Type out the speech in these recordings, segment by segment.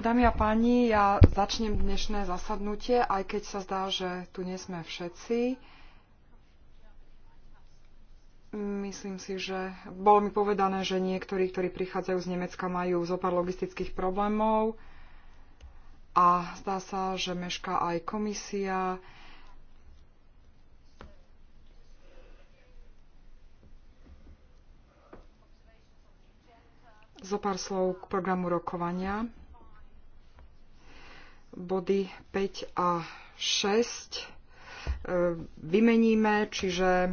Dámy a páni, ja začnem dnešné zasadnutie, aj keď sa zdá, že tu nie sme všetci. Myslím si, že bolo mi povedané, že niektorí, ktorí prichádzajú z Nemecka, majú zopár logistických problémov a zdá sa, že mešká aj komisia. zo pár slov k programu rokovania. Body 5 a 6 e, vymeníme, čiže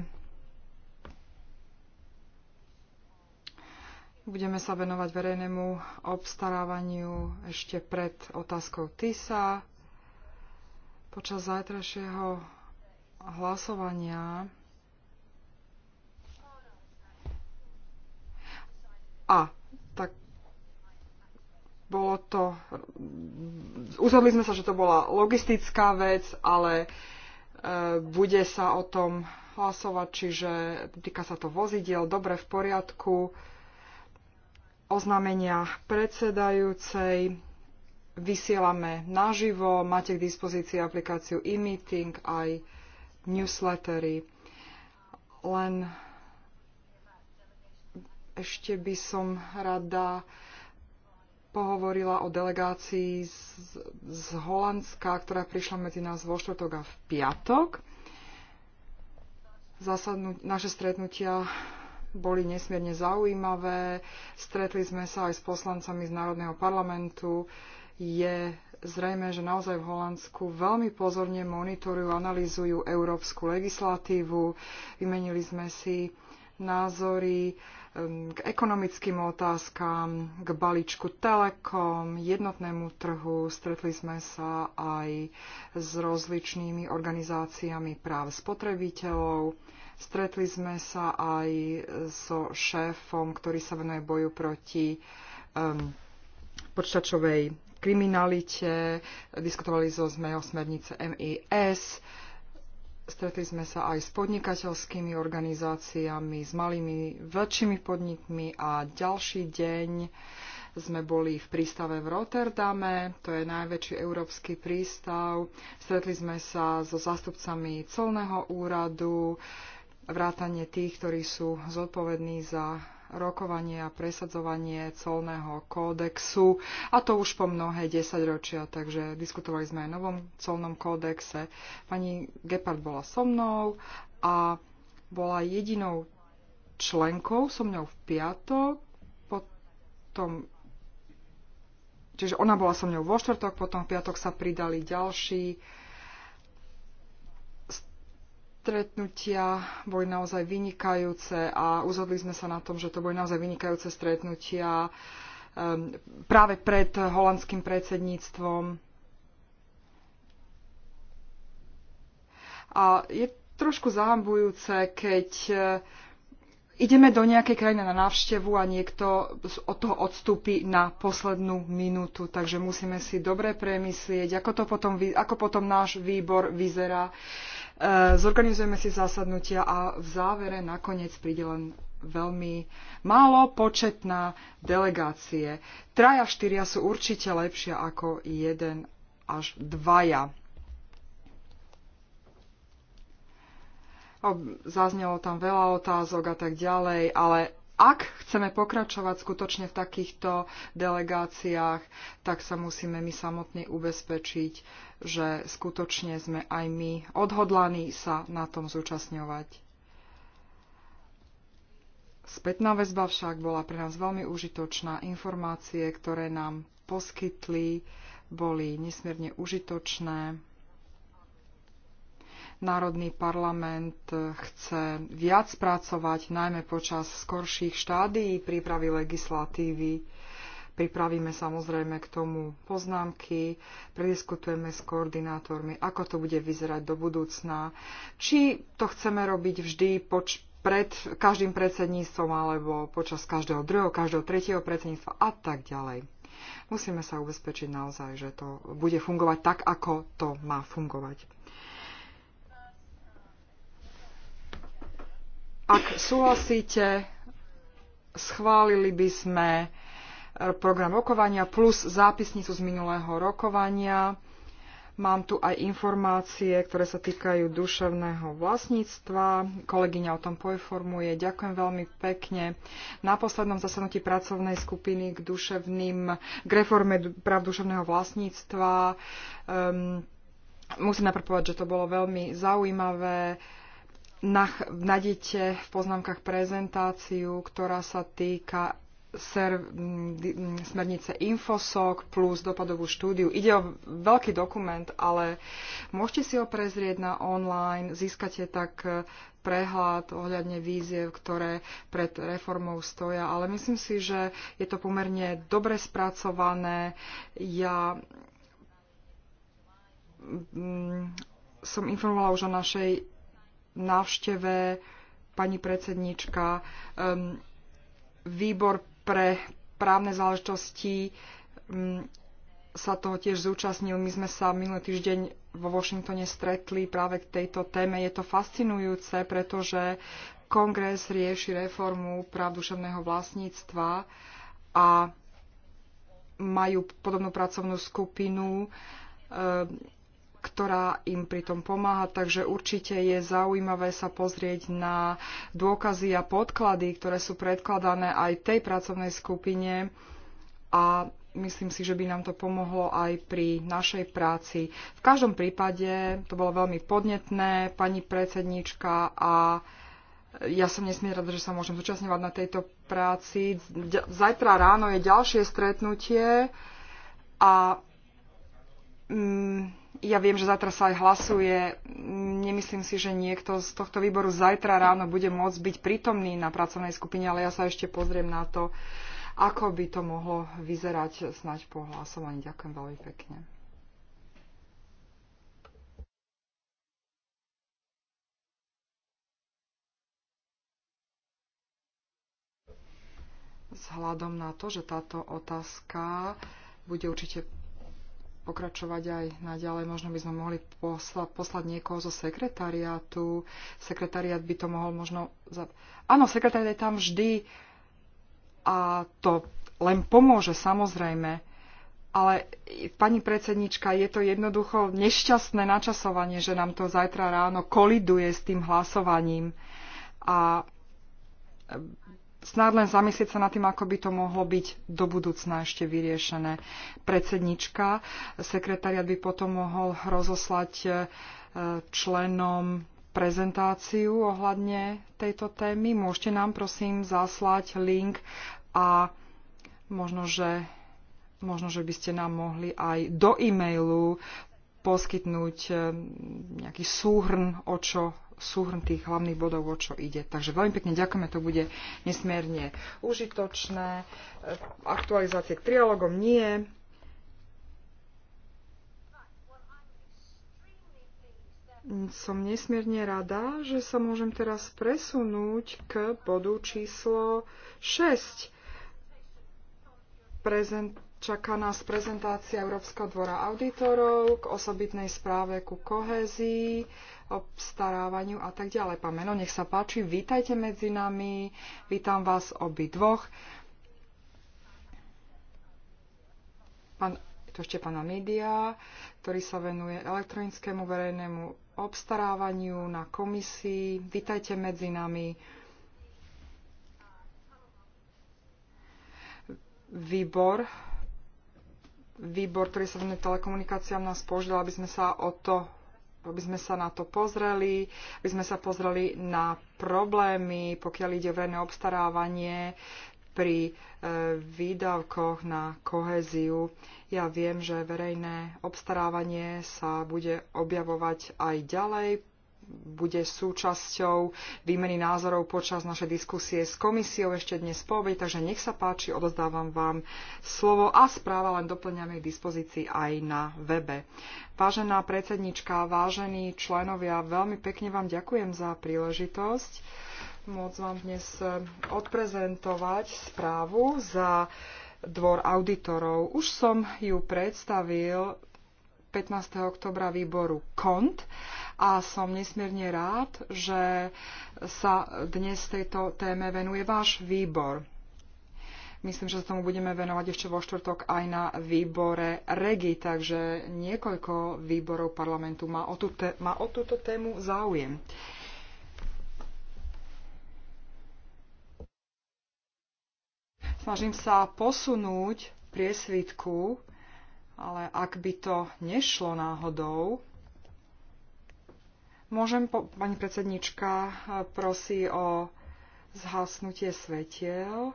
budeme sa venovať verejnému obstarávaniu ešte pred otázkou TISA. Počas zajtrajšieho hlasovania a bolo to, uzhodli sme sa, že to bola logistická vec, ale e, bude sa o tom hlasovať, čiže týka sa to vozidiel, dobre v poriadku. Oznámenia predsedajúcej vysielame naživo, máte k dispozícii aplikáciu e-meeting aj newslettery. Len ešte by som rada pohovorila o delegácii z, z Holandska, ktorá prišla medzi nás vo štvrtok a v piatok. Zasadnú, naše stretnutia boli nesmierne zaujímavé. Stretli sme sa aj s poslancami z Národného parlamentu. Je zrejme, že naozaj v Holandsku veľmi pozorne monitorujú, analýzujú európsku legislatívu. Vymenili sme si názory Ehm, k ekonomickým otázkam, k balíčku Telekom, jednotnému trhu. Stretli sme sa aj s rozličnými organizáciami práv spotrebiteľov. Stretli sme sa aj so šéfom, ktorý sa venuje boju proti um, ehm, počtačovej kriminalite. Diskutovali so sme o smernice MIS Stretli sme sa aj s podnikateľskými organizáciami, s malými, väčšími podnikmi a ďalší deň sme boli v prístave v Rotterdame, to je najväčší európsky prístav. Stretli sme sa so zástupcami colného úradu, vrátane tých, ktorí sú zodpovední za rokovanie a presadzovanie colného kódexu a to už po mnohé desaťročia, takže diskutovali sme aj o novom colnom kódexe. Pani Gepard bola so mnou a bola jedinou členkou so mnou v piatok, potom Čiže ona bola so mnou vo štvrtok, potom v piatok sa pridali ďalší stretnutia boli naozaj vynikajúce a uzhodli sme sa na tom, že to boli naozaj vynikajúce stretnutia ehm, práve pred holandským predsedníctvom. A je trošku zahambujúce, keď eh, ideme do nejakej krajiny na návštevu a niekto od toho odstúpi na poslednú minútu. Takže musíme si dobre premyslieť, ako, to potom, ako potom náš výbor vyzerá. Uh, Eh, zorganizujeme si zásadnutia a v závere nakoniec príde len veľmi málo početná delegácie. Traja, štyria sú určite lepšia ako jeden až dvaja. Zaznelo tam veľa otázok a tak ďalej, ale ak chceme pokračovať skutočne v takýchto delegáciách, tak sa musíme my samotní ubezpečiť, že skutočne sme aj my odhodlaní sa na tom zúčastňovať. Spätná väzba však bola pre nás veľmi užitočná. Informácie, ktoré nám poskytli, boli nesmierne užitočné. Národný parlament chce viac pracovať, najmä počas skorších štádií prípravy legislatívy. Pripravíme samozrejme k tomu poznámky, prediskutujeme s koordinátormi, ako to bude vyzerať do budúcna, či to chceme robiť vždy poč- pred každým predsedníctvom alebo počas každého druhého, každého tretieho predsedníctva a tak ďalej. Musíme sa ubezpečiť naozaj, že to bude fungovať tak, ako to má fungovať. Ak súhlasíte, schválili by sme eh, program rokovania plus zápisnicu z minulého rokovania. Mám tu aj informácie, ktoré sa týkajú duševného vlastníctva. Kolegyňa o tom poinformuje. Ďakujem veľmi pekne. Na poslednom zasadnutí pracovnej skupiny k duševným, k reforme práv duševného vlastníctva um, musím najprv povedať, že to bolo veľmi zaujímavé. Uh, nájdete v poznámkach prezentáciu, ktorá sa týka mm, smernice Infosoc plus dopadovú štúdiu. Ide o veľký dokument, ale môžete si ho prezrieť na online, získate tak e, prehľad ohľadne víziev, ktoré pred reformou stoja. Ale myslím si, že je to pomerne dobre spracované. Ja mm, som informovala už o našej návšteve pani predsednička, um, výbor pre právne záležitosti um, sa toho tiež zúčastnil. My sme sa minulý týždeň vo Washingtone stretli práve k tejto téme. Je to fascinujúce, pretože kongres rieši reformu práv duševného vlastníctva a majú podobnú pracovnú skupinu. Um, ktorá im pritom pomáha, takže určite je zaujímavé sa pozrieť na dôkazy a podklady, ktoré sú predkladané aj tej pracovnej skupine a myslím si, že by nám to pomohlo aj pri našej práci. V každom prípade to bolo veľmi podnetné, pani predsednička a ja som nesmierne rada, že sa môžem zúčastňovať na tejto práci. Zajtra ráno je ďalšie stretnutie a mm, ja viem, že zajtra sa aj hlasuje. Nemyslím si, že niekto z tohto výboru zajtra ráno bude môcť byť prítomný na pracovnej skupine, ale ja sa ešte pozriem na to, ako by to mohlo vyzerať snáď po hlasovaní. Ďakujem veľmi pekne. Vzhľadom na to, že táto otázka bude určite pokračovať aj naďalej. Možno by sme mohli posla, poslať niekoho zo sekretariátu. Sekretariát by to mohol možno... Za... Áno, sekretariát je tam vždy a to len pomôže samozrejme. Ale pani predsednička, je to jednoducho nešťastné načasovanie, že nám to zajtra ráno koliduje s tým hlasovaním. A snad len zamyslieť sa nad tým, ako by to mohlo byť do budúcna ešte vyriešené. Predsednička, sekretariat by potom mohol rozoslať e, členom prezentáciu ohľadne tejto témy. Môžete nám prosím zaslať link a možno, že, možno, že by ste nám mohli aj do e-mailu poskytnúť e, nejaký súhrn, o čo súhrn tých hlavných bodov, o čo ide. Takže veľmi pekne ďakujeme, to bude nesmierne užitočné. Aktualizácie k trialogom nie. Som nesmierne rada, že sa môžem teraz presunúť k bodu číslo 6. Prezent Čaká nás prezentácia Európskeho dvora auditorov k osobitnej správe ku kohezii, obstarávaniu a tak ďalej. Pán Meno, nech sa páči, vítajte medzi nami, vítam vás obi dvoch. Pán, to ešte pána Media, ktorý sa venuje elektronickému verejnému obstarávaniu na komisii. Vítajte medzi nami. Výbor výbor, ktorý sa venuje telekomunikáciám, nás požiadal, aby sme sa o to aby sme sa na to pozreli, aby sme sa pozreli na problémy, pokiaľ ide verejné obstarávanie pri e, výdavkoch na kohéziu. Ja viem, že verejné obstarávanie sa bude objavovať aj ďalej bude súčasťou výmeny názorov počas našej diskusie s komisiou ešte dnes po obede, takže nech sa páči, odozdávam vám slovo a správa len doplňame k dispozícii aj na webe. Vážená predsednička, vážení členovia, veľmi pekne vám ďakujem za príležitosť môcť vám dnes odprezentovať správu za dvor auditorov. Už som ju predstavil 15. oktobra výboru KONT a som nesmierne rád, že sa dnes tejto téme venuje váš výbor. Myslím, že sa tomu budeme venovať ešte vo štvrtok aj na výbore REGI, takže niekoľko výborov parlamentu má o, tú te- má o túto tému záujem. Snažím sa posunúť priesvitku, ale ak by to nešlo náhodou, Môžem, po, pani predsednička, eh, prosí o zhasnutie svetiel.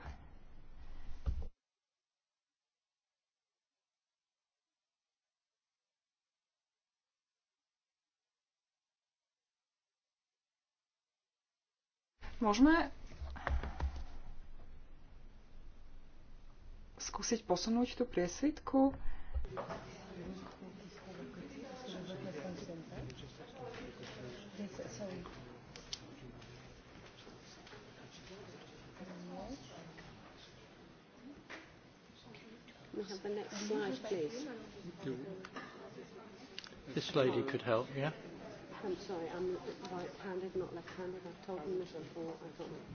Môžeme skúsiť posunúť tú priesvitku? This lady could help, yeah? I'm sorry, I'm right-handed, not left-handed. I've told them this before. I don't know.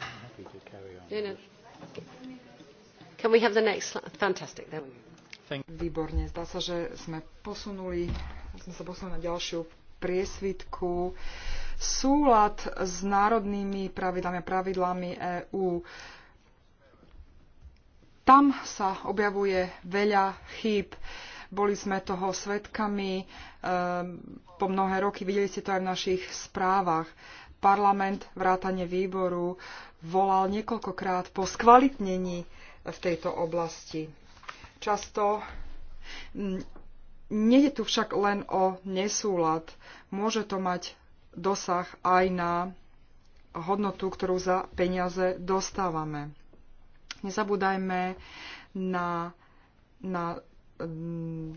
I'm happy to carry on. You know. Can we have the next slide? Fantastic. There we go. Výborne, zdá sa, že sme posunuli, sme sa posunuli na ďalšiu priesvitku. Súlad s národnými pravidlami a pravidlami EÚ. Tam sa objavuje veľa chýb. Boli sme toho svetkami ehm, po mnohé roky, videli ste to aj v našich správach. Parlament, vrátanie výboru, volal niekoľkokrát po skvalitnení v tejto oblasti. Často mm, nie je tu však len o nesúlad. Môže to mať dosah aj na hodnotu, ktorú za peniaze dostávame. Nezabúdajme na, na um,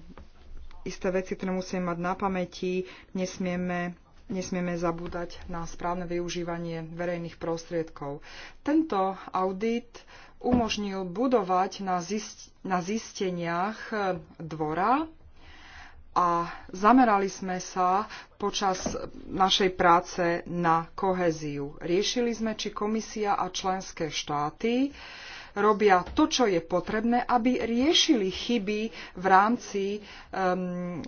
isté veci, ktoré musíme mať na pamäti. Nesmieme nesmieme zabúdať na správne využívanie verejných prostriedkov. Tento audit umožnil budovať na, zist- na zisteniach e, dvora a zamerali sme sa počas našej práce na koheziu. Riešili sme, či komisia a členské štáty uh, robia to, čo je potrebné, aby riešili chyby v rámci um,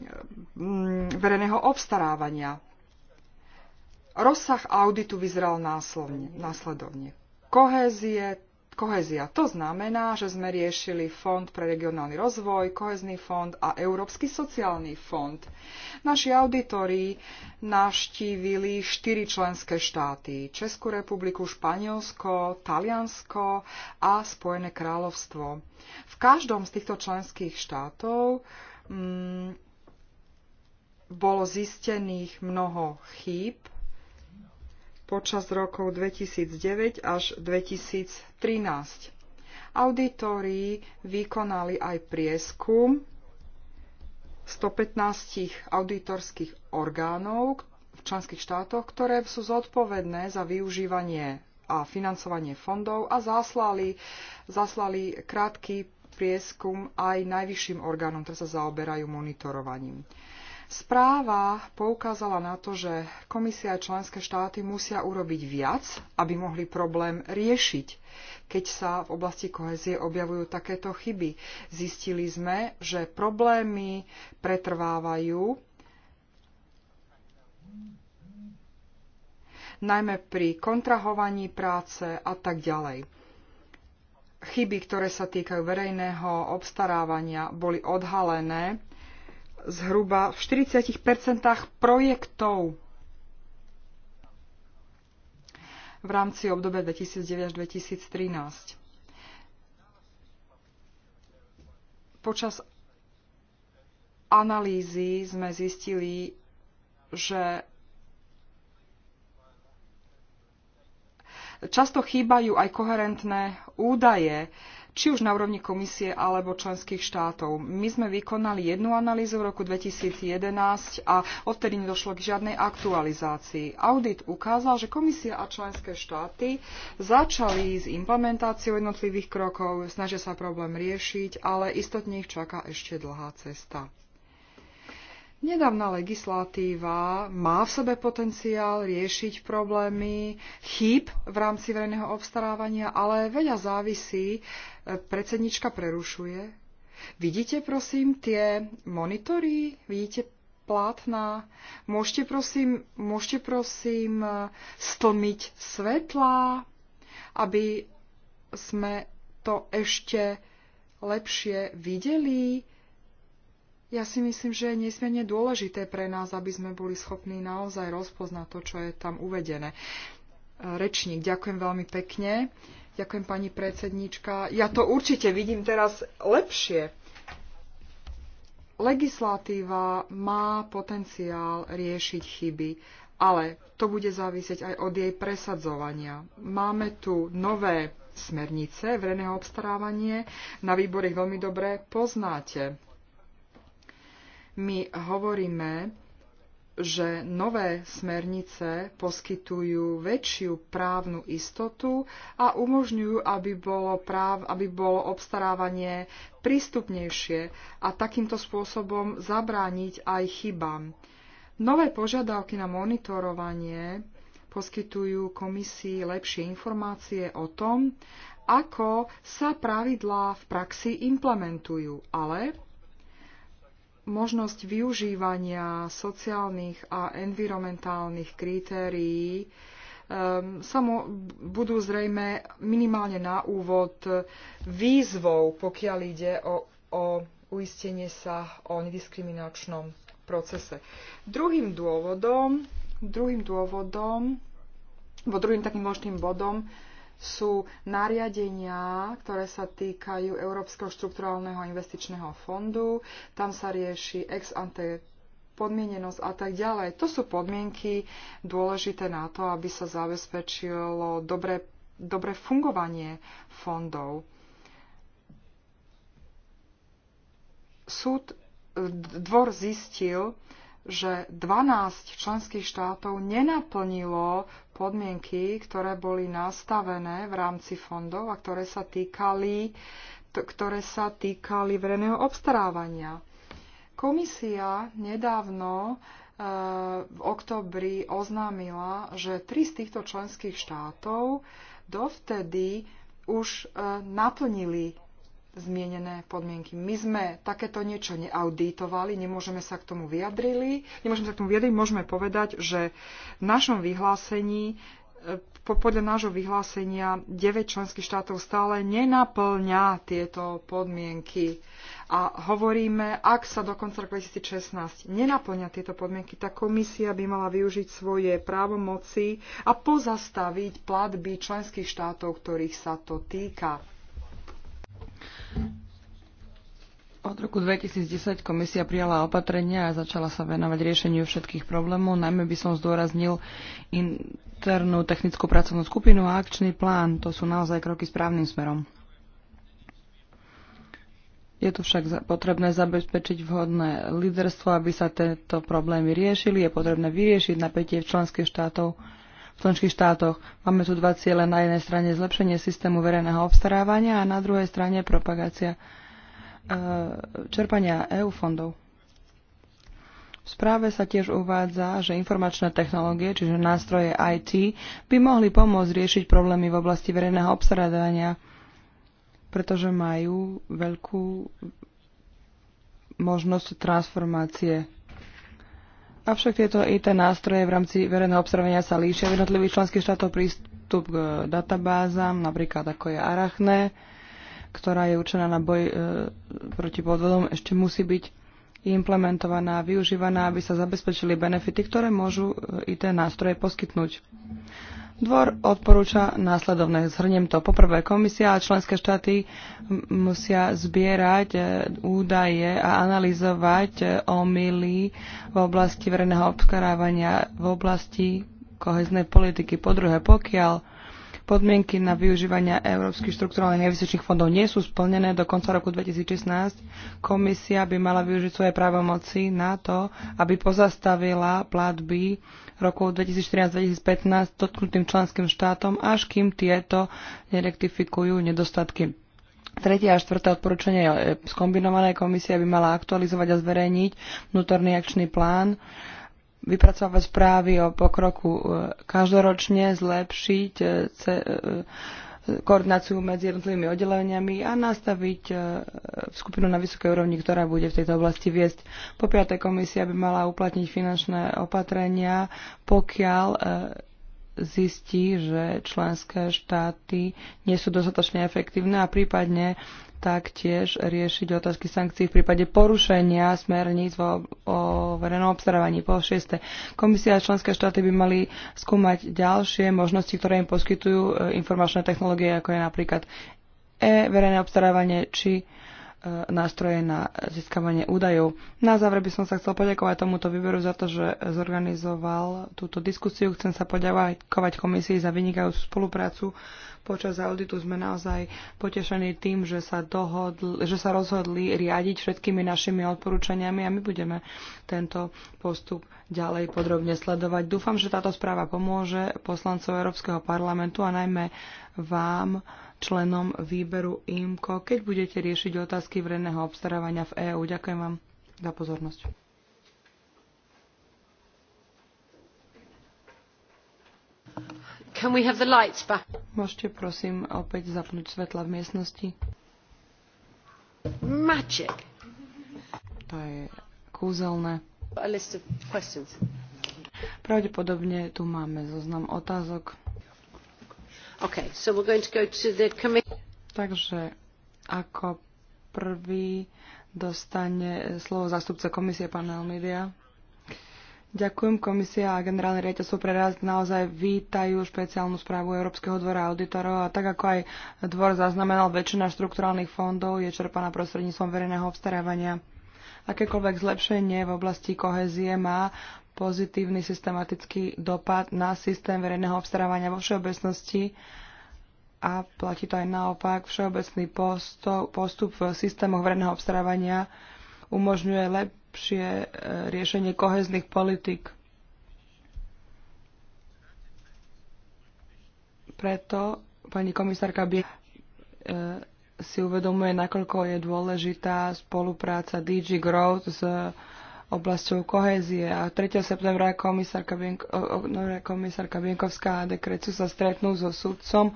um, verejného obstarávania. Rozsah auditu vyzeral následovne. Kohézie, kohezia. To znamená, že sme riešili Fond pre regionálny rozvoj, kohezný fond a Európsky sociálny fond. Naši auditori navštívili štyri členské štáty. Českú republiku, Španielsko, Taliansko a Spojené kráľovstvo. V každom z týchto členských štátov mm, bolo zistených mnoho chýb počas rokov 2009 až 2013. Auditori vykonali aj prieskum 115 auditorských orgánov v členských štátoch, ktoré sú zodpovedné za využívanie a financovanie fondov a zaslali, zaslali krátky prieskum aj najvyšším orgánom, ktoré sa zaoberajú monitorovaním. Správa poukázala na to, že komisia a členské štáty musia urobiť viac, aby mohli problém riešiť, keď sa v oblasti kohezie objavujú takéto chyby. Zistili sme, že problémy pretrvávajú najmä pri kontrahovaní práce a tak ďalej. Chyby, ktoré sa týkajú verejného obstarávania, boli odhalené zhruba v 40 projektov v rámci obdobia 2009-2013. Počas analýzy sme zistili, že často chýbajú aj koherentné údaje, či už na úrovni komisie alebo členských štátov. My sme vykonali jednu analýzu v roku 2011 a odtedy nedošlo k žiadnej aktualizácii. Audit ukázal, že komisia a členské štáty začali s implementáciou jednotlivých krokov, snažia sa problém riešiť, ale istotne ich čaká ešte dlhá cesta. Nedávna legislatíva má v sebe potenciál riešiť problémy chýb v rámci verejného obstarávania, ale veľa závisí. E, predsednička prerušuje. Vidíte, prosím, tie monitory? Vidíte plátna? Môžete, prosím, môžete, prosím e, stlmiť svetla, aby sme to ešte lepšie videli? Ja si myslím, že je nesmierne dôležité pre nás, aby sme boli schopní naozaj rozpoznať to, čo je tam uvedené. E, rečník, ďakujem veľmi pekne. Ďakujem pani predsednička. Ja to určite vidím teraz lepšie. Legislatíva má potenciál riešiť chyby, ale to bude závisieť aj od jej presadzovania. Máme tu nové smernice verejného obstarávanie. Na výbore ich veľmi dobre poznáte my hovoríme, že nové smernice poskytujú väčšiu právnu istotu a umožňujú, aby bolo, práv, aby bolo obstarávanie prístupnejšie a takýmto spôsobom zabrániť aj chybám. Nové požiadavky na monitorovanie poskytujú komisii lepšie informácie o tom, ako sa pravidlá v praxi implementujú, ale možnosť využívania sociálnych a environmentálnych kritérií um, ehm, samo budú zrejme minimálne na úvod výzvou, pokiaľ ide o, o uistenie sa o nediskriminačnom procese. Druhým dôvodom, druhým dôvodom, bo druhým takým možným bodom sú nariadenia, ktoré sa týkajú Európskeho štrukturálneho investičného fondu. Tam sa rieši ex ante podmienenosť a tak ďalej. To sú podmienky dôležité na to, aby sa zabezpečilo dobré, dobré fungovanie fondov. Súd dvor zistil, že 12 členských štátov nenaplnilo podmienky, ktoré boli nastavené v rámci fondov a ktoré sa týkali, ktoré sa týkali verejného obstarávania. Komisia nedávno e, v oktobri oznámila, že tri z týchto členských štátov dovtedy už e, naplnili zmienené podmienky. My sme takéto niečo neauditovali, nemôžeme sa k tomu vyjadrili, nemôžeme sa k tomu vyjadriť, môžeme povedať, že v našom vyhlásení e, podľa nášho vyhlásenia 9 členských štátov stále nenaplňa tieto podmienky. A hovoríme, ak sa do konca 2016 nenaplňa tieto podmienky, tak komisia by mala využiť svoje právomoci a pozastaviť platby členských štátov, ktorých sa to týka. Od roku 2010 komisia prijala opatrenia a začala sa venovať riešeniu všetkých problémov. Najmä by som zdôraznil internú technickú pracovnú skupinu a akčný plán. To sú naozaj kroky správnym smerom. Je tu však potrebné zabezpečiť vhodné líderstvo, aby sa tieto problémy riešili. Je potrebné vyriešiť napätie v členských štátov v členských štátoch. Máme tu dva ciele. Na jednej strane zlepšenie systému verejného obstarávania a na druhej strane propagácia e, čerpania EU fondov. V správe sa tiež uvádza, že informačné technológie, čiže nástroje IT, by mohli pomôcť riešiť problémy v oblasti verejného obstarávania, pretože majú veľkú možnosť transformácie Avšak tieto IT nástroje v rámci verejného obstarávania sa líšia v jednotlivých členských štátov prístup k databázam, napríklad ako je Arachne, ktorá je určená na boj e, proti podvodom, ešte musí byť implementovaná využívaná, aby sa zabezpečili benefity, ktoré môžu e, IT nástroje poskytnúť. Dvor odporúča následovné. Zhrniem to. Poprvé, komisia a členské štáty musia zbierať e, údaje a analyzovať e, omily v oblasti verejného obskarávania v oblasti koheznej politiky. Po druhé, pokiaľ podmienky na využívania európskych štrukturálnych investičných fondov nie sú splnené do konca roku 2016, komisia by mala využiť svoje právomoci na to, aby pozastavila platby roku 2014-2015 dotknutým členským štátom, až kým tieto nerektifikujú nedostatky. Tretie a štvrté odporúčanie e, skombinované. Komisia by mala aktualizovať a zverejniť vnútorný akčný plán, vypracovať správy o pokroku e, každoročne, zlepšiť e, koordináciu medzi jednotlivými oddeleniami a nastaviť e, skupinu na vysokej úrovni, ktorá bude v tejto oblasti viesť. Po piaté komisia by mala uplatniť finančné opatrenia, pokiaľ e, zistí, že členské štáty nie sú dostatočne efektívne a prípadne taktiež riešiť otázky sankcií v prípade porušenia smerníc vo, o verejnom obstarávaní. Po šieste, komisia a členské štáty by mali skúmať ďalšie možnosti, ktoré im poskytujú e, informačné technológie, ako je napríklad e-verejné obstarávanie či e, nástroje na získavanie údajov. Na záver by som sa chcel poďakovať tomuto výberu za to, že zorganizoval túto diskusiu. Chcem sa poďakovať komisii za vynikajúcu spoluprácu Počas auditu sme naozaj potešení tým, že sa, dohodl, že sa rozhodli riadiť všetkými našimi odporúčaniami a my budeme tento postup ďalej podrobne sledovať. Dúfam, že táto správa pomôže poslancov Európskeho parlamentu a najmä vám členom výberu IMCO, keď budete riešiť otázky verejného obstarávania v EÚ. Ďakujem vám za pozornosť. Can we have the lights back? Môžete prosím opäť zapnúť svetla v miestnosti. Magic. To je kúzelné. A list of questions. Pravdepodobne tu máme zoznam otázok. Okay, so we're going to go to the Takže ako prvý dostane slovo zástupca komisie pán Almidia. Ďakujem. Komisia a generálne riaditeľstvo pre rast naozaj vítajú špeciálnu správu Európskeho dvora auditorov a tak ako aj dvor zaznamenal, väčšina štrukturálnych fondov je čerpaná prostredníctvom verejného obstarávania. Akékoľvek zlepšenie v oblasti kohezie má pozitívny systematický dopad na systém verejného obstarávania vo všeobecnosti a platí to aj naopak. Všeobecný postup v systémoch verejného obstarávania umožňuje lep- lepšie e, riešenie kohezných politik. Preto pani komisárka by e, si uvedomuje, nakoľko je dôležitá spolupráca DG Growth s oblasťou kohézie. A 3. septembra komisárka, Bienko, no, komisárka Bienkovská a Dekrecu sa stretnú so sudcom,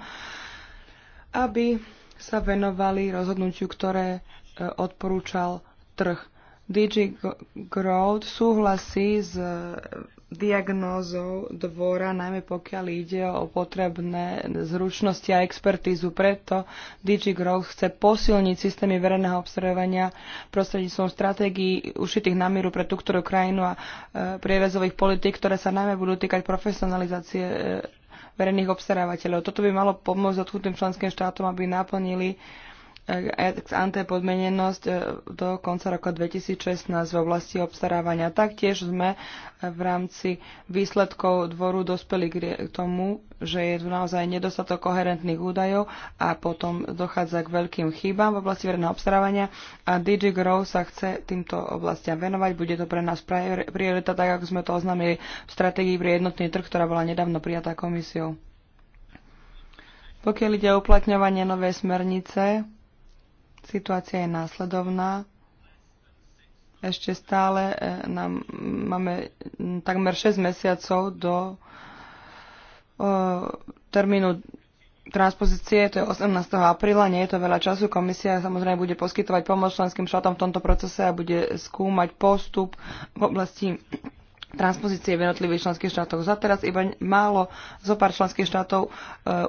aby sa venovali rozhodnutiu, ktoré e, odporúčal trh. DG Growth súhlasí s eh, diagnózou dvora, najmä pokiaľ ide o potrebné zručnosti a expertízu. Preto DG Growth chce posilniť systémy verejného obstarávania prostredníctvom stratégií ušitých na mieru pre tú ktorú krajinu a eh, prievezových politik, ktoré sa najmä budú týkať profesionalizácie eh, verejných obstarávateľov. Toto by malo pomôcť odchutným členským štátom, aby naplnili ex ante podmenenosť e, do konca roka 2016 v oblasti obstarávania. Taktiež sme e, v rámci výsledkov dvoru dospeli k tomu, že je tu naozaj nedostatok koherentných údajov a potom dochádza k veľkým chybám v oblasti verejného obstarávania a DG Grow sa chce týmto oblastiam venovať. Bude to pre nás priorita, tak ako sme to oznámili v stratégii pre jednotný trh, ktorá bola nedávno prijatá komisiou. Pokiaľ ide o uplatňovanie novej smernice, Situácia je následovná. Ešte stále e, nám, máme takmer 6 mesiacov do e, termínu transpozície, to je 18. apríla, nie je to veľa času. Komisia samozrejme bude poskytovať pomoc členským štátom v tomto procese a bude skúmať postup v oblasti transpozície v jednotlivých členských štátoch. Za teraz iba málo zo pár členských štátov e,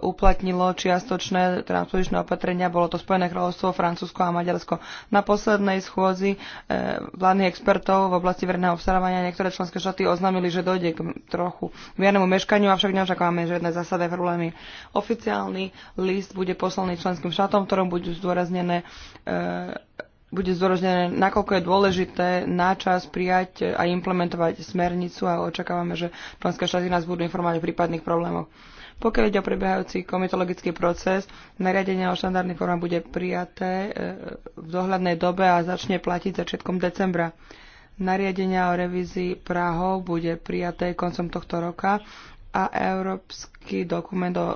uplatnilo čiastočné transpozičné opatrenia. Bolo to Spojené kráľovstvo, Francúzsko a Maďarsko. Na poslednej schôdzi e, vládnych expertov v oblasti verejného obstarávania niektoré členské štáty oznámili, že dojde k trochu viernemu meškaniu, avšak neočakávame žiadne zásadné problémy. Oficiálny list bude poslaný členským štátom, v ktorom budú zdôraznené e, bude zdôraznené, nakoľko je dôležité náčas prijať a implementovať smernicu a očakávame, že členské štáty nás budú informovať o prípadných problémoch. Pokiaľ ide o prebiehajúci komitologický proces, nariadenie o štandardných formách bude prijaté e, v dohľadnej dobe a začne platiť začiatkom decembra. Nariadenia o revízii Prahov bude prijaté koncom tohto roka a európsky dokument o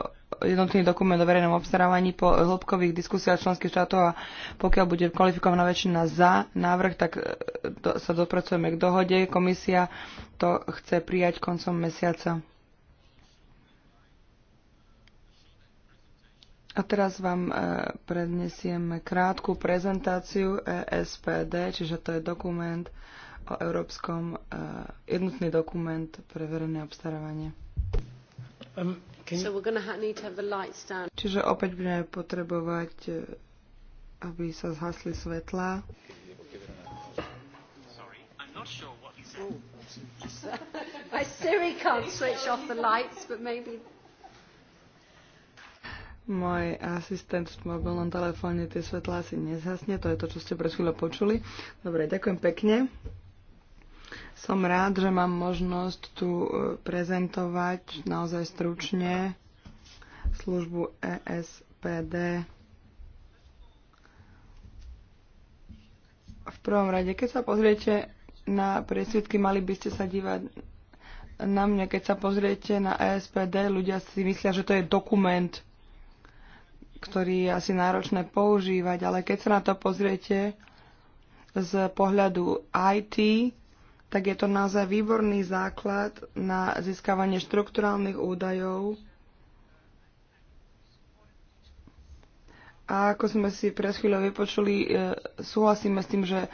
jednotný dokument o verejnom obstarávaní po hĺbkových diskusiách členských štátov a pokiaľ bude kvalifikovaná väčšina za návrh, tak do, e, sa dopracujeme k dohode. Komisia to chce prijať koncom mesiaca. A teraz vám e, prednesiem krátku prezentáciu ESPD, čiže to je dokument o európskom, e, jednotný dokument pre verejné obstarávanie. Um. So Čiže opäť budeme potrebovať, e, aby sa zhasli svetlá. Môj asistent v mobilnom telefóne tie svetlá asi nezhasne, to je to, čo ste pred chvíľou počuli. Dobre, ďakujem pekne. Som rád, že mám možnosť tu e, prezentovať naozaj stručne službu ESPD. V prvom rade, keď sa pozriete na priesvitky, mali by ste sa dívať na mňa, keď sa pozriete na ESPD, ľudia si myslia, že to je dokument, ktorý je asi náročné používať, ale keď sa na to pozriete z pohľadu IT, tak je to naozaj výborný základ na získavanie štrukturálnych údajov. A ako sme si pred chvíľou vypočuli, e, súhlasíme s tým, že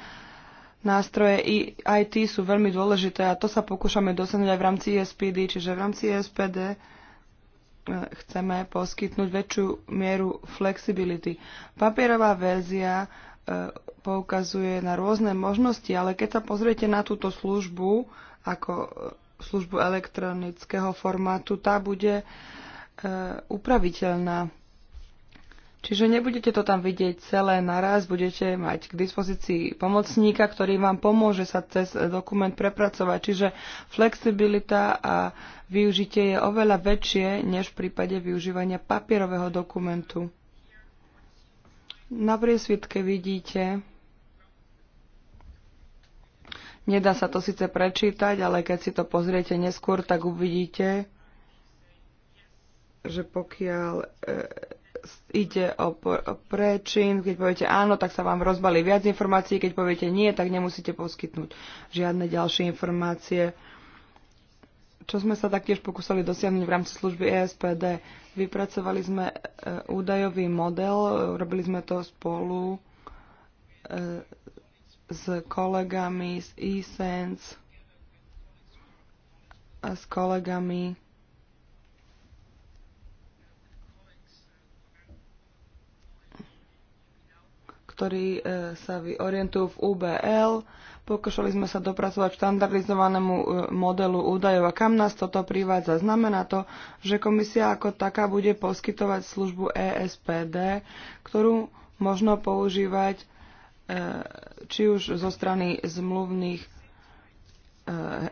nástroje IT sú veľmi dôležité a to sa pokúšame dosiahnuť aj v rámci ESPD, čiže v rámci ESPD e, chceme poskytnúť väčšiu mieru flexibility. Papierová verzia E, poukazuje na rôzne možnosti, ale keď sa pozriete na túto službu ako e, službu elektronického formátu, tá bude e, upraviteľná. Čiže nebudete to tam vidieť celé naraz, budete mať k dispozícii pomocníka, ktorý vám pomôže sa cez dokument prepracovať. Čiže flexibilita a využitie je oveľa väčšie než v prípade využívania papierového dokumentu. Na priesvitke vidíte, nedá sa to síce prečítať, ale keď si to pozriete neskôr, tak uvidíte, že pokiaľ e, ide o, o prečin, keď poviete áno, tak sa vám rozbalí viac informácií, keď poviete nie, tak nemusíte poskytnúť žiadne ďalšie informácie čo sme sa taktiež pokúsali dosiahnuť v rámci služby ESPD. Vypracovali sme e, údajový model, robili sme to spolu e, s kolegami z eSense a s kolegami ktorí e, sa orientujú v UBL Pokúšali sme sa dopracovať štandardizovanému e, modelu údajov a kam nás toto privádza. Znamená to, že komisia ako taká bude poskytovať službu ESPD, ktorú možno používať e, či už zo strany zmluvných e,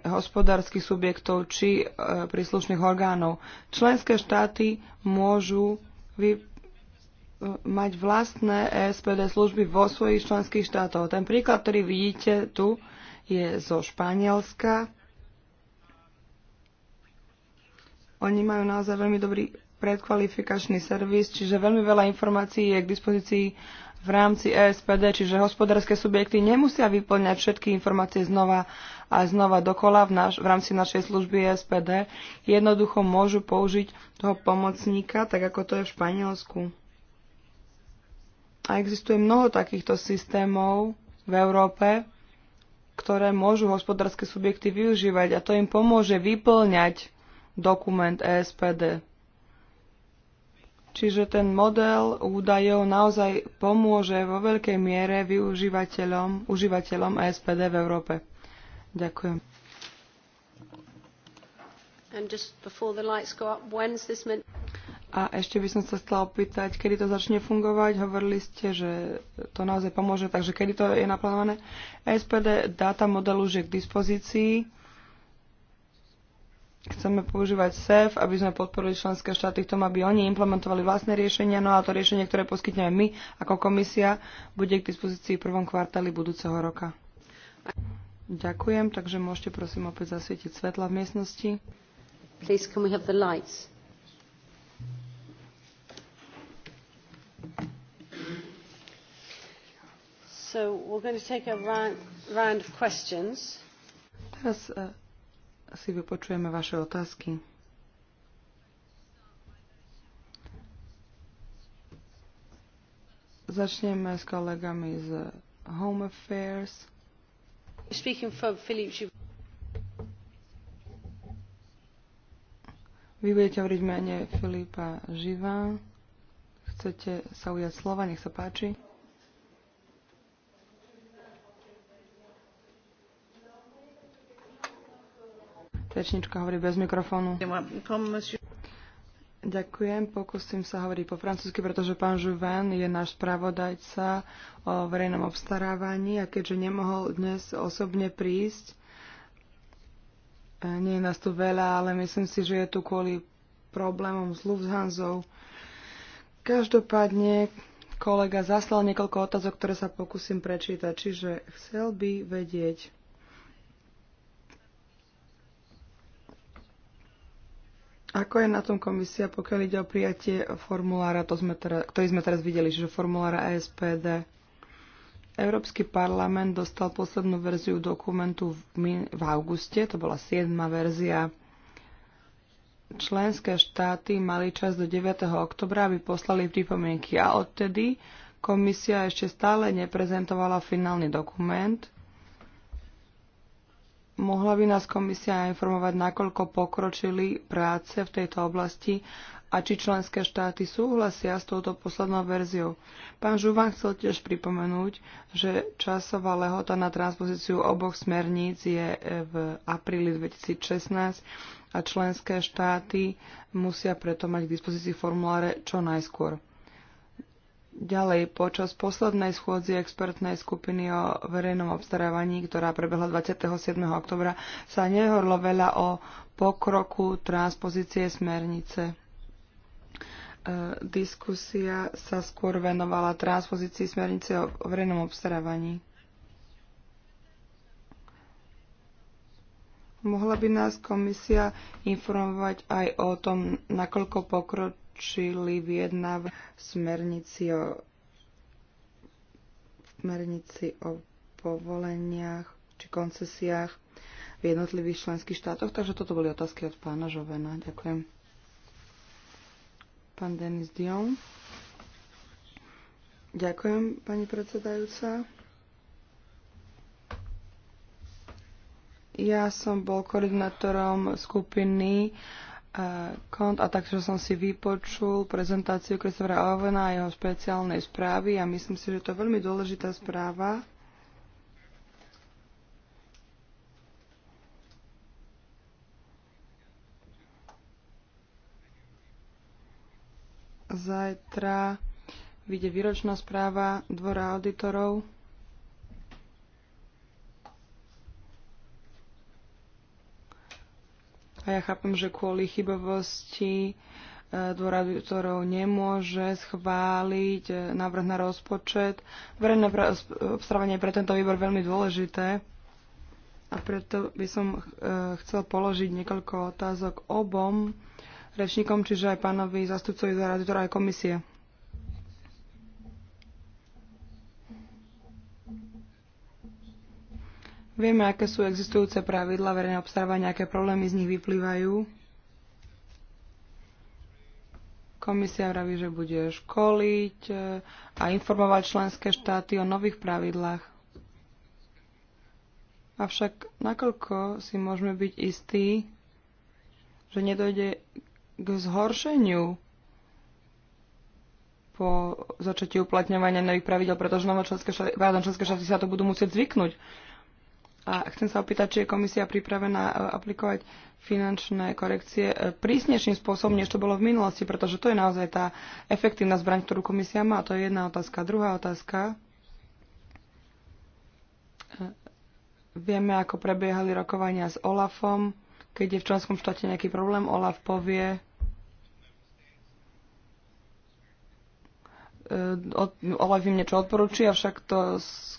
hospodárskych subjektov či príslušných orgánov. Členské štáty môžu mať vlastné SPD služby vo svojich členských štátoch. Ten príklad, ktorý vidíte tu, je zo Španielska. Oni majú naozaj veľmi dobrý predkvalifikačný servis, čiže veľmi veľa informácií je k dispozícii v rámci ESPD, čiže hospodárske subjekty nemusia vyplňať všetky informácie znova a znova dokola v, naš, v rámci našej služby ESPD. Jednoducho môžu použiť toho pomocníka, tak ako to je v Španielsku. A existuje mnoho takýchto systémov v Európe, ktoré môžu hospodárske subjekty využívať a to im pomôže vyplňať dokument ESPD. Čiže ten model údajov naozaj pomôže vo veľkej miere využívateľom, užívateľom ESPD v Európe. Ďakujem. A ešte by som sa chcela opýtať, kedy to začne fungovať. Hovorili ste, že to naozaj pomôže, takže kedy to je naplánované. SPD dáta modelu už je k dispozícii. Chceme používať SEF, aby sme podporili členské štáty k tomu, aby oni implementovali vlastné riešenia. No a to riešenie, ktoré poskytneme my ako komisia, bude k dispozícii v prvom kvartáli budúceho roka. Ďakujem, takže môžete prosím opäť zasvietiť svetla v miestnosti. Please, can we have the lights? So we're going to take a round, round of questions. Teraz uh, si vypočujeme vaše otázky. Začneme s kolegami z Home Affairs. Speaking Philippe Vy budete hovoriť mene Filipa Živa. Chcete sa ujať slova? Nech sa páči. Rečnička hovorí bez mikrofónu. Ďakujem, pokúsim sa hovoriť po francúzsky, pretože pán Žuvan je náš spravodajca o verejnom obstarávaní a keďže nemohol dnes osobne prísť, nie je nás tu veľa, ale myslím si, že je tu kvôli problémom s Lufthansou. Každopádne kolega zaslal niekoľko otázok, ktoré sa pokúsim prečítať, čiže chcel by vedieť, Ako je na tom komisia, pokiaľ ide o prijatie formulára, to sme teraz, ktorý sme teraz videli, že formulára ESPD? Európsky parlament dostal poslednú verziu dokumentu v, v auguste, to bola 7. verzia. Členské štáty mali čas do 9. oktobra, aby poslali pripomienky a odtedy komisia ešte stále neprezentovala finálny dokument – Mohla by nás komisia informovať, nakoľko pokročili práce v tejto oblasti a či členské štáty súhlasia s touto poslednou verziou. Pán Žuvan chcel tiež pripomenúť, že časová lehota na transpozíciu oboch smerníc je e, v apríli 2016 a členské štáty musia preto mať k dispozícii formuláre čo najskôr. Ďalej, počas poslednej schôdzi expertnej skupiny o verejnom obstarávaní, ktorá prebehla 27. oktobra, sa nehovorilo veľa o pokroku transpozície smernice. E, diskusia sa skôr venovala transpozícii smernice o verejnom obstarávaní. Mohla by nás komisia informovať aj o tom, nakoľko pokrok pokročili v smernici o smernici o povoleniach či koncesiách v jednotlivých členských štátoch. Takže toto boli otázky od pána Žovena. Ďakujem. Pán Denis Dion. Ďakujem, pani predsedajúca. Ja som bol koordinátorom skupiny uh, kont a takže som si vypočul prezentáciu Christophera Ovena a jeho špeciálnej správy a myslím si, že to je veľmi dôležitá správa. Zajtra vyjde výročná správa Dvora auditorov. A ja chápem, že kvôli chybovosti e, dvora auditorov nemôže schváliť e, návrh na rozpočet. Verejné obstarávanie je pre tento výbor veľmi dôležité a preto by som e, chcel položiť niekoľko otázok obom rečníkom, čiže aj pánovi zastupcovi dvora auditora aj komisie. Vieme, aké sú existujúce pravidla verejného obstarávania, aké problémy z nich vyplývajú. Komisia vraví, že bude školiť e, a informovať členské štáty o nových pravidlách. Avšak nakoľko si môžeme byť istí, že nedojde k zhoršeniu po začatí uplatňovania nových pravidel, pretože nové členské členské štáty sa to budú musieť zvyknúť a chcem sa opýtať, či je komisia pripravená e, aplikovať finančné korekcie e, prísnejším spôsobom, než to bolo v minulosti, pretože to je naozaj tá efektívna zbraň, ktorú komisia má. To je jedna otázka. Druhá otázka. E, vieme, ako prebiehali rokovania s OLAFom. Keď je v členskom štáte nejaký problém, OLAF povie, E, OLAF im niečo odporúči, avšak to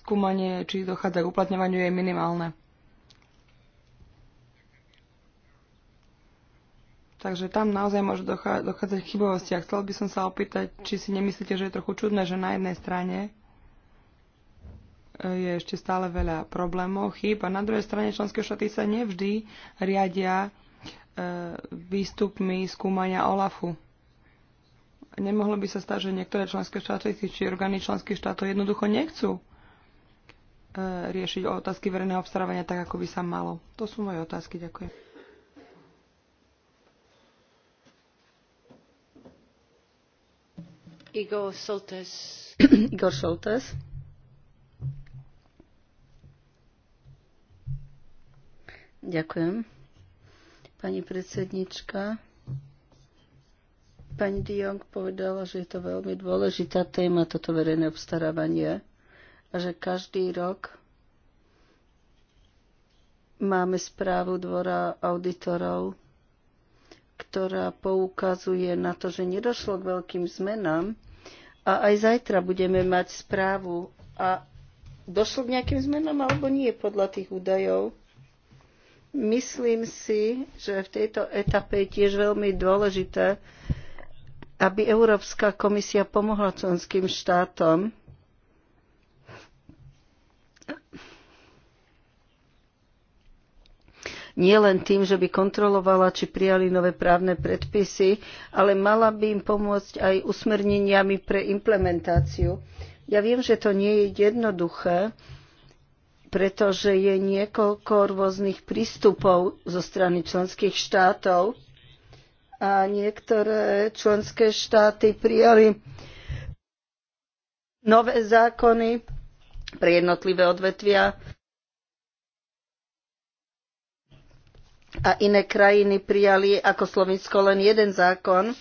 skúmanie, či dochádza k uplatňovaniu, je minimálne. Takže tam naozaj môže dochádzať k chybovosti. A chcel by som sa opýtať, či si nemyslíte, že je trochu čudné, že na jednej strane e, je ešte stále veľa problémov, chyb a na druhej strane členské štáty sa nevždy riadia e, výstupmi skúmania OLAFu nemohlo by sa stať, že niektoré členské štáty či orgány členských štátov jednoducho nechcú e, riešiť otázky verejného obstarávania tak, ako by sa malo. To sú moje otázky. Ďakujem. Igor Soltes. Igor Soltes. Ďakujem. Pani predsednička, Pani Jong povedala, že je to veľmi dôležitá téma, toto verejné obstarávanie a že každý rok máme správu dvora auditorov, ktorá poukazuje na to, že nedošlo k veľkým zmenám a aj zajtra budeme mať správu a došlo k nejakým zmenám alebo nie podľa tých údajov. Myslím si, že v tejto etape je tiež veľmi dôležité aby Európska komisia pomohla členským štátom nielen tým, že by kontrolovala, či prijali nové právne predpisy, ale mala by im pomôcť aj usmerneniami pre implementáciu. Ja viem, že to nie je jednoduché, pretože je niekoľko rôznych prístupov zo strany členských štátov a niektoré členské štáty prijali nové zákony pre jednotlivé odvetvia a iné krajiny prijali ako Slovensko, len jeden zákon,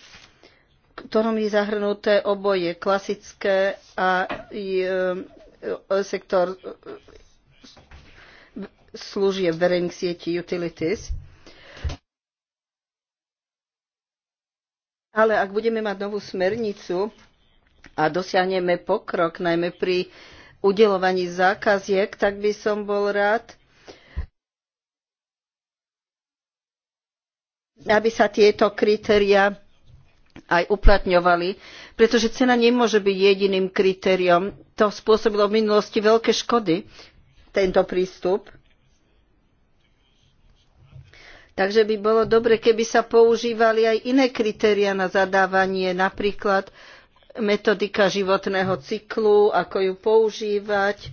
ktorom je zahrnuté oboje klasické a e, sektor služieb verejných sietí utilities. Ale ak budeme mať novú smernicu a dosiahneme pokrok, najmä pri udelovaní zákaziek, tak by som bol rád, aby sa tieto kritériá aj uplatňovali, pretože cena nemôže byť jediným kritériom. To spôsobilo v minulosti veľké škody, tento prístup. Takže by bolo dobre, keby sa používali aj iné kritéria na zadávanie, napríklad metodika životného cyklu, ako ju používať.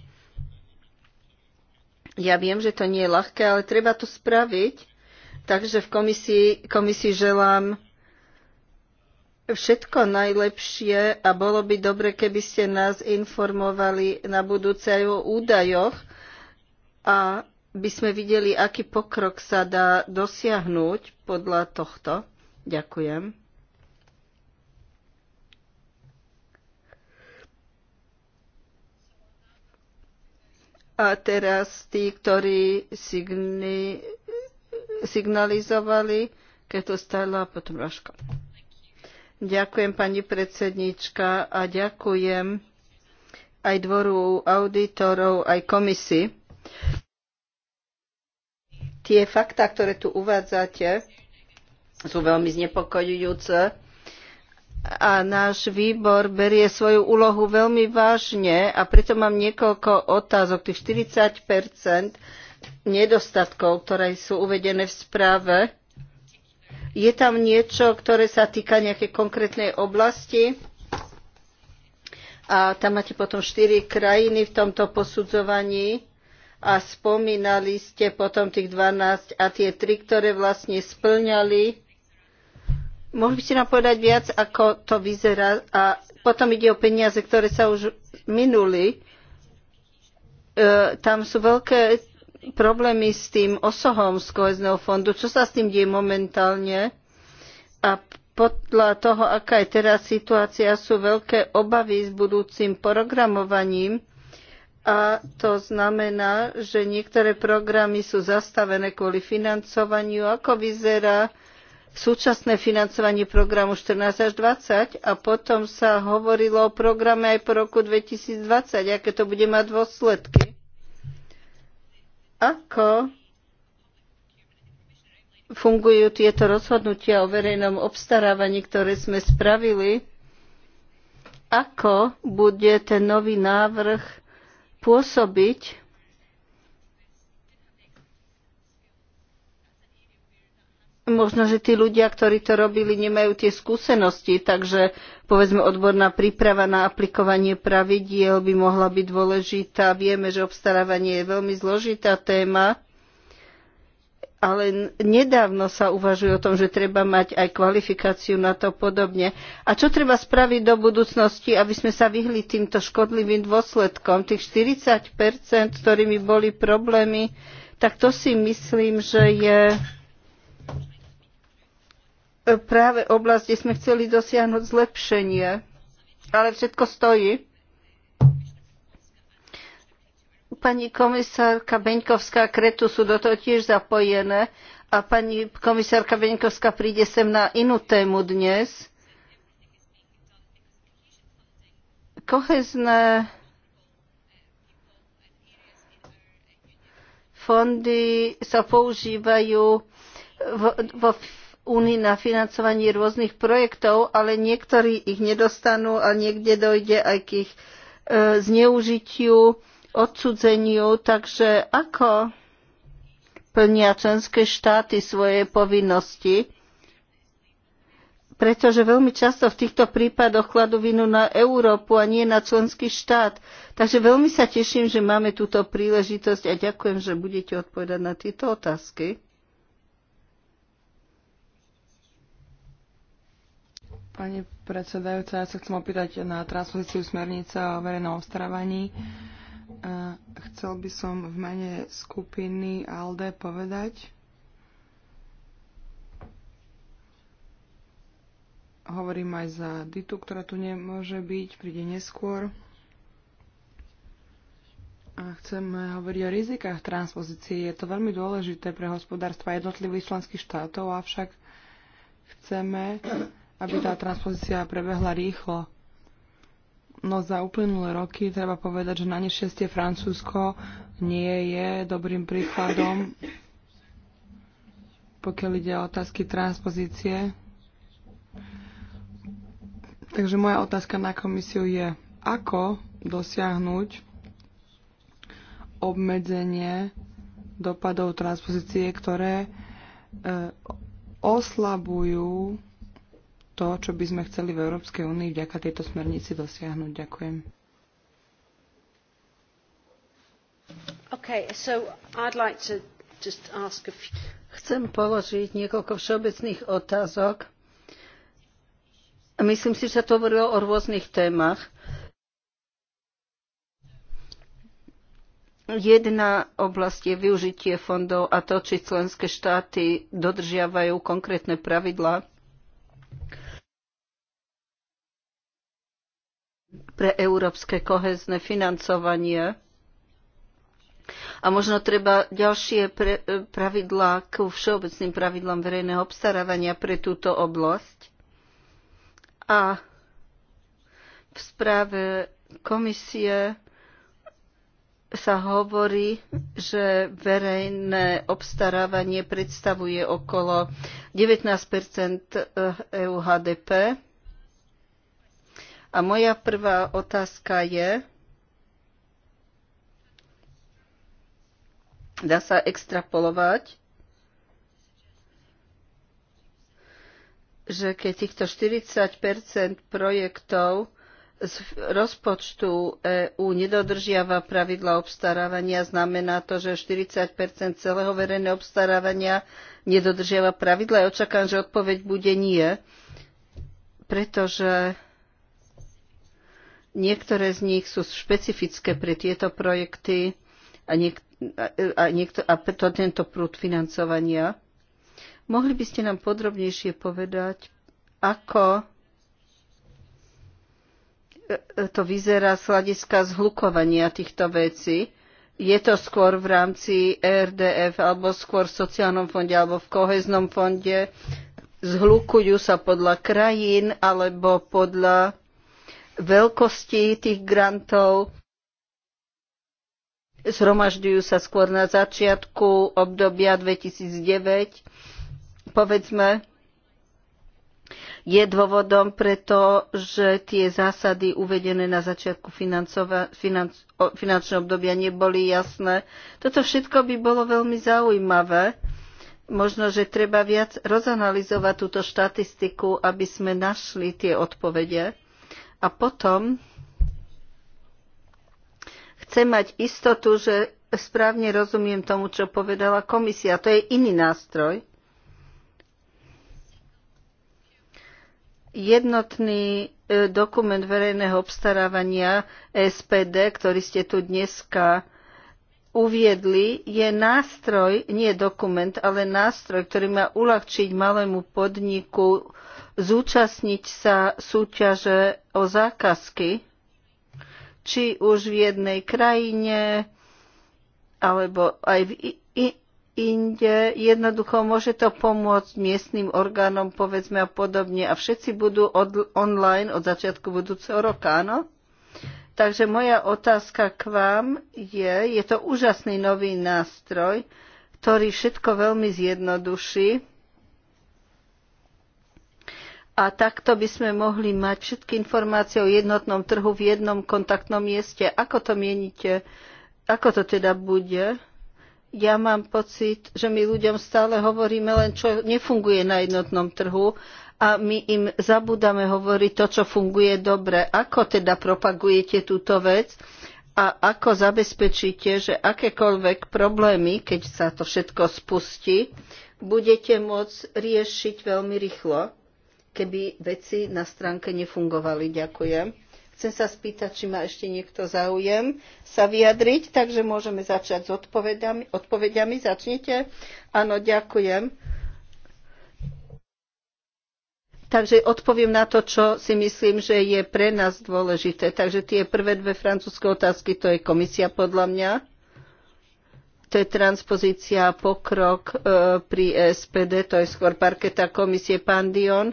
Ja viem, že to nie je ľahké, ale treba to spraviť. Takže v komisii, komisii želám všetko najlepšie a bolo by dobre, keby ste nás informovali na budúce aj o údajoch a by sme videli, aký pokrok sa dá dosiahnuť podľa tohto. Ďakujem. A teraz tí, ktorí signi, signalizovali, keď to stála potom Raška. Ďakujem pani predsednička a ďakujem aj dvoru auditorov, aj komisii Tie fakta, ktoré tu uvádzate, sú veľmi znepokojujúce a náš výbor berie svoju úlohu veľmi vážne a preto mám niekoľko otázok. Tých 40 nedostatkov, ktoré sú uvedené v správe, je tam niečo, ktoré sa týka nejakej konkrétnej oblasti? A tam máte potom štyri krajiny v tomto posudzovaní a spomínali ste potom tých 12 a tie tri, ktoré vlastne splňali. Mohli by ste nám povedať viac, ako to vyzerá? A potom ide o peniaze, ktoré sa už minuli. E, tam sú veľké problémy s tým osohom z kohezného fondu. Čo sa s tým deje momentálne? A podľa toho, aká je teraz situácia, sú veľké obavy s budúcim programovaním a to znamená, že niektoré programy sú zastavené kvôli financovaniu. Ako vyzerá súčasné financovanie programu 14 až 20 a potom sa hovorilo o programe aj po roku 2020, aké to bude mať dôsledky. Ako fungujú tieto rozhodnutia o verejnom obstarávaní, ktoré sme spravili? Ako bude ten nový návrh pôsobiť možno, že tí ľudia, ktorí to robili, nemajú tie skúsenosti, takže povedzme odborná príprava na aplikovanie pravidiel by mohla byť dôležitá. Vieme, že obstarávanie je veľmi zložitá téma ale nedávno sa uvažuje o tom, že treba mať aj kvalifikáciu na to podobne. A čo treba spraviť do budúcnosti, aby sme sa vyhli týmto škodlivým dôsledkom? Tých 40 ktorými boli problémy, tak to si myslím, že je e, práve oblasť, kde sme chceli dosiahnuť zlepšenie. Ale všetko stojí. Pani komisárka Beňkovská a Kretu sú do toho tiež zapojené a pani komisárka Beňkovská príde sem na inú tému dnes. Kohezné fondy sa používajú vo únii na financovanie rôznych projektov, ale niektorí ich nedostanú a niekde dojde aj k ich e, zneužitiu odsudzeniu, takže ako plnia členské štáty svoje povinnosti, pretože veľmi často v týchto prípadoch kladú vinu na Európu a nie na členský štát. Takže veľmi sa teším, že máme túto príležitosť a ďakujem, že budete odpovedať na tieto otázky. Pani predsedajúca, ja sa chcem opýtať na transpozíciu smernice o verejnom obstarávaní. Mm a chcel by som v mene skupiny ALDE povedať, hovorím aj za Ditu, ktorá tu nemôže byť, príde neskôr. A chcem hovoriť o rizikách transpozície. Je to veľmi dôležité pre hospodárstva jednotlivých členských štátov, avšak chceme, aby tá transpozícia prebehla rýchlo. No za uplynulé roky treba povedať, že na nešťastie Francúzsko nie je dobrým príkladom, pokiaľ ide o otázky transpozície. Takže moja otázka na komisiu je, ako dosiahnuť obmedzenie dopadov transpozície, ktoré e, oslabujú to, čo by sme chceli v Európskej únii vďaka tejto smernici dosiahnuť. Ďakujem. Okay, so I'd like to just ask a few... Chcem položiť niekoľko všeobecných otázok. Myslím si, že to hovorilo o rôznych témach. Jedna oblasť je využitie fondov a to, či členské štáty dodržiavajú konkrétne pravidlá pre európske kohezné financovanie. A možno treba ďalšie pre, e, pravidlá k všeobecným pravidlám verejného obstarávania pre túto oblasť. A v správe komisie sa hovorí, že verejné obstarávanie predstavuje okolo 19 EU HDP a moja prvá otázka je, dá sa extrapolovať, že keď týchto 40 projektov z rozpočtu EÚ nedodržiava pravidla obstarávania, znamená to, že 40 celého verejného obstarávania nedodržiava pravidla. Ja očakám, že odpoveď bude nie, pretože Niektoré z nich sú špecifické pre tieto projekty a, niek- a, niekto- a to, tento prúd financovania. Mohli by ste nám podrobnejšie povedať, ako e, e, to vyzerá z hľadiska zhlukovania týchto vecí? Je to skôr v rámci e RDF, alebo skôr v sociálnom fonde alebo v koheznom fonde? Zhlukujú sa podľa krajín alebo podľa veľkosti tých grantov. Zhromažďujú sa skôr na začiatku obdobia 2009, povedzme, je dôvodom preto, že tie zásady uvedené na začiatku financ, finančného obdobia neboli jasné. Toto všetko by bolo veľmi zaujímavé. Možno, že treba viac rozanalizovať túto štatistiku, aby sme našli tie odpovede. A potom chcem mať istotu, že správne rozumiem tomu, čo povedala komisia. To je iný nástroj. Jednotný e, dokument verejného obstarávania SPD, ktorý ste tu dneska uviedli, je nástroj, nie dokument, ale nástroj, ktorý má uľahčiť malému podniku zúčastniť sa súťaže o zákazky, či už v jednej krajine, alebo aj v inde. Jednoducho môže to pomôcť miestnym orgánom, povedzme a podobne. A všetci budú od, online od začiatku budúceho roka, áno? Takže moja otázka k vám je, je to úžasný nový nástroj, ktorý všetko veľmi zjednoduší. A takto by sme mohli mať všetky informácie o jednotnom trhu v jednom kontaktnom mieste. Ako to mienite? Ako to teda bude? Ja mám pocit, že my ľuďom stále hovoríme len, čo nefunguje na jednotnom trhu a my im zabudáme hovoriť to, čo funguje dobre. Ako teda propagujete túto vec a ako zabezpečíte, že akékoľvek problémy, keď sa to všetko spustí, budete môcť riešiť veľmi rýchlo, keby veci na stránke nefungovali. Ďakujem. Chcem sa spýtať, či má ešte niekto záujem sa vyjadriť, takže môžeme začať s odpovediami. odpovediami. Začnite? Áno, ďakujem. Takže odpoviem na to, čo si myslím, že je pre nás dôležité. Takže tie prvé dve francúzske otázky, to je komisia podľa mňa. To je transpozícia pokrok e, pri SPD, to je skôr parketa komisie Pandion.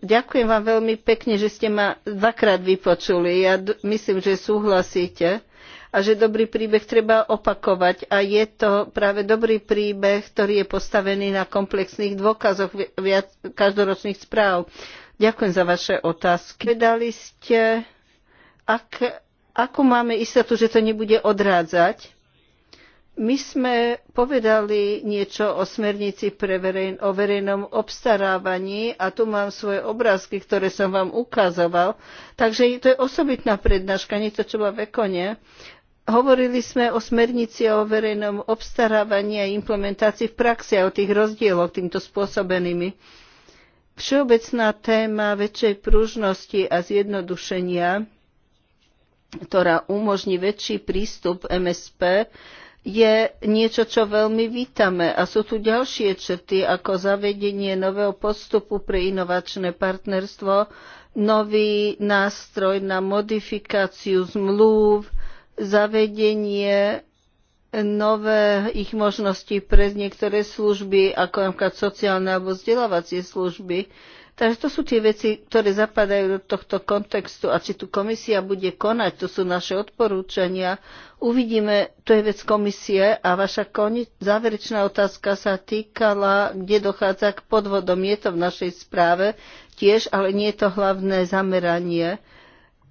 Ďakujem vám veľmi pekne, že ste ma dvakrát vypočuli. Ja myslím, že súhlasíte a že dobrý príbeh treba opakovať. A je to práve dobrý príbeh, ktorý je postavený na komplexných dôkazoch viac každoročných správ. Ďakujem za vaše otázky. Vedali ste, ak, akú máme istotu, že to nebude odrádzať? My sme povedali niečo o smernici pre verejn, o verejnom obstarávaní a tu mám svoje obrázky, ktoré som vám ukazoval. Takže to je osobitná prednáška, nie to čo v ekone. Hovorili sme o smernici o verejnom obstarávaní a implementácii v praxi a o tých rozdieloch týmto spôsobenými. Všeobecná téma väčšej pružnosti a zjednodušenia, ktorá umožní väčší prístup MSP, je niečo, čo veľmi vítame. A sú tu ďalšie črty, ako zavedenie nového postupu pre inovačné partnerstvo, nový nástroj na modifikáciu zmluv, zavedenie nové ich možnosti pre niektoré služby, ako napríklad sociálne alebo vzdelávacie služby. Takže to sú tie veci, ktoré zapadajú do tohto kontextu a či tu komisia bude konať, to sú naše odporúčania. Uvidíme, to je vec komisie a vaša koni- záverečná otázka sa týkala, kde dochádza k podvodom. Je to v našej správe tiež, ale nie je to hlavné zameranie.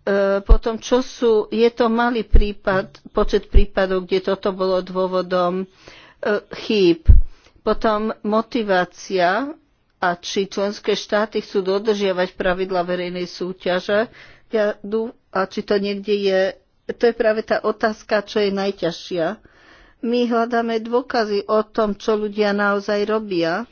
E, potom, čo sú, je to malý prípad, počet prípadov, kde toto bolo dôvodom e, chýb. Potom motivácia a či členské štáty chcú dodržiavať pravidla verejnej súťaže a či to niekde je. To je práve tá otázka, čo je najťažšia. My hľadáme dôkazy o tom, čo ľudia naozaj robia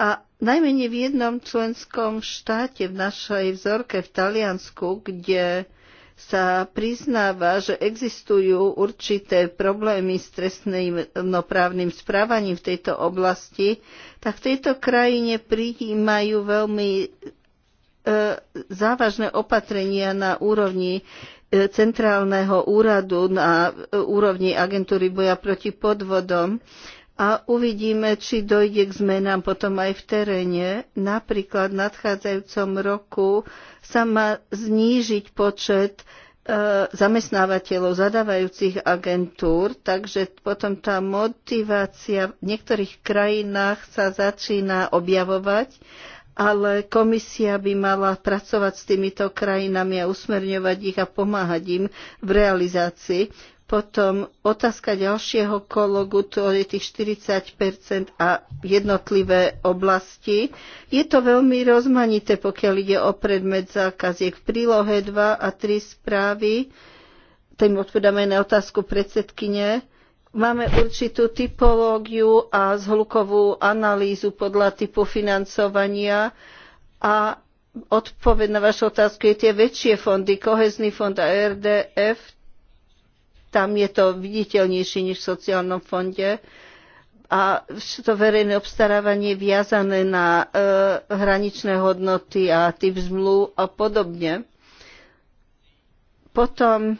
a najmenej v jednom členskom štáte v našej vzorke v Taliansku, kde sa priznáva, že existujú určité problémy s trestnoprávnym správaním v tejto oblasti, tak v tejto krajine prijímajú veľmi e, závažné opatrenia na úrovni e, centrálneho úradu, na e, úrovni agentúry boja proti podvodom. E, a uvidíme, či dojde k zmenám potom aj v teréne. Napríklad v nadchádzajúcom roku sa má znížiť počet e, zamestnávateľov, zadávajúcich agentúr, takže potom tá motivácia v niektorých krajinách sa začína objavovať, ale komisia by mala pracovať s týmito krajinami a usmerňovať ich a pomáhať im v realizácii. Potom otázka ďalšieho kologu, to je tých 40 a jednotlivé oblasti. Je to veľmi rozmanité, pokiaľ ide o predmet zákaziek. V prílohe 2 a 3 správy, tým odpovedáme na otázku predsedkyne, máme určitú typológiu a zhlukovú analýzu podľa typu financovania a odpoveď na vašu otázku je tie väčšie fondy, kohezný fond a RDF, tam je to viditeľnejšie než v sociálnom fonde a to verejné obstarávanie viazané na e, hraničné hodnoty a typ zmluv a podobne. Potom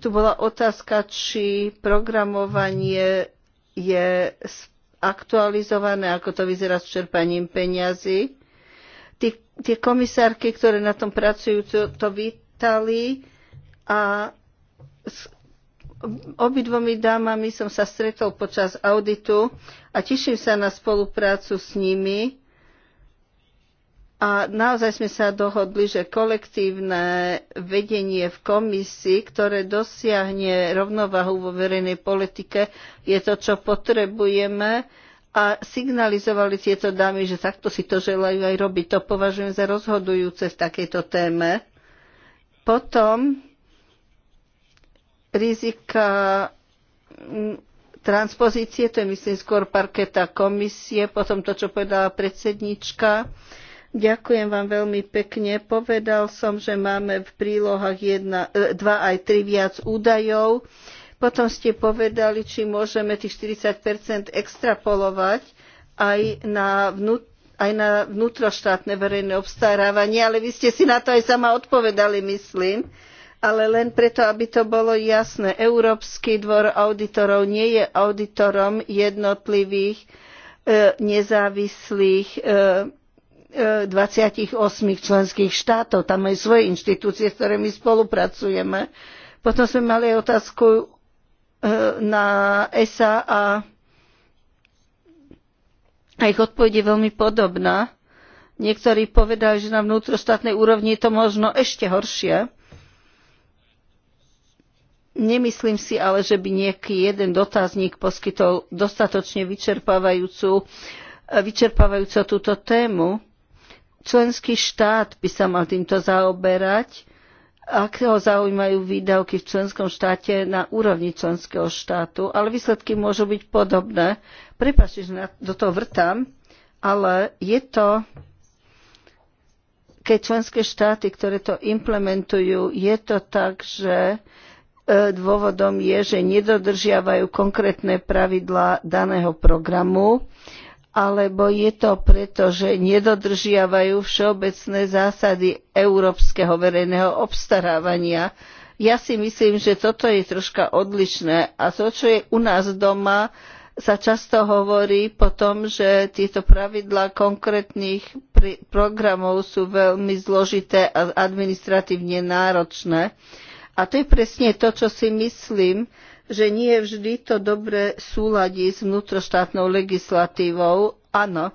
tu bola otázka, či programovanie je aktualizované, ako to vyzerá s čerpaním peňazí. Tí, tie komisárky, ktoré na tom pracujú, to, to vítali a s obidvomi dámami som sa stretol počas auditu a teším sa na spoluprácu s nimi. A naozaj sme sa dohodli, že kolektívne vedenie v komisii, ktoré dosiahne rovnovahu vo verejnej politike, je to, čo potrebujeme. A signalizovali tieto dámy, že takto si to želajú aj robiť. To považujem za rozhodujúce v takejto téme. Potom rizika transpozície, to je myslím skôr parketa komisie, potom to, čo povedala predsednička. Ďakujem vám veľmi pekne. Povedal som, že máme v prílohách 1, 2 e, aj 3 viac údajov. Potom ste povedali, či môžeme tých 40 extrapolovať aj na, vnút, aj na vnútroštátne verejné obstarávanie, ale vy ste si na to aj sama odpovedali, myslím. Uh, ale len preto, aby to bolo jasné. Európsky dvor auditorov nie je auditorom jednotlivých e, nezávislých 28 e, e, členských štátov. Tam majú svoje inštitúcie, s ktorými spolupracujeme. Potom sme mali otázku na ESA a a ich odpoveď je veľmi podobná. Niektorí povedali, že na vnútroštátnej úrovni je to možno ešte horšie. Nemyslím si ale, že by nejaký jeden dotazník poskytol dostatočne vyčerpávajúcu, vyčerpávajúcu túto tému. Členský štát by sa mal týmto zaoberať, ak ho zaujímajú výdavky v členskom štáte na úrovni členského štátu, ale výsledky môžu byť podobné. Prepačte, že do toho vrtám, ale je to keď členské štáty, ktoré to implementujú, je to tak, že E, dôvodom je, že nedodržiavajú konkrétne pravidlá daného programu alebo je to preto, že nedodržiavajú všeobecné zásady európskeho verejného obstarávania. Ja si myslím, že toto je troška odlišné a to, čo je u nás doma, sa často hovorí tom, že tieto pravidlá konkrétnych programov sú veľmi zložité a administratívne náročné. A to je presne to, čo si myslím, že nie vždy to dobre súladí s vnútroštátnou legislatívou. Áno,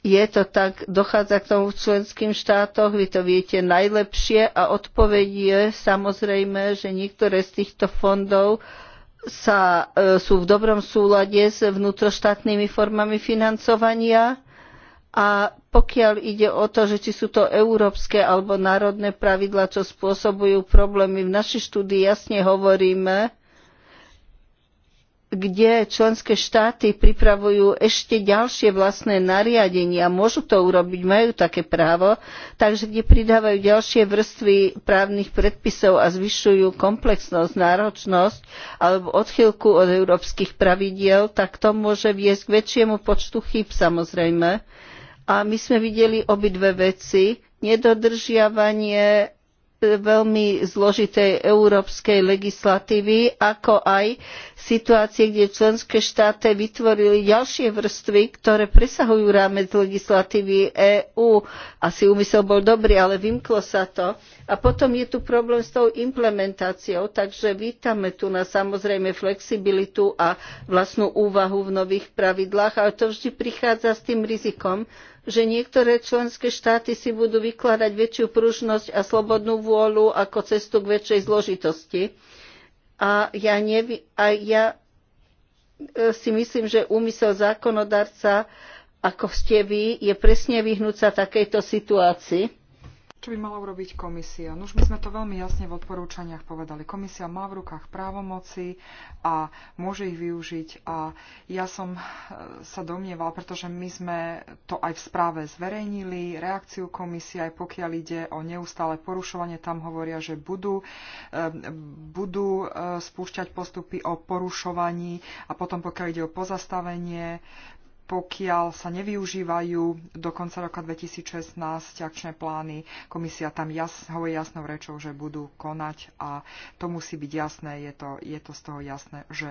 je to tak, dochádza k tomu v členských štátoch, vy to viete najlepšie a odpoveď je samozrejme, že niektoré z týchto fondov sa, e, sú v dobrom súlade s vnútroštátnymi formami financovania a pokiaľ ide o to, že či sú to európske alebo národné pravidla, čo spôsobujú problémy, v našej štúdii jasne hovoríme, kde členské štáty pripravujú ešte ďalšie vlastné nariadenia, môžu to urobiť, majú také právo, takže kde pridávajú ďalšie vrstvy právnych predpisov a zvyšujú komplexnosť, náročnosť alebo odchylku od európskych pravidiel, tak to môže viesť k väčšiemu počtu chýb samozrejme. A my sme videli obidve veci. Nedodržiavanie e, veľmi zložitej európskej legislatívy, ako aj situácie, kde členské štáty vytvorili ďalšie vrstvy, ktoré presahujú rámec legislatívy EÚ. Asi úmysel bol dobrý, ale vymklo sa to. A potom je tu problém s tou implementáciou, takže vítame tu na samozrejme flexibilitu a vlastnú úvahu v nových pravidlách, ale to vždy prichádza s tým rizikom, že niektoré členské štáty si budú vykladať väčšiu pružnosť a slobodnú vôľu ako cestu k väčšej zložitosti. A ja, nevi, a ja e, si myslím, že úmysel zákonodarca, ako ste vy, je presne vyhnúť sa takejto situácii čo by mala urobiť komisia? No už my sme to veľmi jasne v odporúčaniach povedali. Komisia má v rukách právomoci a môže ich využiť a ja som e, sa domnieval, pretože my sme to aj v správe zverejnili, reakciu komisie, aj pokiaľ ide o neustále porušovanie, tam hovoria, že budú, e, budú e, spúšťať postupy o porušovaní a potom pokiaľ ide o pozastavenie, pokiaľ sa nevyužívajú do konca roka 2016 akčné plány, komisia tam jas, hovorí jasnou rečou, že budú konať a to musí byť jasné, je to, je to z toho jasné, že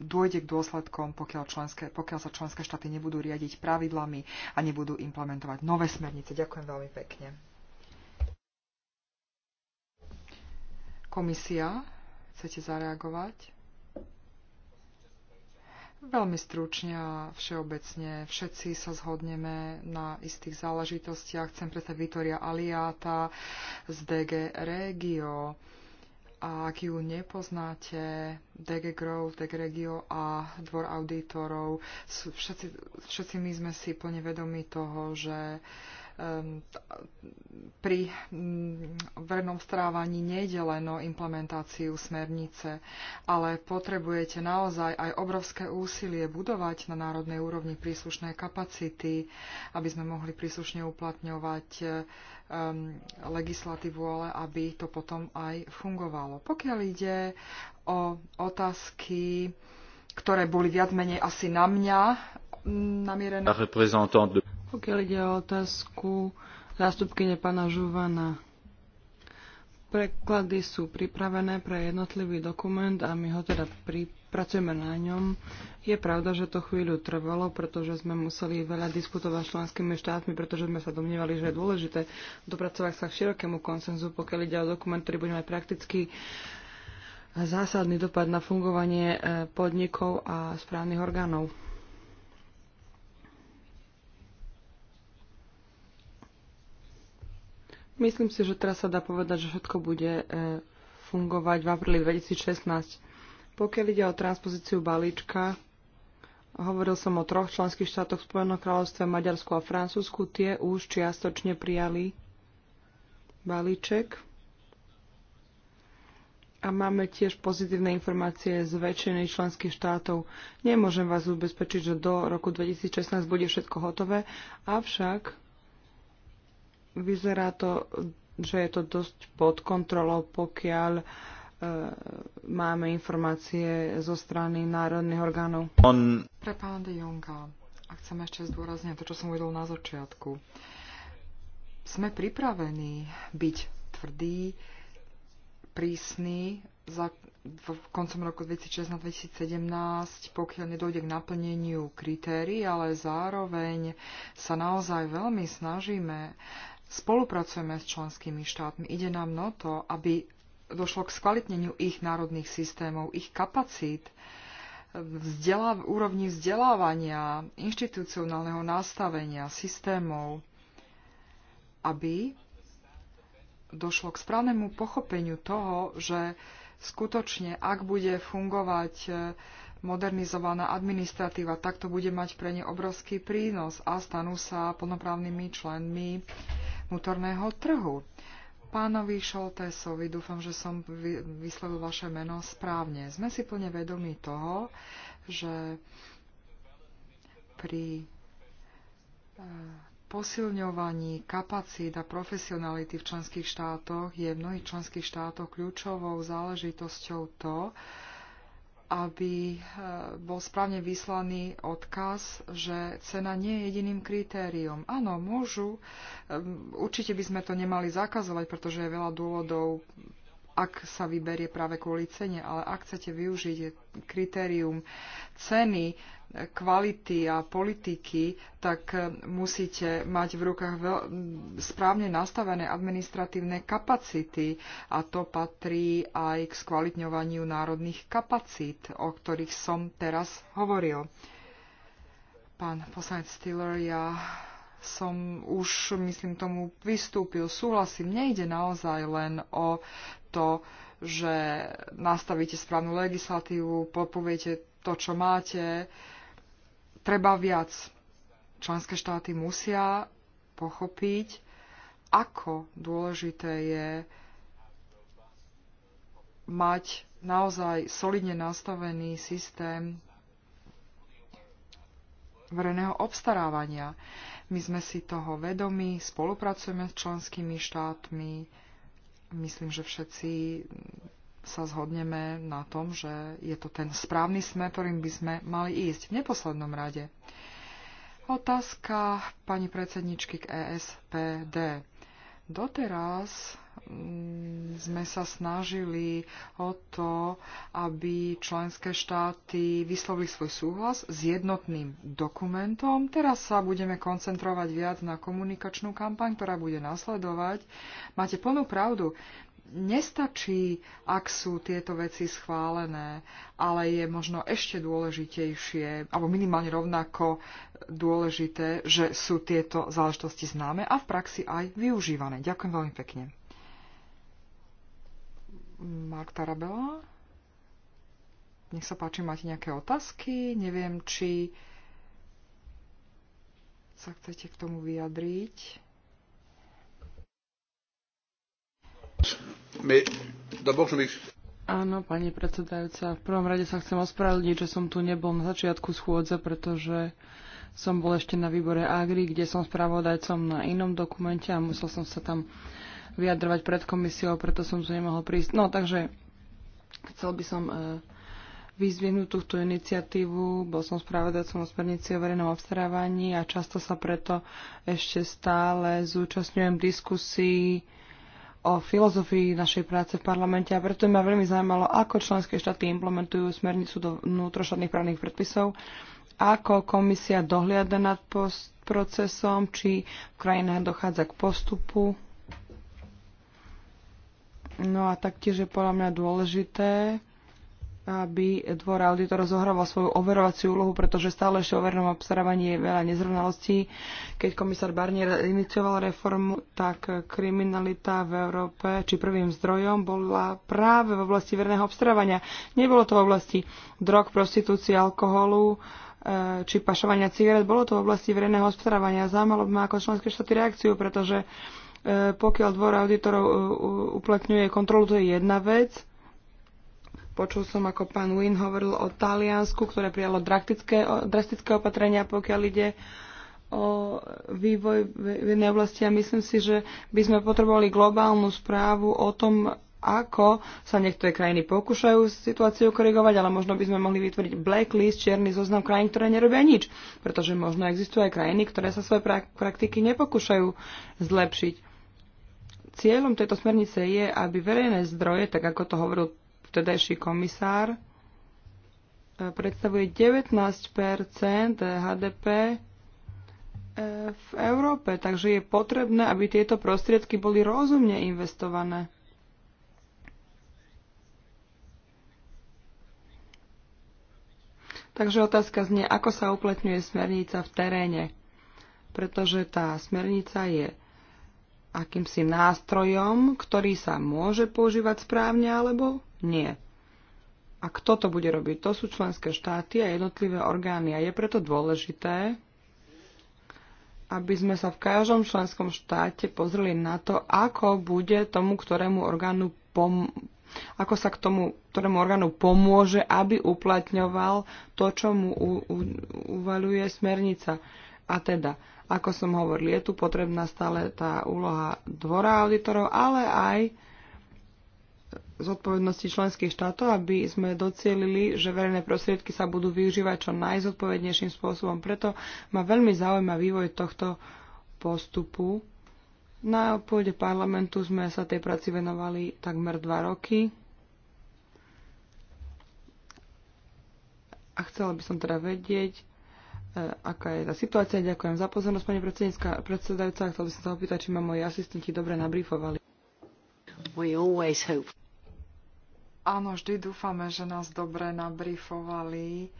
dôjde k dôsledkom, pokiaľ, členské, pokiaľ sa členské štáty nebudú riadiť pravidlami a nebudú implementovať nové smernice. Ďakujem veľmi pekne. Komisia, chcete zareagovať? Veľmi stručne a všeobecne všetci sa zhodneme na istých záležitostiach. Chcem predstaviť Vitoria Aliáta z DG Regio. A ak ju nepoznáte, DG Growth, DG Regio a Dvor auditorov, všetci, všetci my sme si plne vedomi toho, že uh, Ehm, pri mm, vernom strávaní nejde len o implementáciu smernice, ale potrebujete naozaj aj obrovské úsilie budovať na národnej úrovni príslušné kapacity, aby sme mohli príslušne uplatňovať ehm, legislatívu, ale aby to potom aj fungovalo. Pokiaľ ide o otázky, ktoré boli viac menej asi na mňa mm, namierené. Pokiaľ ide o otázku zástupkyne pána Žuvana, preklady sú pripravené pre jednotlivý dokument a my ho teda pracujeme na ňom. Je pravda, že to chvíľu trvalo, pretože sme museli veľa diskutovať s členskými štátmi, pretože sme sa domnievali, že je dôležité dopracovať sa k širokému konsenzu, pokiaľ ide o dokument, ktorý bude mať prakticky zásadný dopad na fungovanie eh, podnikov a správnych orgánov. Myslím si, že teraz sa dá povedať, že všetko bude e, fungovať v apríli 2016. Pokiaľ ide o transpozíciu balíčka, hovoril som o troch členských štátoch Spojeného kráľovstva, Maďarsku a Francúzsku. Tie už čiastočne prijali balíček. A máme tiež pozitívne informácie z väčšiny členských štátov. Nemôžem vás ubezpečiť, že do roku 2016 bude všetko hotové, avšak Vyzerá to, že je to dosť pod kontrolou, pokiaľ e, máme informácie zo strany národných orgánov. On... Pre pána de Jonga, a chcem ešte zdôrazniť to, čo som uvedol na začiatku. Sme pripravení byť tvrdí, prísni za v koncom roku 2016 na 2017, pokiaľ nedojde k naplneniu kritérií, ale zároveň sa naozaj veľmi snažíme Spolupracujeme s členskými štátmi. Ide nám no to, aby došlo k skvalitneniu ich národných systémov, ich kapacít, vzdeláv- úrovni vzdelávania, inštitucionálneho nastavenia, systémov, aby došlo k správnemu pochopeniu toho, že skutočne, ak bude fungovať modernizovaná administratíva. Takto bude mať pre ne obrovský prínos a stanú sa plnoprávnymi členmi vnútorného trhu. Pánovi Šoltésovi, dúfam, že som vyslovil vaše meno správne. Sme si plne vedomi toho, že pri e, posilňovaní kapacít a profesionality v členských štátoch je v mnohých členských štátoch kľúčovou záležitosťou to, aby e, bol správne vyslaný odkaz, že cena nie je jediným kritériom. Áno, môžu. Ehm, určite by sme to nemali zakazovať, pretože je veľa dôvodov ak sa vyberie práve kvôli cene, ale ak chcete využiť kritérium ceny, kvality a politiky, tak eh, musíte mať v rukách správne nastavené administratívne kapacity a to patrí aj k skvalitňovaniu národných kapacít, o ktorých som teraz hovoril. Pán poslanec Stiller, ja som už, myslím, tomu vystúpil. Súhlasím, nejde naozaj len o to, že nastavíte správnu legislatívu, popoviete to, čo máte. Treba viac. Členské štáty musia pochopiť, ako dôležité je mať naozaj solidne nastavený systém verejného obstarávania. My sme si toho vedomi, spolupracujeme s členskými štátmi. Myslím, že všetci sa zhodneme na tom, že je to ten správny smer, ktorým by sme mali ísť v neposlednom rade. Otázka pani predsedničky k ESPD. Doteraz sme sa snažili o to, aby členské štáty vyslovili svoj súhlas s jednotným dokumentom. Teraz sa budeme koncentrovať viac na komunikačnú kampaň, ktorá bude nasledovať. Máte plnú pravdu. Nestačí, ak sú tieto veci schválené, ale je možno ešte dôležitejšie, alebo minimálne rovnako dôležité, že sú tieto záležitosti známe a v praxi aj využívané. Ďakujem veľmi pekne. Mark Tarabella. Nech sa páči, máte nejaké otázky? Neviem, či sa chcete k tomu vyjadriť. Áno, pani predsedajúca, v prvom rade sa chcem ospravedlniť, že som tu nebol na začiatku schôdze, pretože som bol ešte na výbore Agri, kde som spravodajcom na inom dokumente a musel som sa tam vyjadrovať pred komisiou, preto som tu nemohol prísť. No takže chcel by som e, vyzvihnúť túto iniciatívu. Bol som spravodajcom o smernici o verejnom obstarávaní a často sa preto ešte stále zúčastňujem diskusí o filozofii našej práce v parlamente a preto ma veľmi zaujímalo, ako členské štáty implementujú smernicu do vnútroštátnych právnych predpisov, ako komisia dohliada nad procesom, či v krajinách dochádza k postupu No a taktiež je podľa mňa dôležité, aby dvor auditor zohrával svoju overovaciu úlohu, pretože stále ešte o vernom obstarávaní je veľa nezrovnalostí. Keď komisár Barnier inicioval reformu, tak kriminalita v Európe, či prvým zdrojom, bola práve v oblasti verného obstarávania. Nebolo to v oblasti drog, prostitúcie, alkoholu, e, či pašovania cigaret. Bolo to v oblasti verejného obstarávania. Zámalo by ma ako členské štáty reakciu, pretože pokiaľ dvor auditorov e, uplatňuje kontrolu, to je jedna vec. Počul som, ako pán Win hovoril o Taliansku, ktoré prijalo drastické, drastické opatrenia, pokiaľ ide o vývoj v jednej oblasti a myslím si, že by sme potrebovali globálnu správu o tom, ako sa niektoré krajiny pokúšajú situáciu korigovať, ale možno by sme mohli vytvoriť blacklist, čierny zoznam krajín, ktoré nerobia nič, pretože možno existujú aj krajiny, ktoré sa svoje praktiky nepokúšajú zlepšiť. Cieľom tejto smernice je, aby verejné zdroje, tak ako to hovoril vtedajší komisár, e, predstavuje 19 HDP e, v Európe, takže je potrebné, aby tieto prostriedky boli rozumne investované. Takže otázka znie, ako sa uplatňuje smernica v teréne. Pretože tá smernica je akýmsi nástrojom, ktorý sa môže používať správne alebo nie. A kto to bude robiť? To sú členské štáty a jednotlivé orgány. A je preto dôležité, aby sme sa v každom členskom štáte pozreli na to, ako bude tomu, ktorému orgánu pom- ako sa k tomu, ktorému orgánu pomôže, aby uplatňoval to, čo mu u- u- uvaluje smernica. A teda, ako som hovoril, je tu potrebná stále tá úloha dvora auditorov, ale aj zodpovednosti členských štátov, aby sme docielili, že verejné prostriedky sa budú využívať čo najzodpovednejším spôsobom. Preto ma veľmi zaujíma vývoj tohto postupu. Na pôde parlamentu sme sa tej práci venovali takmer dva roky. A chcela by som teda vedieť, Eh, aká je tá situácia. Ďakujem za pozornosť, pani predsedajúca. Chcel by som sa opýtať, či ma moji asistenti dobre nabrifovali. Áno, vždy dúfame, že nás dobre nabrifovali.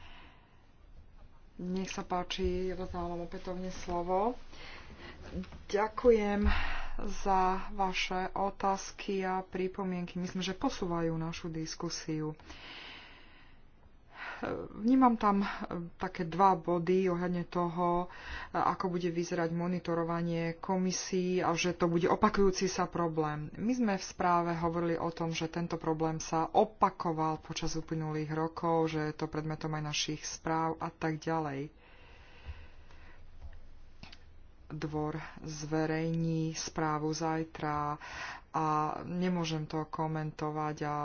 Nech sa páči, rozdávam opätovne slovo. Ďakujem za vaše otázky a pripomienky. Myslím, že posúvajú našu diskusiu. Uh, Vnímam tam e, také dva body ohľadne toho, e, ako bude vyzerať monitorovanie komisí a že to bude opakujúci sa problém. My sme v správe hovorili o tom, že tento problém sa opakoval počas uplynulých rokov, že je to predmetom aj našich správ a tak ďalej. Dvor zverejní správu zajtra a nemôžem to komentovať a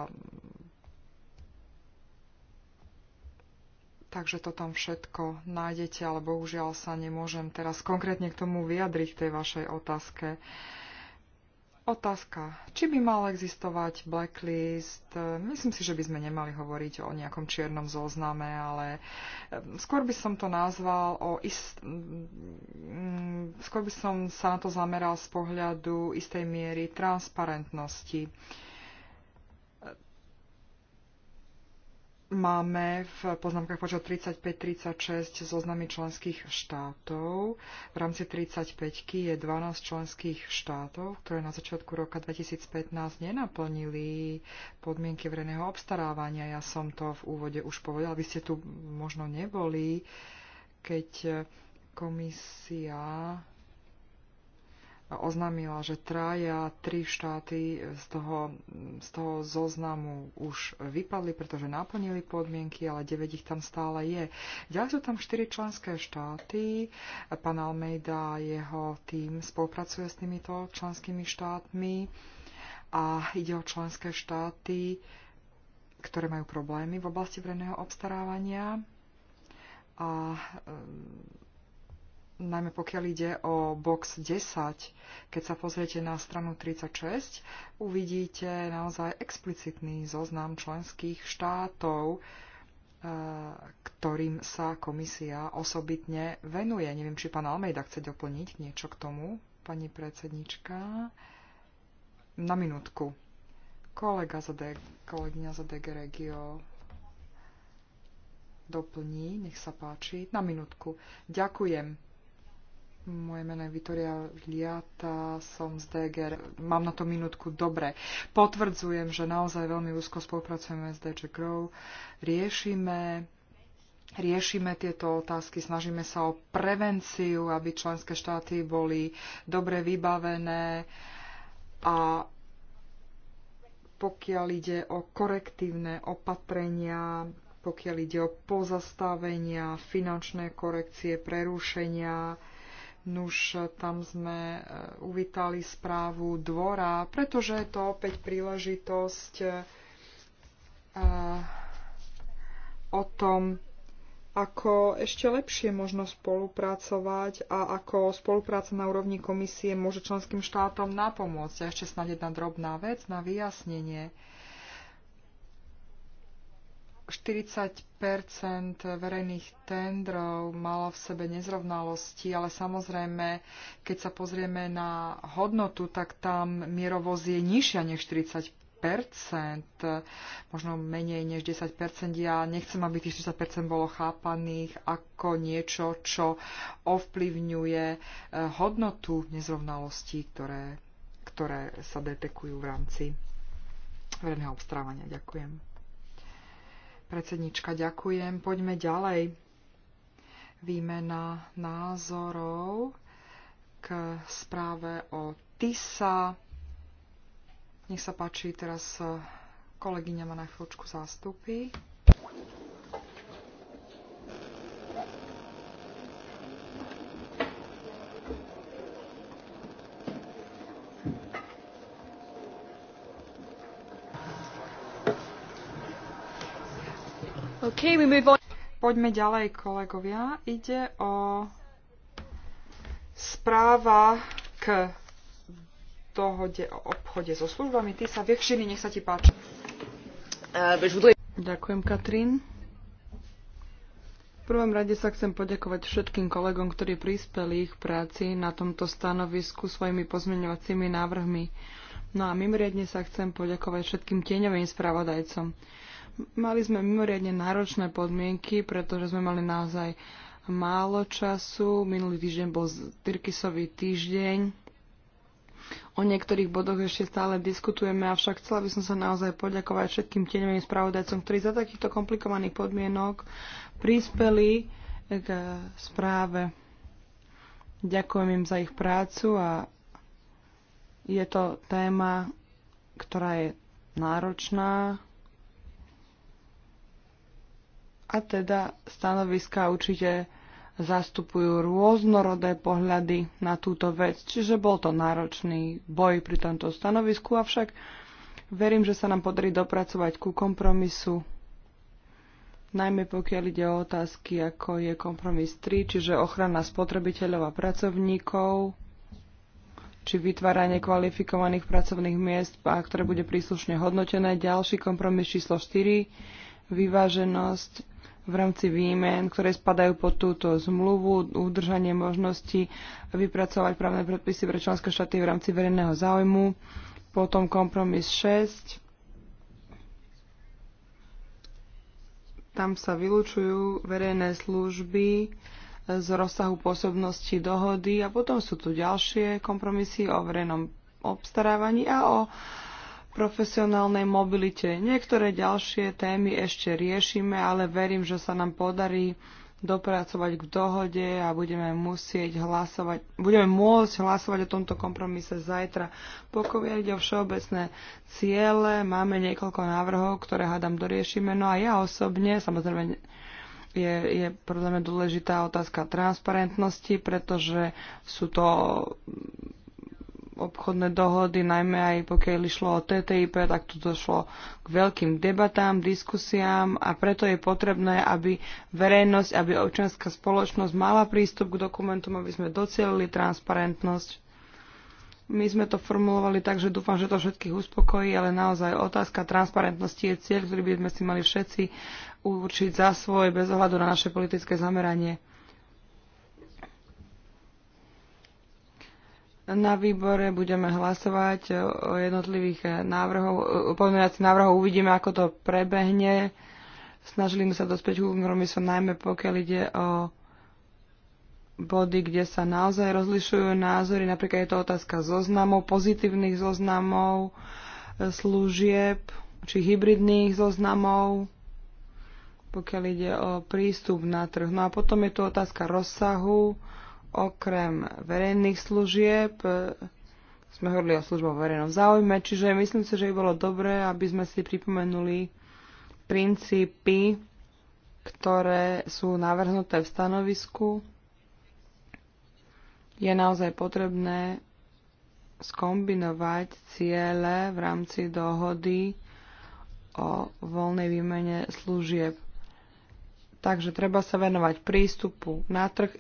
takže to tam všetko nájdete, ale bohužiaľ sa nemôžem teraz konkrétne k tomu vyjadriť tej vašej otázke. Otázka. Či by mal existovať blacklist? Myslím si, že by sme nemali hovoriť o nejakom čiernom zozname, ale skôr by som to nazval o ist... Mm, skôr by som sa na to zameral z pohľadu istej miery transparentnosti. Uh, máme v poznámkach počet 35-36 zoznamy členských štátov. V rámci 35 je 12 členských štátov, ktoré na začiatku roka 2015 nenaplnili podmienky verejného obstarávania. Ja som to v úvode už povedala, aby ste tu možno neboli, keď komisia oznámila, že traja, tri štáty z toho, z toho zoznamu už vypadli, pretože naplnili podmienky, ale 9 ich tam stále je. Ďalej sú tam štyri členské štáty. Pán Almeida a jeho tým spolupracuje s týmito členskými štátmi a ide o členské štáty, ktoré majú problémy v oblasti verejného obstarávania. A najmä pokiaľ ide o box 10, keď sa pozriete na stranu 36, uvidíte naozaj explicitný zoznam členských štátov, e, ktorým sa komisia osobitne venuje. Neviem, či pán Almeida chce doplniť niečo k tomu, pani predsednička. Na minútku. Kolega za de, kolegyňa za DG Regio doplní, nech sa páči. Na minútku. Ďakujem moje meno je Vitoria Liata, som z DGR. Mám na to minútku. Dobre. Potvrdzujem, že naozaj veľmi úzko spolupracujeme s DG Grow. Riešime riešime tieto otázky, snažíme sa o prevenciu, aby členské štáty boli dobre vybavené a pokiaľ ide o korektívne opatrenia, pokiaľ ide o pozastavenia, finančné korekcie, prerušenia, Nuž tam sme e, uvítali správu dvora, pretože je to opäť príležitosť e, o tom, ako ešte lepšie možno spolupracovať a ako spolupráca na úrovni komisie môže členským štátom napomôcť. A ešte snad jedna drobná vec na vyjasnenie. 40 verejných tendrov malo v sebe nezrovnalosti, ale samozrejme, keď sa pozrieme na hodnotu, tak tam mierovosť je nižšia než 40 možno menej než 10 Ja nechcem, aby tých 40 bolo chápaných ako niečo, čo ovplyvňuje eh, hodnotu nezrovnalostí, ktoré, ktoré sa detekujú v rámci verejného obstarávania. Ďakujem. Predsednička, ďakujem. Poďme ďalej. Výmena názorov k správe o TISA. Nech sa páči, teraz kolegyňa ma na chvíľočku zástupy. Okay, we move on. Poďme ďalej, kolegovia. Ide o správa k dohode o obchode so službami. Ty sa vychšili, nech sa ti páči. Ďakujem, Katrín. V prvom rade sa chcem poďakovať všetkým kolegom, ktorí prispeli ich práci na tomto stanovisku svojimi pozmeňovacími návrhmi. No a mimoriadne sa chcem poďakovať všetkým tieňovým spravodajcom. Mali sme mimoriadne náročné podmienky, pretože sme mali naozaj málo času. Minulý týždeň bol Tyrkisový týždeň. O niektorých bodoch ešte stále diskutujeme, avšak chcela by som sa naozaj poďakovať všetkým tieňovým spravodajcom, ktorí za takýchto komplikovaných podmienok prispeli k správe. Ďakujem im za ich prácu a je to téma, ktorá je náročná, a teda stanoviska určite zastupujú rôznorodé pohľady na túto vec, čiže bol to náročný boj pri tomto stanovisku, avšak verím, že sa nám podarí dopracovať ku kompromisu, najmä pokiaľ ide o otázky, ako je kompromis 3, čiže ochrana spotrebiteľov a pracovníkov, či vytváranie kvalifikovaných pracovných miest, a ktoré bude príslušne hodnotené. Ďalší kompromis číslo 4, vyváženosť v rámci výmen, ktoré spadajú pod túto zmluvu, udržanie možnosti vypracovať právne predpisy pre členské štáty v rámci verejného záujmu, potom kompromis 6. Tam sa vylúčujú verejné služby z rozsahu pôsobnosti dohody a potom sú tu ďalšie kompromisy o verejnom obstarávaní a o profesionálnej mobilite. Niektoré ďalšie témy ešte riešime, ale verím, že sa nám podarí dopracovať k dohode a budeme musieť hlasovať, budeme môcť hlasovať o tomto kompromise zajtra. Pokiaľ ide o všeobecné ciele, máme niekoľko návrhov, ktoré hádam doriešime. No a ja osobne, samozrejme, je, je podľa mňa dôležitá otázka transparentnosti, pretože sú to obchodné dohody, najmä aj pokiaľ išlo o TTIP, tak tu došlo k veľkým debatám, diskusiám a preto je potrebné, aby verejnosť, aby občianská spoločnosť mala prístup k dokumentom, aby sme docielili transparentnosť. My sme to formulovali tak, že dúfam, že to všetkých uspokojí, ale naozaj otázka transparentnosti je cieľ, ktorý by sme si mali všetci určiť za svoj bez ohľadu na naše politické zameranie. Na výbore budeme hlasovať o jednotlivých návrhov, pozmeňovacích návrhov, uvidíme, ako to prebehne. Snažili sme sa dospäť k kompromisu, najmä pokiaľ ide o body, kde sa naozaj rozlišujú názory. Napríklad je to otázka zoznamov, pozitívnych zoznamov, služieb či hybridných zoznamov, pokiaľ ide o prístup na trh. No a potom je tu otázka rozsahu, okrem verejných služieb e, sme hovorili o službe o verejnom záujme, čiže myslím si, že by bolo dobré, aby sme si pripomenuli princípy, ktoré sú navrhnuté v stanovisku. Je naozaj potrebné skombinovať ciele v rámci dohody o voľnej výmene služieb. Takže treba sa venovať prístupu na trh,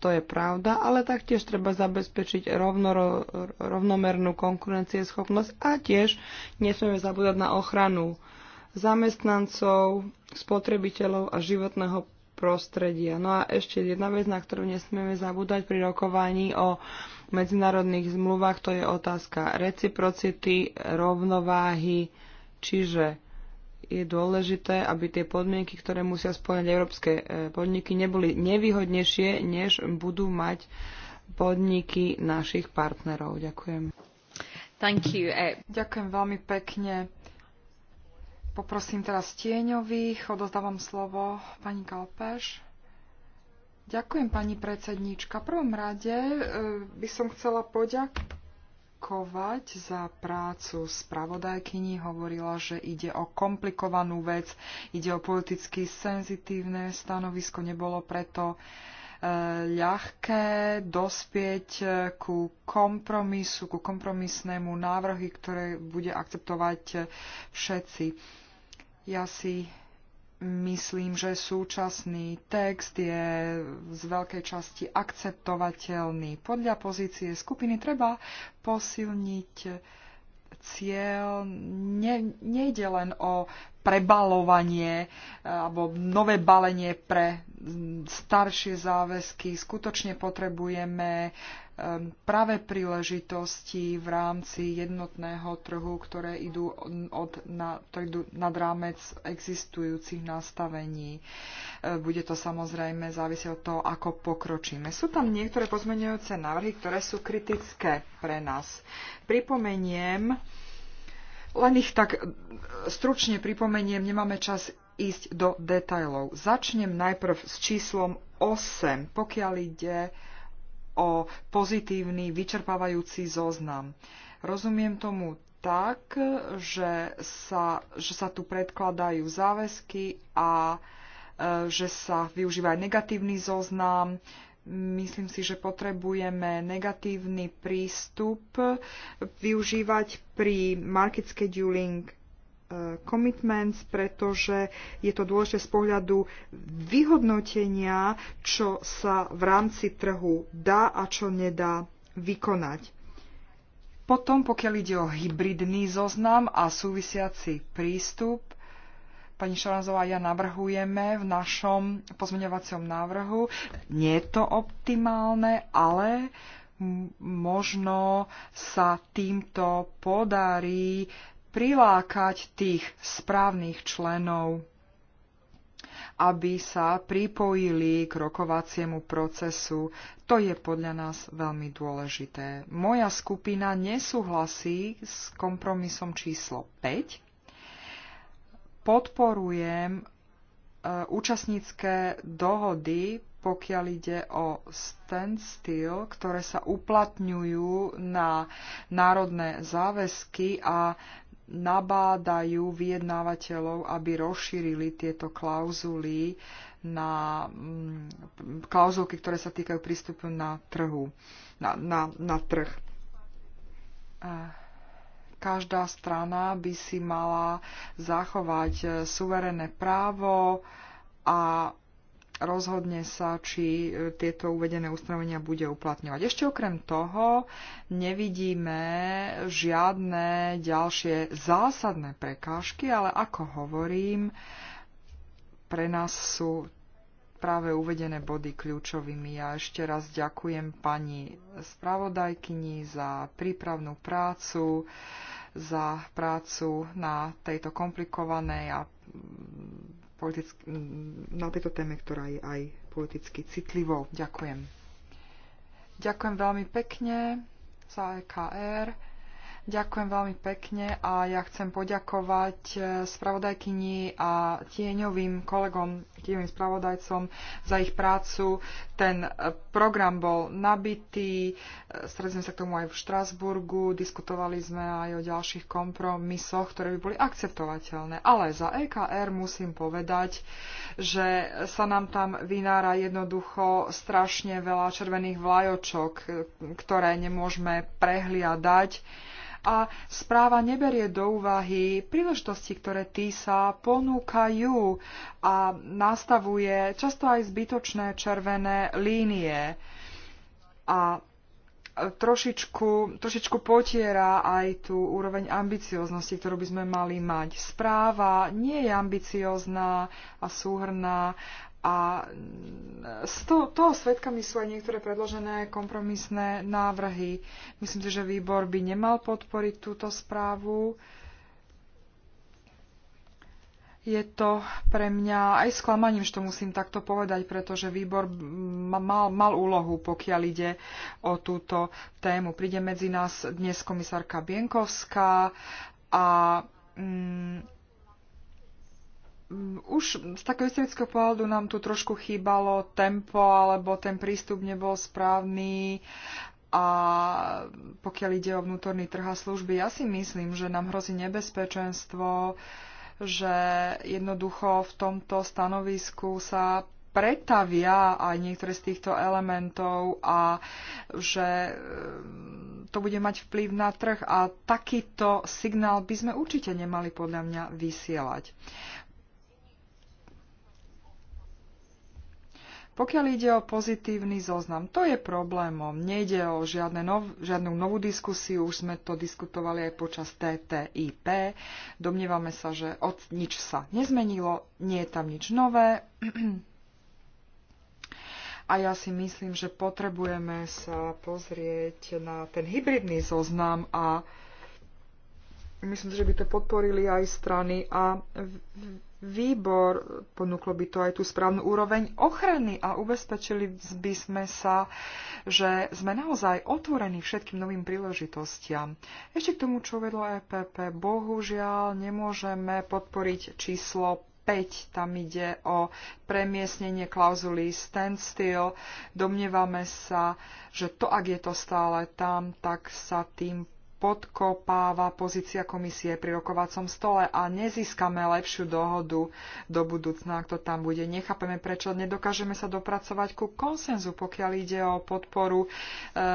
to je pravda, ale taktiež treba zabezpečiť rovno, rovnomernú konkurencieschopnosť a tiež nesmieme zabúdať na ochranu zamestnancov, spotrebiteľov a životného prostredia. No a ešte jedna vec, na ktorú nesmieme zabúdať pri rokovaní o medzinárodných zmluvách, to je otázka reciprocity, rovnováhy, čiže je dôležité, aby tie podmienky, ktoré musia splňať európske e, podniky, neboli nevýhodnejšie, než budú mať podniky našich partnerov. Ďakujem. Thank you. E, Ďakujem veľmi pekne. Poprosím teraz tieňových, odozdávam slovo pani Kalpeš. Ďakujem, pani predsedníčka. V prvom rade e, by som chcela poďakovať ďakovať za prácu spravodajkyni. Hovorila, že ide o komplikovanú vec, ide o politicky senzitívne stanovisko. Nebolo preto e, ľahké dospieť e, ku kompromisu, ku kompromisnému návrhy, ktoré bude akceptovať e, všetci. Ja si myslím, že súčasný text je z veľkej časti akceptovateľný. Podľa pozície skupiny treba posilniť cieľ. Ne, nejde len o prebalovanie eh, alebo nové balenie pre staršie záväzky. Skutočne potrebujeme eh, práve príležitosti v rámci jednotného trhu, ktoré idú, od, na, ktoré idú nad rámec existujúcich nastavení. Eh, bude to samozrejme závisieť od toho, ako pokročíme. Sú tam niektoré pozmeňujúce návrhy, ktoré sú kritické pre nás. Pripomeniem, len ich tak e, stručne pripomeniem, nemáme čas ísť do detajlov. Začnem najprv s číslom 8, pokiaľ ide o pozitívny, vyčerpávajúci zoznam. Rozumiem tomu tak, že sa, že sa tu predkladajú záväzky a e, že sa využíva aj negatívny zoznam, Myslím si, že potrebujeme negatívny prístup využívať pri market scheduling e, commitments, pretože je to dôležité z pohľadu vyhodnotenia, čo sa v rámci trhu dá a čo nedá vykonať. Potom, pokiaľ ide o hybridný zoznam a súvisiaci prístup, pani Šaranzová a ja navrhujeme v našom pozmeňovacom návrhu. Nie je to optimálne, ale možno sa týmto podarí prilákať tých správnych členov, aby sa pripojili k rokovaciemu procesu. To je podľa nás veľmi dôležité. Moja skupina nesúhlasí s kompromisom číslo 5, podporujem e, účastnícke dohody, pokiaľ ide o standstill, ktoré sa uplatňujú na národné záväzky a nabádajú vyjednávateľov, aby rozšírili tieto klauzuly na mm, klauzulky, ktoré sa týkajú prístupu na trhu, na, na, na trh. Uh každá strana by si mala zachovať eh, suverénne právo a rozhodne sa, či eh, tieto uvedené ustanovenia bude uplatňovať. Ešte okrem toho nevidíme žiadne ďalšie zásadné prekážky, ale ako hovorím, pre nás sú práve uvedené body kľúčovými. Ja ešte raz ďakujem pani spravodajkyni za prípravnú prácu za prácu na tejto komplikovanej a mm, mm, na tejto téme, ktorá je aj politicky citlivou. Ďakujem. Ďakujem veľmi pekne za EKR. Ďakujem veľmi pekne a ja chcem poďakovať e, spravodajkyni a tieňovým kolegom, tieňovým spravodajcom za ich prácu. Ten e, program bol nabitý, e, stretli sme sa k tomu aj v Štrasburgu, diskutovali sme aj o ďalších kompromisoch, ktoré by boli akceptovateľné. Ale za EKR musím povedať, že sa nám tam vynára jednoducho strašne veľa červených vlajočok, ktoré nemôžeme prehliadať a správa neberie do úvahy príležitosti, ktoré tí sa ponúkajú a nastavuje často aj zbytočné červené línie. A trošičku, trošičku potiera aj tú úroveň ambicioznosti, ktorú by sme mali mať. Správa nie je ambiciozná a súhrná a mm, z toho, toho svetkami sú aj niektoré predložené kompromisné návrhy. Myslím si, že výbor by nemal podporiť túto správu. Je to pre mňa aj sklamaním, že to musím takto povedať, pretože výbor mal, mal úlohu, pokiaľ ide o túto tému. Príde medzi nás dnes komisárka Bienkovská a mm, Mm, už z takého historického pohľadu nám tu trošku chýbalo tempo, alebo ten prístup nebol správny. A pokiaľ ide o vnútorný trh a služby, ja si myslím, že nám hrozí nebezpečenstvo, že jednoducho v tomto stanovisku sa pretavia aj niektoré z týchto elementov a že mm, to bude mať vplyv na trh a takýto signál by sme určite nemali podľa mňa vysielať. Pokiaľ ide o pozitívny zoznam, to je problémom. Nejde o žiadne nov, žiadnu novú diskusiu, už sme to diskutovali aj počas TTIP. Domnievame sa, že od nič sa nezmenilo, nie je tam nič nové. A ja si myslím, že potrebujeme sa pozrieť na ten hybridný zoznam a myslím si, že by to podporili aj strany a výbor ponúklo by to aj tú správnu úroveň ochrany a ubezpečili by sme sa, že sme naozaj otvorení všetkým novým príležitostiam. Ešte k tomu, čo vedlo EPP, bohužiaľ nemôžeme podporiť číslo 5. Tam ide o premiesnenie klauzuly standstill. Domnievame sa, že to, ak je to stále tam, tak sa tým podkopáva pozícia komisie pri rokovacom stole a nezískame lepšiu dohodu do budúcna, ak to tam bude. Nechápeme, prečo nedokážeme sa dopracovať ku konsenzu, pokiaľ ide o podporu e,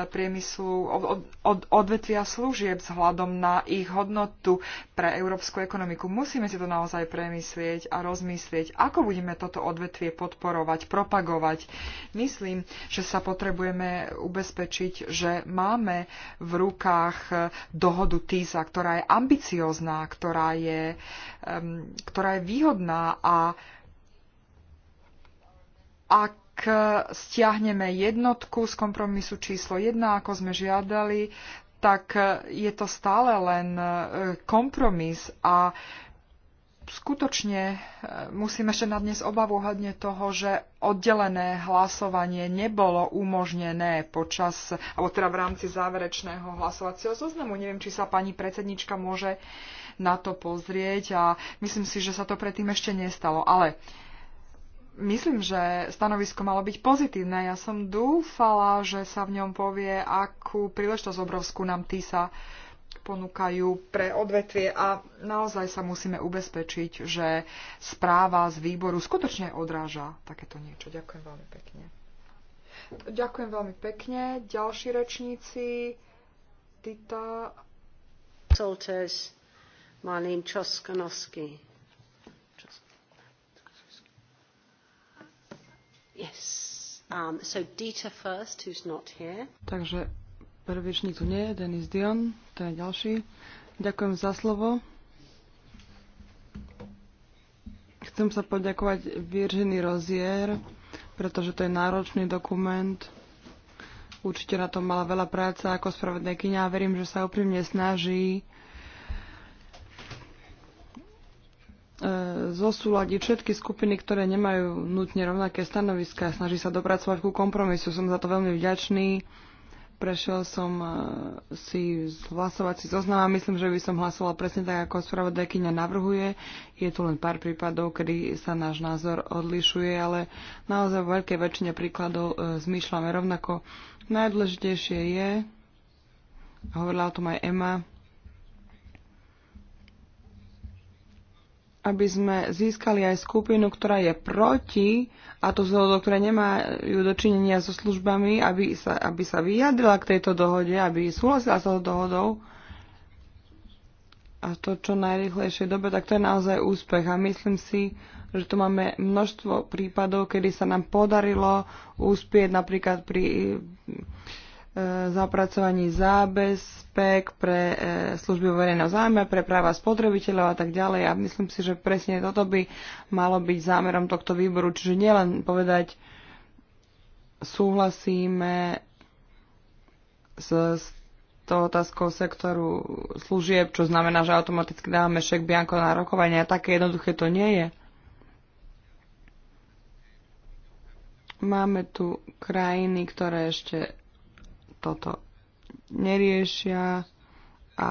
priemyslu, od, od, odvetvia služieb vzhľadom na ich hodnotu pre európsku ekonomiku. Musíme si to naozaj premyslieť a rozmyslieť, ako budeme toto odvetvie podporovať, propagovať. Myslím, že sa potrebujeme ubezpečiť, že máme v rukách dohodu TISA, ktorá je ambiciozná, ktorá je, um, ktorá je výhodná a ak stiahneme jednotku z kompromisu číslo 1, ako sme žiadali, tak je to stále len eh, kompromis a skutočne e, musím ešte na dnes obavu hľadne toho, že oddelené hlasovanie nebolo umožnené počas, alebo teda v rámci záverečného hlasovacieho zoznamu. Neviem, či sa pani predsednička môže na to pozrieť a myslím si, že sa to predtým ešte nestalo. Ale myslím, že stanovisko malo byť pozitívne. Ja som dúfala, že sa v ňom povie, akú príležitosť obrovskú nám TISA ponúkajú pre odvetvie a naozaj sa musíme ubezpečiť, že správa z výboru skutočne odráža takéto niečo. Ďakujem veľmi pekne. Ďakujem veľmi pekne. Ďalší rečníci. Tita. Soltes, Malin Čoskanovský. Yes. Um, so Dita first, who's not here. Takže Prvý tu nie, Denis Dion, to je ďalší. Ďakujem za slovo. Chcem sa poďakovať Viržiny Rozier, pretože to je náročný dokument. Určite na tom mala veľa práce ako spravedné kniha a verím, že sa úprimne snaží e, zosúľadiť všetky skupiny, ktoré nemajú nutne rovnaké stanoviska. Snaží sa dopracovať ku kompromisu. Som za to veľmi vďačný Prešiel som eh, si si zoznam a myslím, že by som hlasovala presne tak, ako spravodajkyňa navrhuje. Je tu len pár prípadov, kedy sa náš názor odlišuje, ale naozaj veľké veľkej väčšine príkladov eh, zmýšľame rovnako. Najdôležitejšie je, hovorila o tom aj Ema, aby sme získali aj skupinu, ktorá je proti, a to zhodo, ktoré nemajú dočinenia so službami, aby sa, aby sa vyjadrila k tejto dohode, aby súhlasila s dohodou a to čo najrychlejšie dobe, tak to je naozaj úspech. A myslím si, že tu máme množstvo prípadov, kedy sa nám podarilo úspieť napríklad pri E, zapracovaní zábezpek pre e, služby verejného zájme, pre práva spotrebiteľov a tak ďalej. A myslím si, že presne toto by malo byť zámerom tohto výboru. Čiže nielen povedať, súhlasíme s, s otázkou sektoru služieb, čo znamená, že automaticky dávame šek bianko na rokovanie. A také jednoduché to nie je. Máme tu krajiny, ktoré ešte toto neriešia a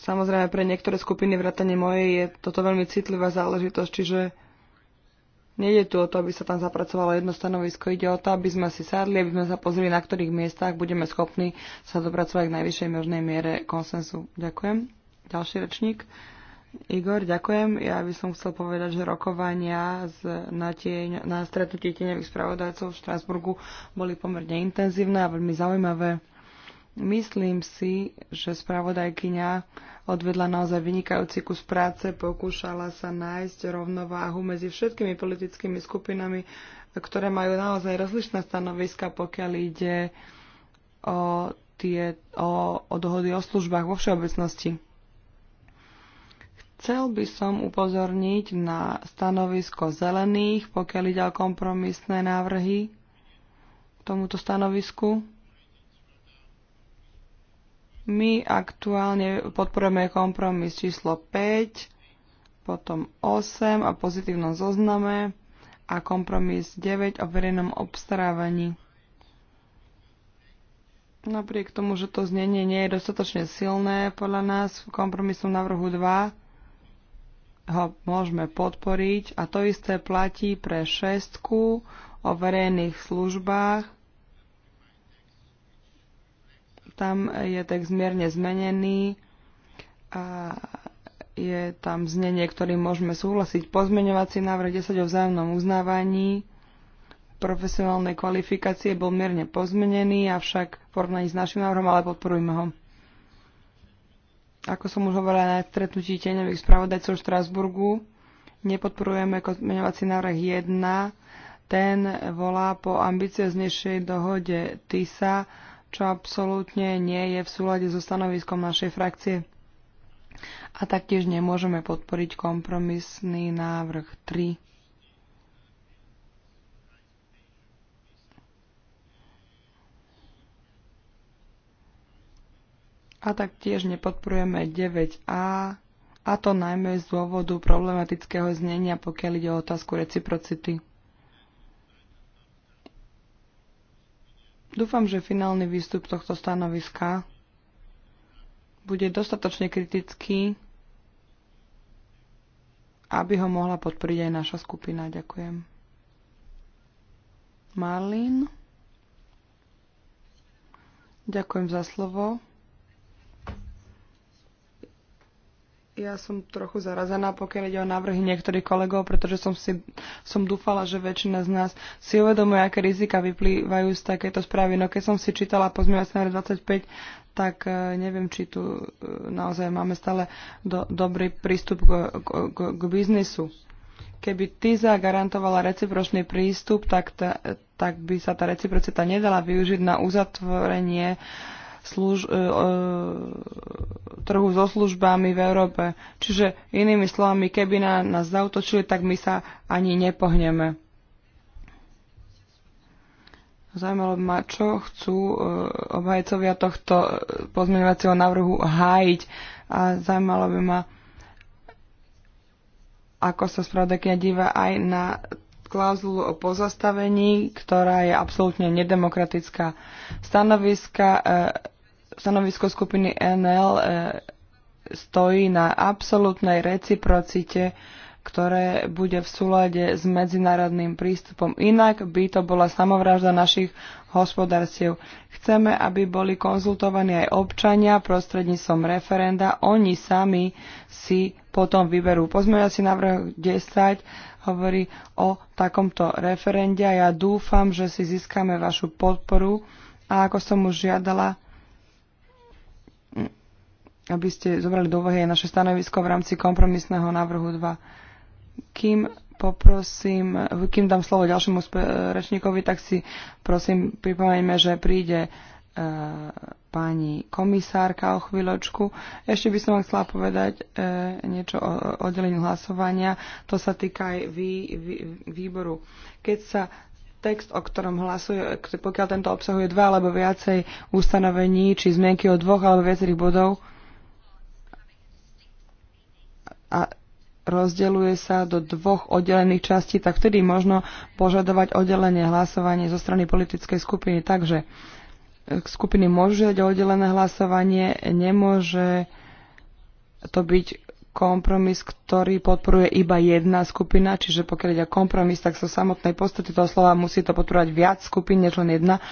samozrejme pre niektoré skupiny vrátane mojej je toto veľmi citlivá záležitosť, čiže nejde tu o to, aby sa tam zapracovalo jedno stanovisko, ide o to, aby sme si sadli, aby sme sa pozreli, na ktorých miestach budeme schopní sa dopracovať k najvyššej možnej miere konsensu. Ďakujem. Ďalší rečník. Igor, ďakujem. Ja by som chcel povedať, že rokovania z, na, tieň, na stretnutí tieňových spravodajcov v Štrásburgu boli pomerne intenzívne a veľmi zaujímavé. Myslím si, že spravodajkyňa odvedla naozaj vynikajúci kus práce, pokúšala sa nájsť rovnováhu medzi všetkými politickými skupinami, ktoré majú naozaj rozličné stanoviska, pokiaľ ide o, tie, o, o dohody o službách vo všeobecnosti. Chcel by som upozorniť na stanovisko zelených, pokiaľ ide o kompromisné návrhy k tomuto stanovisku. My aktuálne podporujeme kompromis číslo 5, potom 8 o pozitívnom zozname a kompromis 9 o verejnom obstarávaní. Napriek tomu, že to znenie nie je dostatočne silné, podľa nás v kompromisnom návrhu 2 ho môžeme podporiť a to isté platí pre šestku o verejných službách. Tam je tak zmierne zmenený a je tam znenie, ktorým môžeme súhlasiť. Pozmeňovací návrh 10 o vzájomnom uznávaní profesionálnej kvalifikácie bol mierne pozmenený, avšak porovnaní s našim návrhom, ale podporujme ho. Ako som už hovorila na stretnutí tieňových spravodajcov v Štrasburgu, nepodporujeme meňovací návrh 1. Ten volá po ambicioznejšej dohode TISA, čo absolútne nie je v súlade so stanoviskom našej frakcie. A taktiež nemôžeme podporiť kompromisný návrh 3 a taktiež nepodporujeme 9a, a to najmä z dôvodu problematického znenia, pokiaľ ide o otázku reciprocity. Dúfam, že finálny výstup tohto stanoviska bude dostatočne kritický, aby ho mohla podporiť aj naša skupina. Ďakujem. Marlin. Ďakujem za slovo. Ja som trochu zarazená, pokiaľ ide o návrhy niektorých kolegov, pretože som, si, som dúfala, že väčšina z nás si uvedomuje, aké rizika vyplývajú z takéto správy. No keď som si čítala pozmievací návrh 25, tak e, neviem, či tu e, naozaj máme stále do, dobrý prístup k, k, k, k biznisu. Keby TISA garantovala recipročný prístup, tak, ta, tak by sa tá reciprocita nedala využiť na uzatvorenie uh, služ, e, e, trhu so službami v Európe. Čiže inými slovami, keby na, nás zautočili, tak my sa ani nepohneme. Zaujímalo ma, čo chcú e, obhajcovia tohto e, pozmeňovacieho návrhu hájiť a zaujímalo by ma, ako sa spravodajkňa díva aj na klauzulu o pozastavení, ktorá je absolútne nedemokratická. Stanoviska stanovisko skupiny NL e, stojí na absolútnej reciprocite, ktoré bude v súlade s medzinárodným prístupom. Inak by to bola samovražda našich hospodárstiev. Chceme, aby boli konzultovaní aj občania prostredníctvom referenda. Oni sami si potom vyberú. Pozmeňovací návrh 10 hovorí o takomto referende a ja dúfam, že si získame vašu podporu. A ako som už žiadala, aby ste zobrali do úvahy naše stanovisko v rámci kompromisného návrhu 2. Kým poprosím, kým dám slovo ďalšiemu rečníkovi, tak si prosím pripomeňme, že príde e, pani komisárka o chvíľočku. Ešte by som vám chcela povedať e, niečo o oddelení hlasovania. To sa týka aj vý, vý, výboru. Keď sa text, o ktorom hlasuje, pokiaľ tento obsahuje dva alebo viacej ustanovení, či zmienky o dvoch alebo viacerých bodov, a rozdeľuje sa do dvoch oddelených častí, tak vtedy možno požadovať oddelenie hlasovanie zo strany politickej skupiny. Takže e, skupiny môžu žiadať o oddelené hlasovanie, nemôže to byť kompromis, ktorý podporuje iba jedna skupina, čiže pokiaľ ide kompromis, tak so samotnej podstate toho slova musí to podporovať viac skupín než len jedna.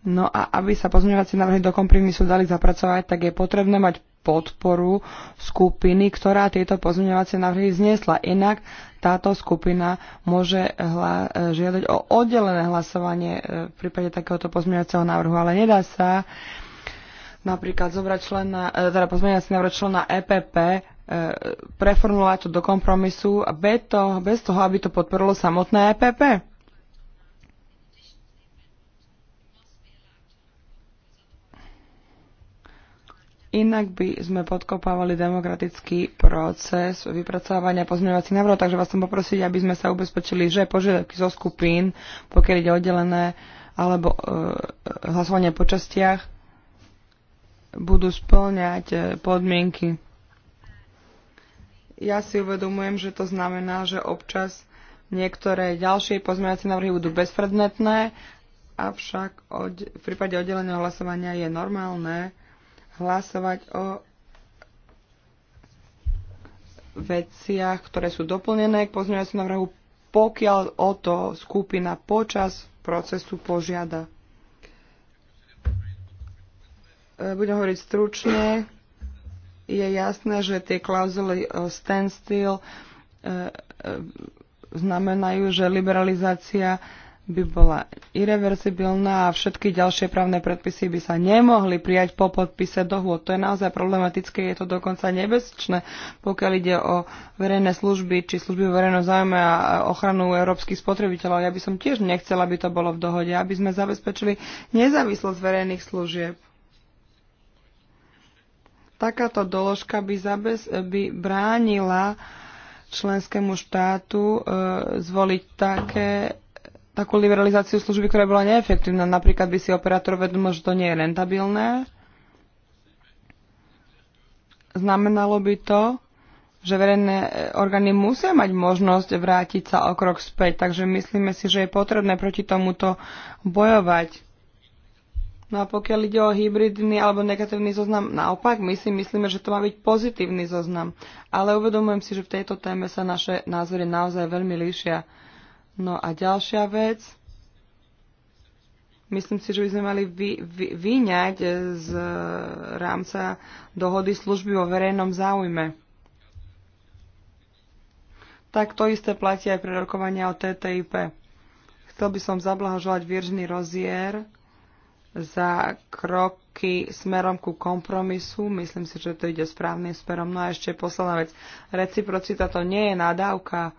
No a aby sa pozmeňovacie návrhy do kompromisu dali zapracovať, tak je potrebné mať podporu skupiny, ktorá tieto pozmeňovacie návrhy vzniesla. Inak táto skupina môže hla- žiadať o oddelené hlasovanie e, v prípade takéhoto pozmeňovacieho návrhu, ale nedá sa napríklad zobrať člena, e, teda pozmeňovací návrh člena EPP e, preformulovať to do kompromisu bez toho, bez toho, aby to podporilo samotné EPP. Inak by sme podkopávali demokratický proces vypracovania pozmeňovacích návrhov, takže vás chcem poprosiť, aby sme sa ubezpečili, že požiadavky zo skupín, pokiaľ ide oddelené alebo e, hlasovanie po častiach, budú splňať e, podmienky. Ja si uvedomujem, že to znamená, že občas niektoré ďalšie pozmeňovacie návrhy budú bezpredmetné, avšak v prípade oddeleného hlasovania je normálne, hlasovať o veciach, ktoré sú doplnené k pozmeňovaciemu návrhu, pokiaľ o to skupina počas procesu požiada. E, budem hovoriť stručne. Je jasné, že tie klauzuly e, standstill e, znamenajú, že liberalizácia by bola irreverzibilná a všetky ďalšie právne predpisy by sa nemohli prijať po podpise dohôd. To je naozaj problematické, je to dokonca nebezpečné, pokiaľ ide o verejné služby či služby verejného záujme a ochranu európskych spotrebiteľov. Ja by som tiež nechcela, aby to bolo v dohode, aby sme zabezpečili nezávislosť verejných služieb. Takáto doložka by, zabez, by bránila členskému štátu e, zvoliť také takú liberalizáciu služby, ktorá bola neefektívna. Napríklad by si operátor vedomo, že to nie je rentabilné. Znamenalo by to, že verejné e, orgány musia mať možnosť vrátiť sa o krok späť, takže myslíme si, že je potrebné proti tomuto bojovať. No a pokiaľ ide o hybridný alebo negatívny zoznam, naopak my si myslíme, že to má byť pozitívny zoznam. Ale uvedomujem si, že v tejto téme sa naše názory naozaj veľmi líšia. No a ďalšia vec. Myslím si, že by sme mali vy, vy, vyňať z rámca dohody služby o verejnom záujme. Tak to isté platí aj pre rokovania o TTIP. Chcel by som zablahožovať Viržný Rozier za kroky smerom ku kompromisu. Myslím si, že to ide správnym smerom. No a ešte posledná vec. Reciprocita to nie je nadávka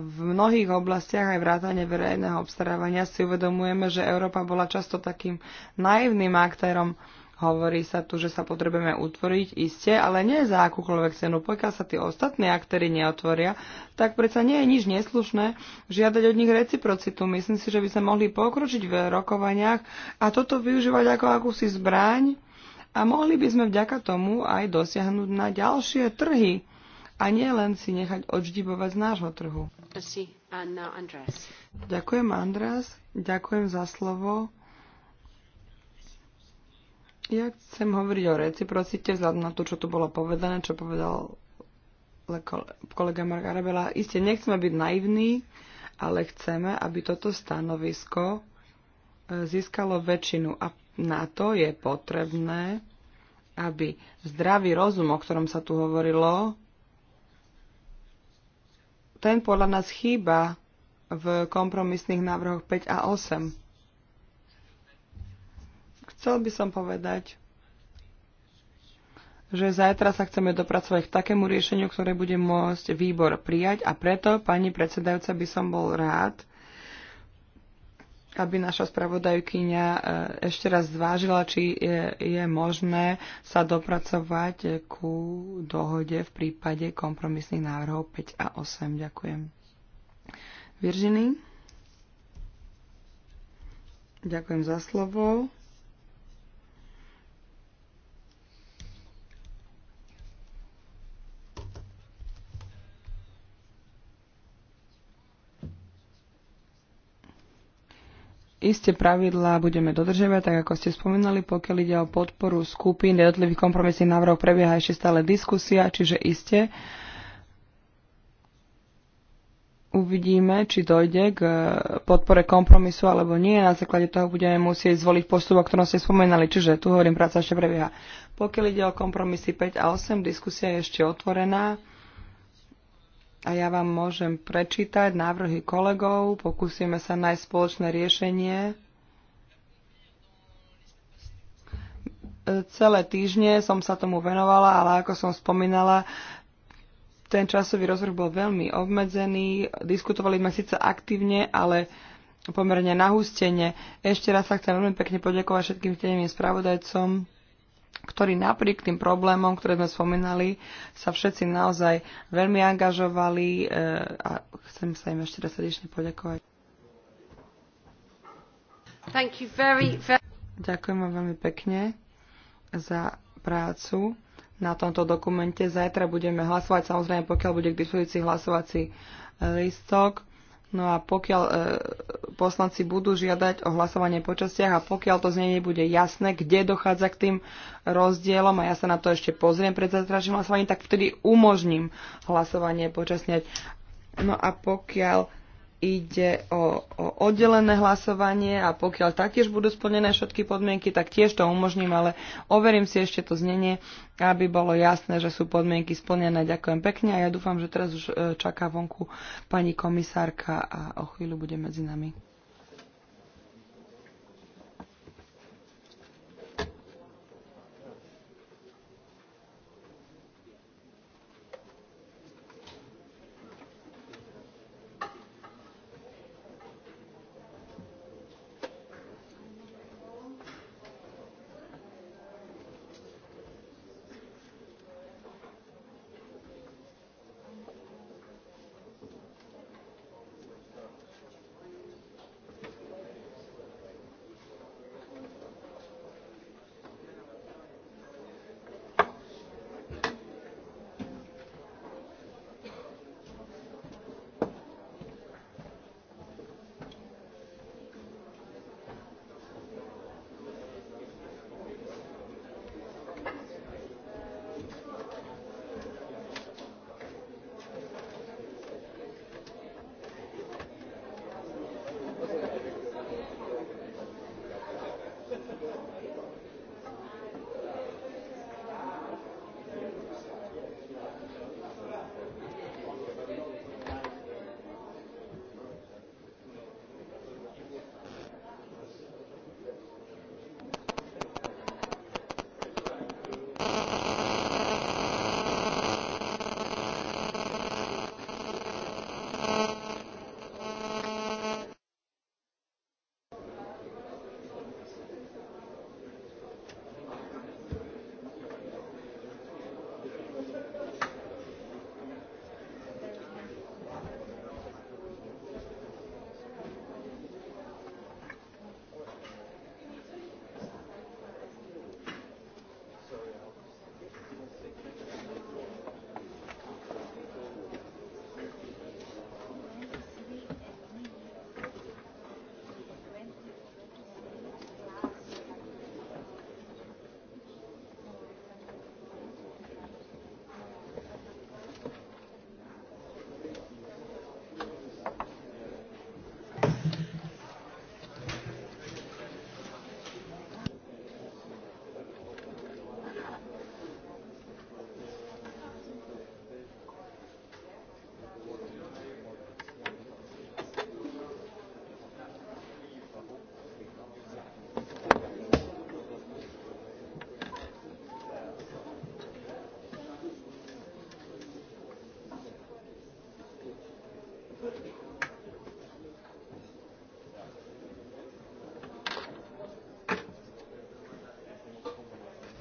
v mnohých oblastiach aj vrátane verejného obstarávania si uvedomujeme, že Európa bola často takým naivným aktérom. Hovorí sa tu, že sa potrebujeme utvoriť, iste, ale nie za akúkoľvek cenu. Pokiaľ sa tí ostatní aktéry neotvoria, tak predsa nie je nič neslušné žiadať od nich reciprocitu. Myslím si, že by sa mohli pokročiť v rokovaniach a toto využívať ako akúsi zbraň a mohli by sme vďaka tomu aj dosiahnuť na ďalšie trhy a nie len si nechať odždibovať z nášho trhu. Ďakujem, András. Ďakujem za slovo. Ja chcem hovoriť o reciprocite vzhľadom na to, čo tu bolo povedané, čo povedal kolega Mark Arabela. Isté, nechceme byť naivní, ale chceme, aby toto stanovisko e, získalo väčšinu a na to je potrebné, aby zdravý rozum, o ktorom sa tu hovorilo, ten podľa nás chýba v kompromisných návrhoch 5 a 8. Chcel by som povedať, že zajtra sa chceme dopracovať k takému riešeniu, ktoré bude môcť výbor prijať a preto, pani predsedajúca, by som bol rád, aby naša spravodajkyňa e, ešte raz zvážila, či je, je možné sa dopracovať ku dohode v prípade kompromisných návrhov 5 a 8. Ďakujem. Virginie? Ďakujem za slovo. Isté pravidlá budeme dodržiavať, tak ako ste spomínali, pokiaľ ide o podporu skupín jednotlivých kompromisných návrhov, prebieha ešte stále diskusia, čiže iste uvidíme, či dojde k podpore kompromisu alebo nie. Na základe toho budeme musieť zvoliť postup, o ktorom ste spomínali, čiže tu hovorím, práca ešte prebieha. Pokiaľ ide o kompromisy 5 a 8, diskusia je ešte otvorená a ja vám môžem prečítať návrhy kolegov, pokúsime sa nájsť spoločné riešenie. Celé týždne som sa tomu venovala, ale ako som spomínala, ten časový rozvrh bol veľmi obmedzený. Diskutovali sme síce aktívne, ale pomerne nahústene. Ešte raz sa chcem veľmi pekne poďakovať všetkým tým spravodajcom ktorí napriek tým problémom, ktoré sme spomínali, sa všetci naozaj veľmi angažovali e, a chcem sa im ešte raz srdečne poďakovať. Thank you very, very... Ďakujem vám veľmi pekne za prácu na tomto dokumente. Zajtra budeme hlasovať, samozrejme pokiaľ bude k dispozícii hlasovací e, listok. No a pokiaľ e, poslanci budú žiadať o hlasovanie po častiach a pokiaľ to znenie bude jasné, kde dochádza k tým rozdielom a ja sa na to ešte pozriem pred zatračným hlasovaním, tak vtedy umožním hlasovanie počasňať. No a pokiaľ ide o, o oddelené hlasovanie a pokiaľ taktiež budú splnené všetky podmienky, tak tiež to umožním, ale overím si ešte to znenie, aby bolo jasné, že sú podmienky splnené. Ďakujem pekne a ja dúfam, že teraz už e, čaká vonku pani komisárka a o chvíľu bude medzi nami.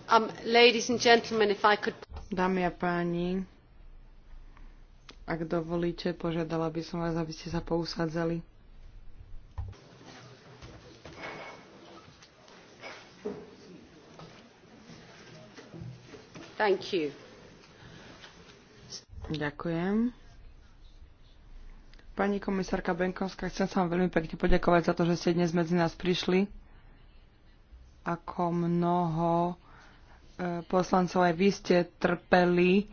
Um, Dámy a páni, ak dovolíte, požiadala by som vás, aby ste sa pousádzali. Thank you. Ďakujem. Pani komisárka Benkovská, chcem sa vám veľmi pekne poďakovať za to, že ste dnes medzi nás prišli. Ako mnoho poslancov, aj vy ste trpeli e,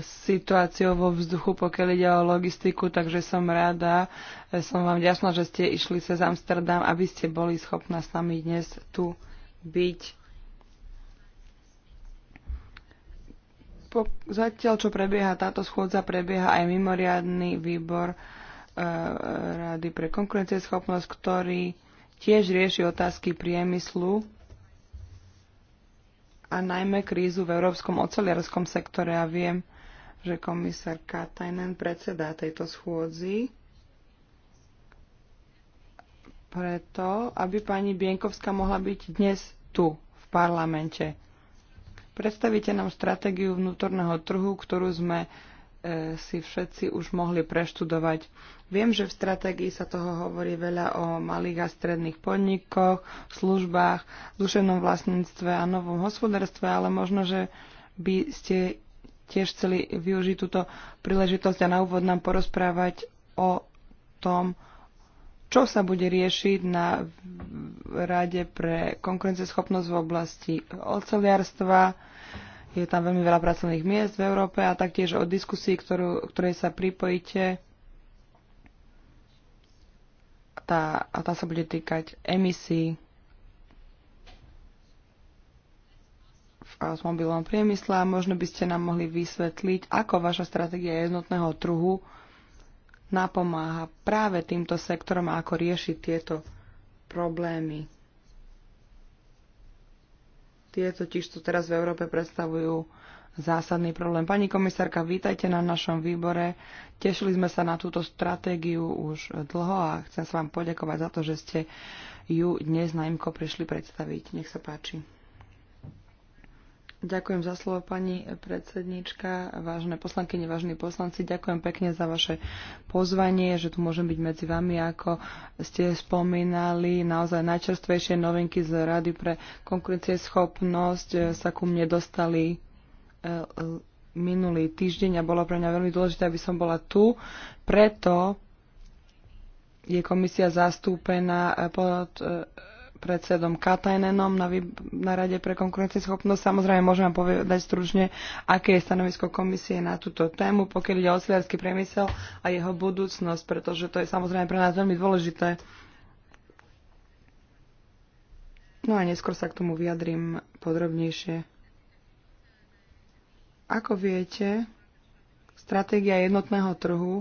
situáciou vo vzduchu, pokiaľ ide o logistiku, takže som rada, e, som vám ďačná, že ste išli cez Amsterdam, aby ste boli schopná s nami dnes tu byť. Po, zatiaľ, čo prebieha táto schôdza, prebieha aj mimoriadný výbor e, Rady pre konkurencieschopnosť, ktorý tiež rieši otázky priemyslu a najmä krízu v európskom oceliarskom sektore a viem, že komisár Katajnen predsedá tejto schôdzi preto, aby pani Bienkovská mohla byť dnes tu, v parlamente. Predstavíte nám stratégiu vnútorného trhu, ktorú sme E, si všetci už mohli preštudovať. Viem, že v stratégii sa toho hovorí veľa o malých a stredných podnikoch, službách, duševnom vlastníctve a novom hospodárstve, ale možno, že by ste tiež chceli využiť túto príležitosť a na úvod nám porozprávať o tom, čo sa bude riešiť na Rade pre konkurenceschopnosť v oblasti oceliarstva, je tam veľmi veľa pracovných miest v Európe a taktiež o diskusii, ktorú, ktorej sa pripojíte, tá, a tá sa bude týkať emisí v automobilovom priemysle a možno by ste nám mohli vysvetliť, ako vaša stratégia jednotného trhu napomáha práve týmto sektorom a ako riešiť tieto problémy. Tie totiž tu teraz v Európe predstavujú zásadný problém. Pani komisárka, vítajte na našom výbore. Tešili sme sa na túto stratégiu už dlho a chcem sa vám poďakovať za to, že ste ju dnes na IMKO prišli predstaviť. Nech sa páči. Ďakujem za slovo, pani predsednička, vážne poslankyne, vážni poslanci. Ďakujem pekne za vaše pozvanie, že tu môžem byť medzi vami, ako ste spomínali. Naozaj najčerstvejšie novinky z Rady pre konkurencieschopnosť eh, sa ku mne dostali eh, minulý týždeň a bolo pre mňa veľmi dôležité, aby som bola tu. Preto je komisia zastúpená eh, pod predsedom Katajnenom na, vý, na Rade pre konkurencieschopnosť. Samozrejme, môžem vám povedať stručne, aké je stanovisko komisie na túto tému, pokiaľ ide o osiliarský priemysel a jeho budúcnosť, pretože to je samozrejme pre nás veľmi dôležité. No a neskôr sa k tomu vyjadrím podrobnejšie. Ako viete, stratégia jednotného trhu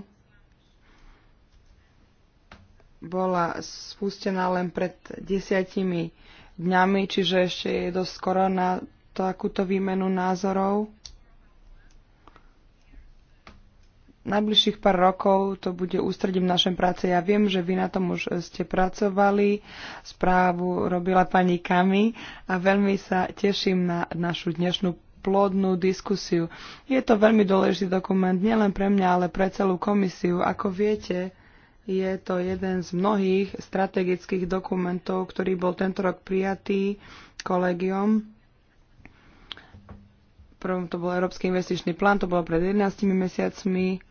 bola spustená len pred desiatimi dňami, čiže ešte je dosť skoro na takúto výmenu názorov. Najbližších pár rokov to bude ústredím našej práce. Ja viem, že vy na tom už ste pracovali, správu robila pani Kami a veľmi sa teším na našu dnešnú plodnú diskusiu. Je to veľmi dôležitý dokument nielen pre mňa, ale pre celú komisiu. Ako viete, je to jeden z mnohých strategických dokumentov, ktorý bol tento rok prijatý kolegiom. Prvom to bol Európsky investičný plán, to bolo pred 11 mesiacmi,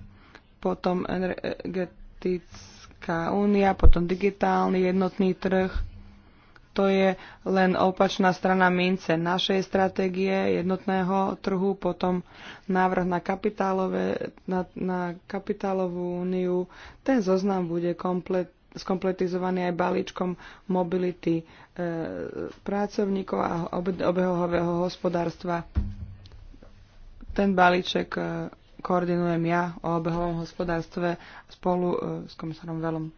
potom energetická únia, potom digitálny jednotný trh, to je len opačná strana mince našej stratégie jednotného trhu, potom návrh na, kapitálové, na, na kapitálovú úniu. Ten zoznam bude komplet, skompletizovaný aj balíčkom mobility e, pracovníkov a obe, obehového hospodárstva. Ten balíček e, koordinujem ja o obehovom hospodárstve spolu e, s komisárom Velom.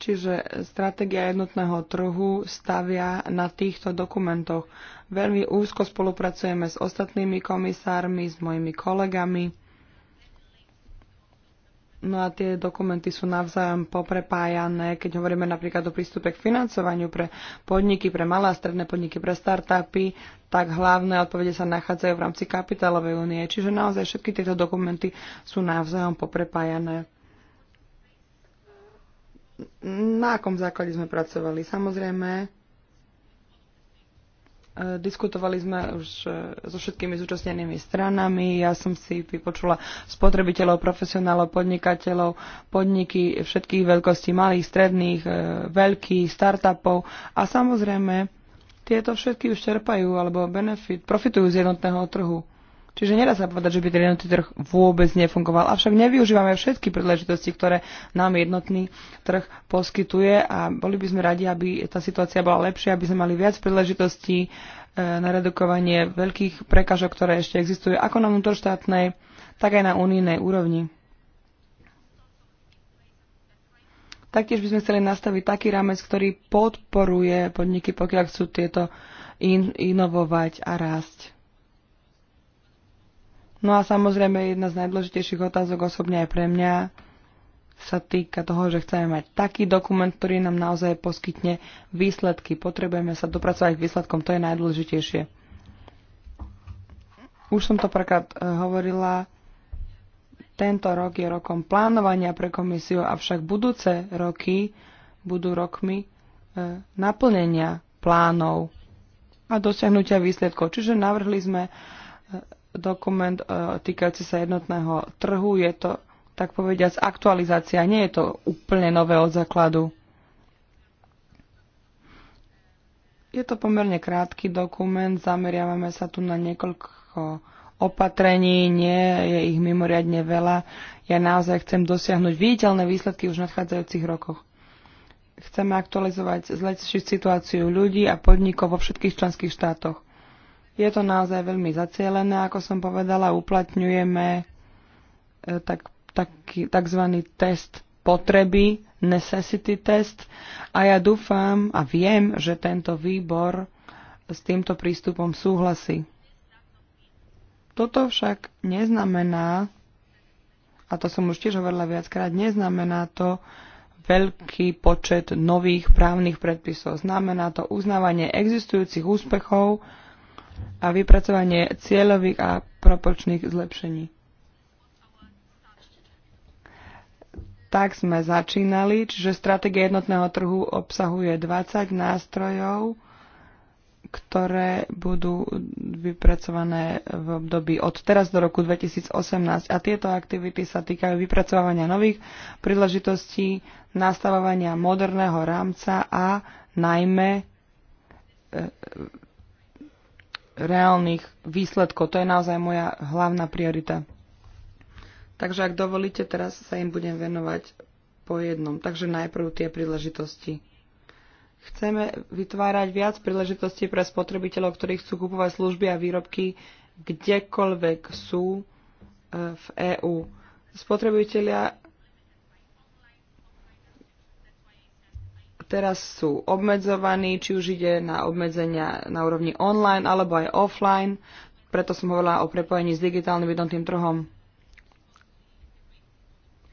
Čiže stratégia jednotného trhu stavia na týchto dokumentoch. Veľmi úzko spolupracujeme s ostatnými komisármi, s mojimi kolegami. No a tie dokumenty sú navzájom poprepájané, keď hovoríme napríklad o prístupe k financovaniu pre podniky, pre malé a stredné podniky, pre startupy, tak hlavné odpovede sa nachádzajú v rámci kapitálovej únie. Čiže naozaj všetky tieto dokumenty sú navzájom poprepájané na akom základe sme pracovali. Samozrejme, e, diskutovali sme už e, so všetkými zúčastnenými stranami. Ja som si vypočula spotrebiteľov, profesionálov, podnikateľov, podniky všetkých veľkostí malých, stredných, e, veľkých, startupov. A samozrejme, tieto všetky už čerpajú alebo benefit, profitujú z jednotného trhu. Čiže nedá sa povedať, že by ten jednotný trh vôbec nefungoval. Avšak nevyužívame všetky príležitosti, ktoré nám jednotný trh poskytuje a boli by sme radi, aby tá situácia bola lepšia, aby sme mali viac príležitostí e, na redukovanie veľkých prekažok, ktoré ešte existujú ako na vnútroštátnej, tak aj na unijnej úrovni. Taktiež by sme chceli nastaviť taký rámec, ktorý podporuje podniky, pokiaľ chcú tieto in- inovovať a rásť. No a samozrejme jedna z najdôležitejších otázok osobne aj pre mňa sa týka toho, že chceme mať taký dokument, ktorý nám naozaj poskytne výsledky. Potrebujeme sa dopracovať k výsledkom, to je najdôležitejšie. Už som to prekrát e, hovorila, tento rok je rokom plánovania pre komisiu, avšak budúce roky budú rokmi e, naplnenia plánov a dosiahnutia výsledkov. Čiže navrhli sme e, dokument e, týkajúci sa jednotného trhu. Je to, tak povediať, aktualizácia. Nie je to úplne nové od základu. Je to pomerne krátky dokument. Zameriavame sa tu na niekoľko opatrení, nie je ich mimoriadne veľa. Ja naozaj chcem dosiahnuť viditeľné výsledky už v nadchádzajúcich rokoch. Chceme aktualizovať zlepšiť situáciu ľudí a podnikov vo všetkých členských štátoch. Je to naozaj veľmi zacielené, ako som povedala, uplatňujeme e, tak, taký, takzvaný test potreby, necessity test a ja dúfam a viem, že tento výbor s týmto prístupom súhlasí. Toto však neznamená, a to som už tiež hovorila viackrát, neznamená to, veľký počet nových právnych predpisov. Znamená to uznávanie existujúcich úspechov a vypracovanie cieľových a proporčných zlepšení. Tak sme začínali, čiže stratégia jednotného trhu obsahuje 20 nástrojov, ktoré budú vypracované v období od teraz do roku 2018. A tieto aktivity sa týkajú vypracovania nových príležitostí, nastavovania moderného rámca a najmä e, reálnych výsledkov. To je naozaj moja hlavná priorita. Takže ak dovolíte, teraz sa im budem venovať po jednom. Takže najprv tie príležitosti. Chceme vytvárať viac príležitostí pre spotrebiteľov, ktorí chcú kupovať služby a výrobky kdekoľvek sú eh, v EÚ. Spotrebitelia teraz sú obmedzovaní, či už ide na obmedzenia na úrovni online alebo aj offline. Preto som hovorila o prepojení s digitálnym jednotným trhom.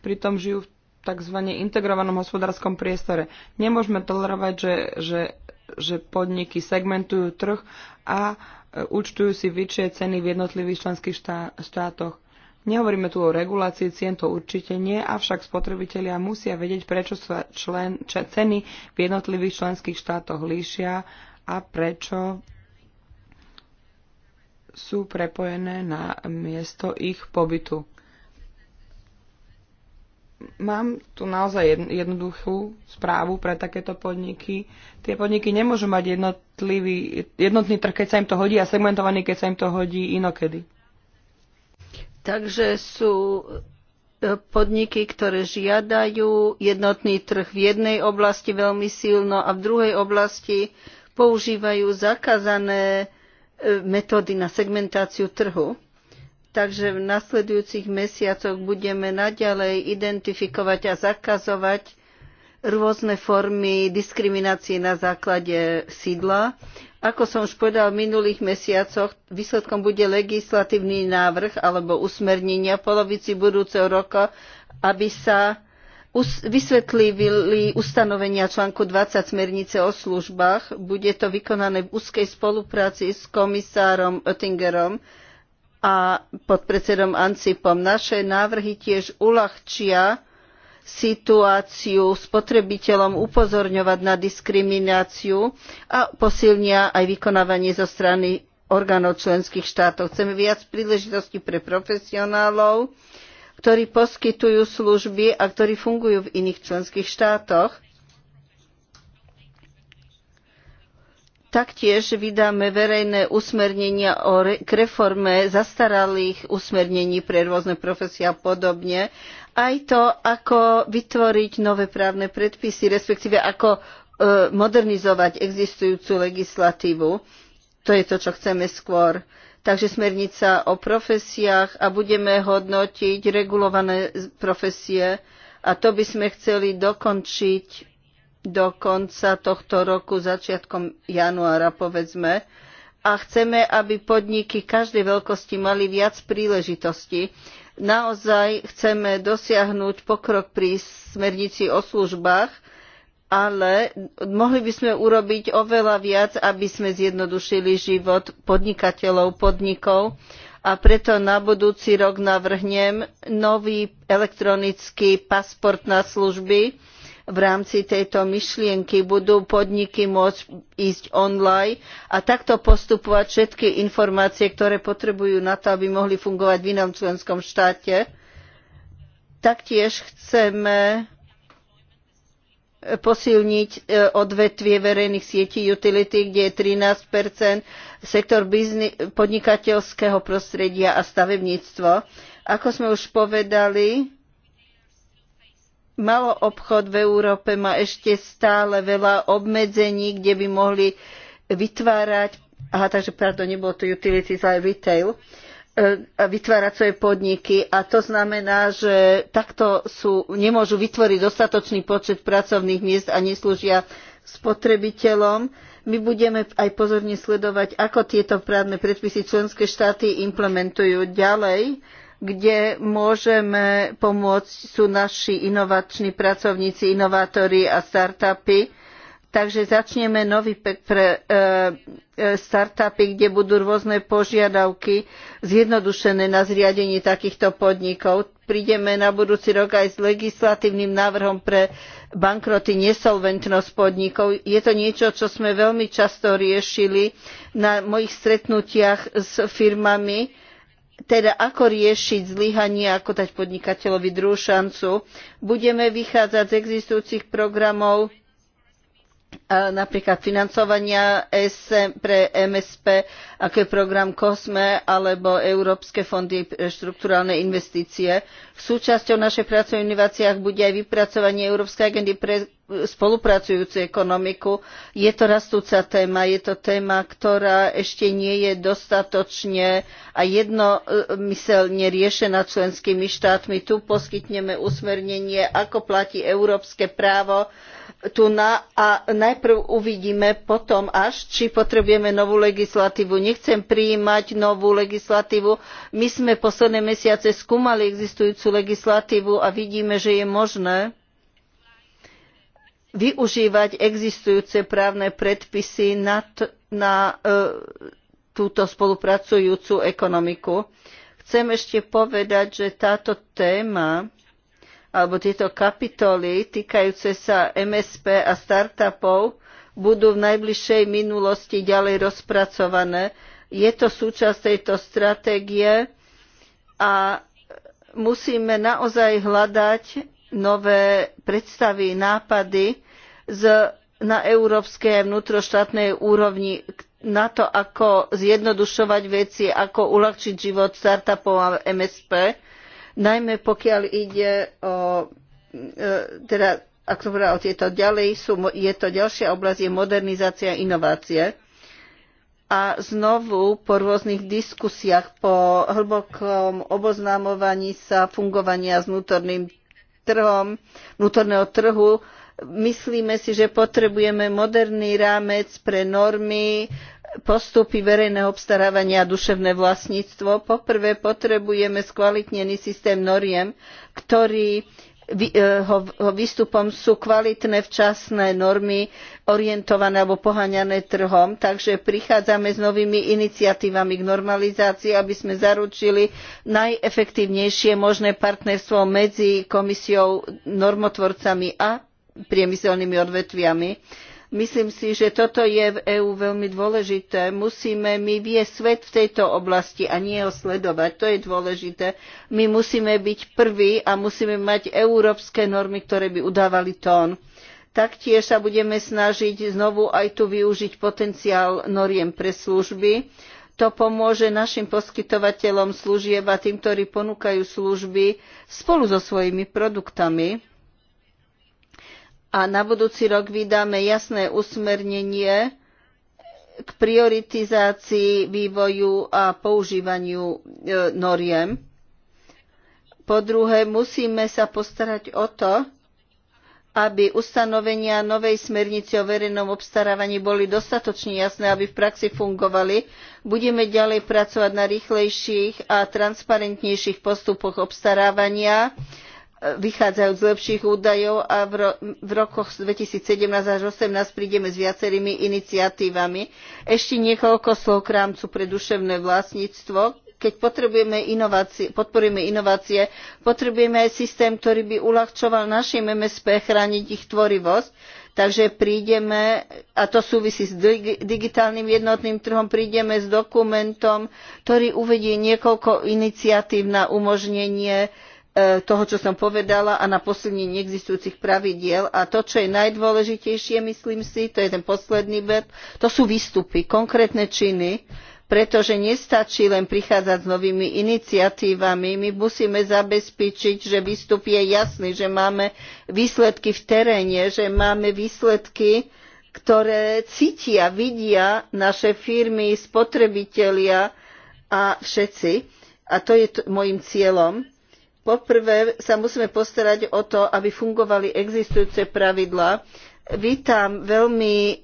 Pritom žijú v tzv. integrovanom hospodárskom priestore. Nemôžeme tolerovať, že, že, že podniky segmentujú trh a e, účtujú si vyššie ceny v jednotlivých členských štá, štátoch. Nehovoríme tu o regulácii cien, to určite nie, avšak spotrebitelia musia vedieť, prečo sa člen, čo, ceny v jednotlivých členských štátoch líšia a prečo sú prepojené na miesto ich pobytu. Mám tu naozaj jednoduchú správu pre takéto podniky. Tie podniky nemôžu mať jednotlivý, jednotný trh, keď sa im to hodí a segmentovaný, keď sa im to hodí inokedy. Takže sú e, podniky, ktoré žiadajú jednotný trh v jednej oblasti veľmi silno a v druhej oblasti používajú zakázané e, metódy na segmentáciu trhu. Takže v nasledujúcich mesiacoch budeme naďalej identifikovať a zakazovať rôzne formy diskriminácie na základe sídla ako som už povedal v minulých mesiacoch, výsledkom bude legislatívny návrh alebo usmernenia v polovici budúceho roka, aby sa vysvetlili ustanovenia článku 20 smernice o službách. Bude to vykonané v úzkej spolupráci s komisárom Oettingerom a podpredsedom Ancipom. Naše návrhy tiež uľahčia situáciu spotrebiteľom, upozorňovať na diskrimináciu a posilnia aj vykonávanie zo strany orgánov členských štátov. Chceme viac príležitostí pre profesionálov, ktorí poskytujú služby a ktorí fungujú v iných členských štátoch. Taktiež vydáme verejné usmernenia o re- k reforme zastaralých usmernení pre rôzne profesie a podobne aj to, ako vytvoriť nové právne predpisy, respektíve ako e, modernizovať existujúcu legislatívu. To je to, čo chceme skôr. Takže smernica o profesiách a budeme hodnotiť regulované profesie a to by sme chceli dokončiť do konca tohto roku, začiatkom januára povedzme. A chceme, aby podniky každej veľkosti mali viac príležitosti naozaj chceme dosiahnuť pokrok pri smernici o službách, ale mohli by sme urobiť oveľa viac, aby sme zjednodušili život podnikateľov, podnikov a preto na budúci rok navrhnem nový elektronický pasport na služby, v rámci tejto myšlienky budú podniky môcť ísť online a takto postupovať všetky informácie, ktoré potrebujú na to, aby mohli fungovať v inom členskom štáte. Taktiež chceme posilniť e, odvetvie verejných sietí utility, kde je 13 sektor podnikateľského prostredia a stavebníctvo. Ako sme už povedali, maloobchod v Európe má ešte stále veľa obmedzení, kde by mohli vytvárať, aha, takže pardon, nebolo to utilities, ale retail, e, vytvárať svoje podniky a to znamená, že takto sú, nemôžu vytvoriť dostatočný počet pracovných miest a neslúžia spotrebiteľom. My budeme aj pozorne sledovať, ako tieto právne predpisy členské štáty implementujú ďalej kde môžeme pomôcť, sú naši inovační pracovníci, inovátori a startupy. Takže začneme nový pek pre e, e, startupy, kde budú rôzne požiadavky zjednodušené na zriadenie takýchto podnikov. Prídeme na budúci rok aj s legislatívnym návrhom pre bankroty nesolventnosť podnikov. Je to niečo, čo sme veľmi často riešili na mojich stretnutiach s firmami teda ako riešiť zlyhanie, ako dať podnikateľovi druhú šancu. Budeme vychádzať z existujúcich programov napríklad financovania SM pre MSP, ako je program COSME alebo Európske fondy pre štruktúralne investície. Súčasťou našej práce v inováciách bude aj vypracovanie Európskej agendy pre spolupracujúcu ekonomiku. Je to rastúca téma, je to téma, ktorá ešte nie je dostatočne a jednomyselne riešená členskými štátmi. Tu poskytneme usmernenie, ako platí európske právo tu na, a najprv uvidíme potom až, či potrebujeme novú legislatívu. Nechcem prijímať novú legislatívu. My sme posledné mesiace skúmali existujúcu legislatívu a vidíme, že je možné využívať existujúce právne predpisy na, t- na e, túto spolupracujúcu ekonomiku. Chcem ešte povedať, že táto téma alebo tieto kapitoly týkajúce sa MSP a startupov budú v najbližšej minulosti ďalej rozpracované. Je to súčasť tejto stratégie a musíme naozaj hľadať nové predstavy, nápady, z, na európskej a vnútroštátnej úrovni na to, ako zjednodušovať veci, ako uľahčiť život startupov a MSP, najmä pokiaľ ide o, e, teda, ak som hovorila o tieto ďalej, sú, je to ďalšia oblasť, je modernizácia inovácie. A znovu po rôznych diskusiách, po hlbokom oboznámovaní sa fungovania s vnútorným trhom, vnútorného trhu, Myslíme si, že potrebujeme moderný rámec pre normy, postupy verejného obstarávania a duševné vlastníctvo. Poprvé potrebujeme skvalitnený systém noriem, ktorý jeho výstupom sú kvalitné včasné normy orientované alebo poháňané trhom takže prichádzame s novými iniciatívami k normalizácii aby sme zaručili najefektívnejšie možné partnerstvo medzi komisiou normotvorcami a priemyselnými odvetviami. Myslím si, že toto je v EÚ veľmi dôležité. Musíme my viesť svet v tejto oblasti a nie ho sledovať. To je dôležité. My musíme byť prví a musíme mať európske normy, ktoré by udávali tón. Taktiež sa budeme snažiť znovu aj tu využiť potenciál noriem pre služby. To pomôže našim poskytovateľom služieb a tým, ktorí ponúkajú služby spolu so svojimi produktami a na budúci rok vydáme jasné usmernenie k prioritizácii vývoju a používaniu e, noriem. Po druhé, musíme sa postarať o to, aby ustanovenia novej smernice o verejnom obstarávaní boli dostatočne jasné, aby v praxi fungovali. Budeme ďalej pracovať na rýchlejších a transparentnejších postupoch obstarávania vychádzajú z lepších údajov a v, ro- v rokoch 2017 až 2018 prídeme s viacerými iniciatívami. Ešte niekoľko slov k rámcu pre duševné vlastníctvo. Keď potrebujeme inovácie, podporujeme inovácie, potrebujeme aj systém, ktorý by uľahčoval našim MSP chrániť ich tvorivosť. Takže prídeme, a to súvisí s digitálnym jednotným trhom, prídeme s dokumentom, ktorý uvedie niekoľko iniciatív na umožnenie E, toho, čo som povedala a na posilnenie existujúcich pravidiel. A to, čo je najdôležitejšie, myslím si, to je ten posledný web, to sú výstupy, konkrétne činy, pretože nestačí len prichádzať s novými iniciatívami. My musíme zabezpečiť, že výstup je jasný, že máme výsledky v teréne, že máme výsledky, ktoré cítia, vidia naše firmy, spotrebitelia a všetci. A to je t- môjim cieľom Poprvé sa musíme postarať o to, aby fungovali existujúce pravidlá. Vítam veľmi e,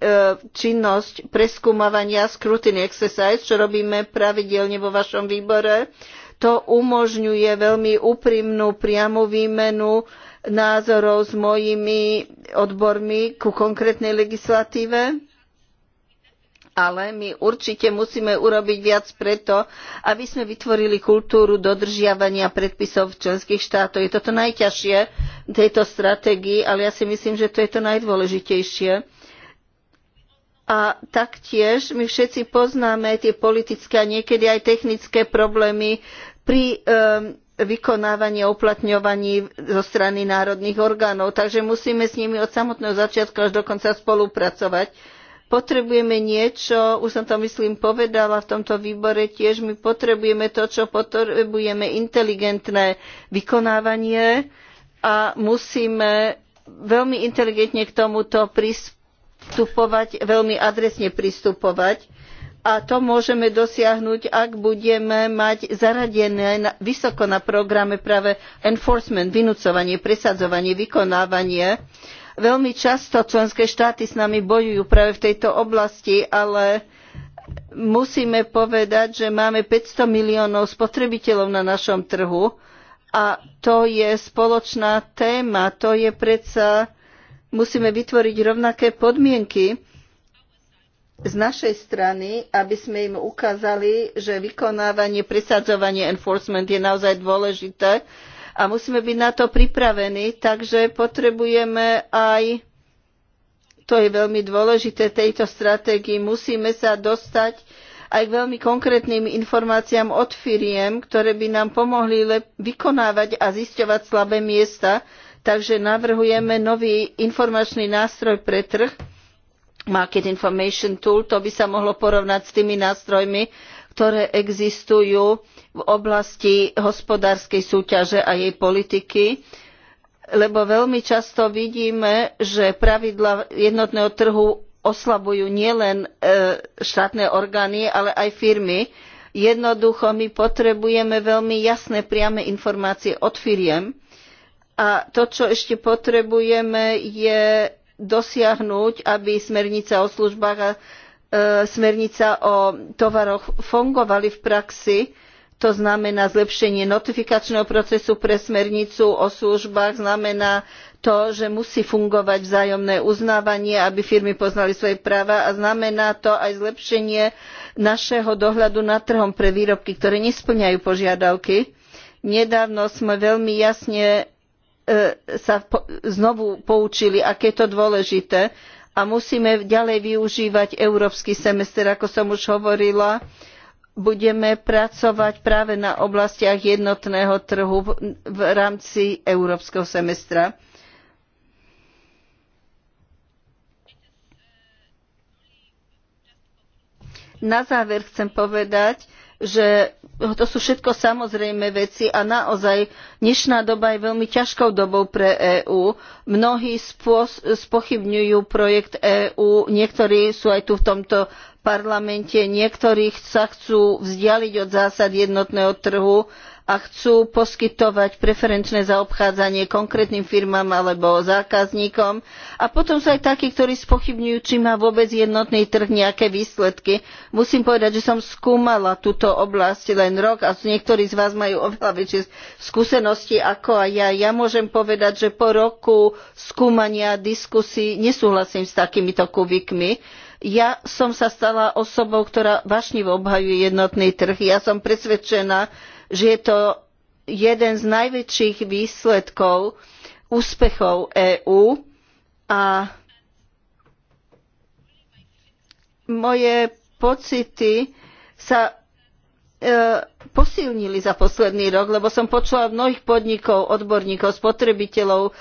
činnosť preskúmavania scrutiny exercise, čo robíme pravidelne vo vašom výbore. To umožňuje veľmi úprimnú priamu výmenu názorov s mojimi odbormi ku konkrétnej legislatíve ale my určite musíme urobiť viac preto, aby sme vytvorili kultúru dodržiavania predpisov v členských štátoch. Je toto najťažšie v tejto stratégii, ale ja si myslím, že to je to najdôležitejšie. A taktiež my všetci poznáme tie politické a niekedy aj technické problémy pri um, ehm, vykonávaní a uplatňovaní zo strany národných orgánov. Takže musíme s nimi od samotného začiatku až do konca spolupracovať potrebujeme niečo, už som to myslím povedala v tomto výbore tiež, my potrebujeme to, čo potrebujeme, inteligentné vykonávanie a musíme veľmi inteligentne k tomuto pristupovať, veľmi adresne pristupovať. A to môžeme dosiahnuť, ak budeme mať zaradené na, vysoko na programe práve enforcement, vynúcovanie, presadzovanie, vykonávanie. Uh, Veľmi často členské štáty s nami bojujú práve v tejto oblasti, ale musíme povedať, že máme 500 miliónov spotrebiteľov na našom trhu a to je spoločná téma, to je predsa, musíme vytvoriť rovnaké podmienky z našej strany, aby sme im ukázali, že vykonávanie, presadzovanie enforcement je naozaj dôležité a musíme byť na to pripravení, takže potrebujeme aj, to je veľmi dôležité tejto stratégii, musíme sa dostať aj k veľmi konkrétnym informáciám od firiem, ktoré by nám pomohli vykonávať a zisťovať slabé miesta. Takže navrhujeme nový informačný nástroj pre trh, Market Information Tool, to by sa mohlo porovnať s tými nástrojmi, ktoré existujú v oblasti hospodárskej súťaže a jej politiky, lebo veľmi často vidíme, že pravidla jednotného trhu oslabujú nielen e, štátne orgány, ale aj firmy. Jednoducho my potrebujeme veľmi jasné priame informácie od firiem a to, čo ešte potrebujeme, je dosiahnuť, aby smernica o službách a e, smernica o tovaroch fungovali v praxi to znamená zlepšenie notifikačného procesu pre smernicu o službách, znamená to, že musí fungovať vzájomné uznávanie, aby firmy poznali svoje práva a znamená to aj zlepšenie našeho dohľadu nad trhom pre výrobky, ktoré nesplňajú požiadavky. Nedávno sme veľmi jasne e, sa znovu poučili, aké je to dôležité a musíme ďalej využívať európsky semester, ako som už hovorila, budeme pracovať práve na oblastiach jednotného trhu v, rámci európskeho semestra. Na záver chcem povedať, že to sú všetko samozrejme veci a naozaj dnešná doba je veľmi ťažkou dobou pre EÚ. Mnohí spochybňujú projekt EÚ, niektorí sú aj tu v tomto parlamente, niektorí sa chcú vzdialiť od zásad jednotného trhu a chcú poskytovať preferenčné zaobchádzanie konkrétnym firmám alebo zákazníkom. A potom sú aj takí, ktorí spochybňujú, či má vôbec jednotný trh nejaké výsledky. Musím povedať, že som skúmala túto oblasť len rok a niektorí z vás majú oveľa väčšie skúsenosti ako aj ja. Ja môžem povedať, že po roku skúmania diskusí nesúhlasím s takýmito kubikmi ja som sa stala osobou ktorá vášnivo obhajuje jednotný trh ja som presvedčená že je to jeden z najväčších výsledkov úspechov EÚ a moje pocity sa e, posilnili za posledný rok, lebo som počula od mnohých podnikov, odborníkov, spotrebiteľov,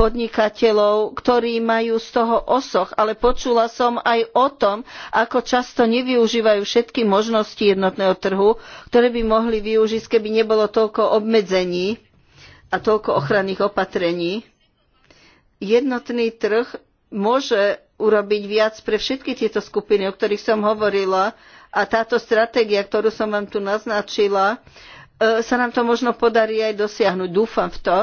podnikateľov, ktorí majú z toho osoch, ale počula som aj o tom, ako často nevyužívajú všetky možnosti jednotného trhu, ktoré by mohli využiť, keby nebolo toľko obmedzení a toľko ochranných opatrení. Jednotný trh môže urobiť viac pre všetky tieto skupiny, o ktorých som hovorila, a táto stratégia, ktorú som vám tu naznačila, e, sa nám to možno podarí aj dosiahnuť. Dúfam v to,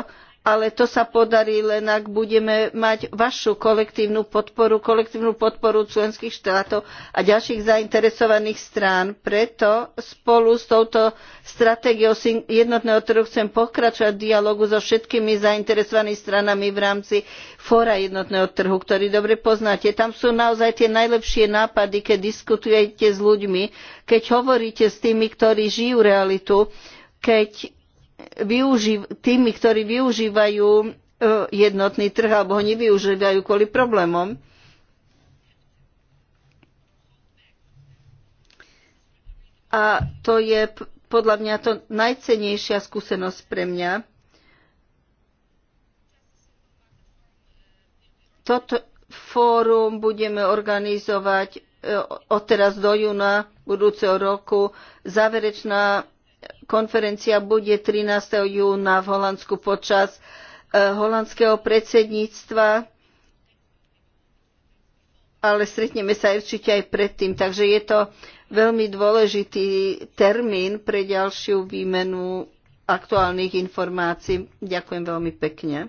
ale to sa podarí len, ak budeme mať vašu kolektívnu podporu, kolektívnu podporu členských štátov a ďalších zainteresovaných strán. Preto spolu s touto stratégiou jednotného trhu chcem pokračovať v dialogu so všetkými zainteresovanými stranami v rámci fóra jednotného trhu, ktorý dobre poznáte. Tam sú naozaj tie najlepšie nápady, keď diskutujete s ľuďmi, keď hovoríte s tými, ktorí žijú realitu, keď využív- tými, ktorí využívajú e, jednotný trh alebo ho nevyužívajú kvôli problémom. A to je podľa mňa to najcenejšia skúsenosť pre mňa. Toto fórum budeme organizovať e, od teraz do júna budúceho roku. Záverečná Konferencia bude 13. júna v Holandsku počas e, holandského predsedníctva, ale stretneme sa určite aj predtým. Takže je to veľmi dôležitý termín pre ďalšiu výmenu aktuálnych informácií. Ďakujem veľmi pekne.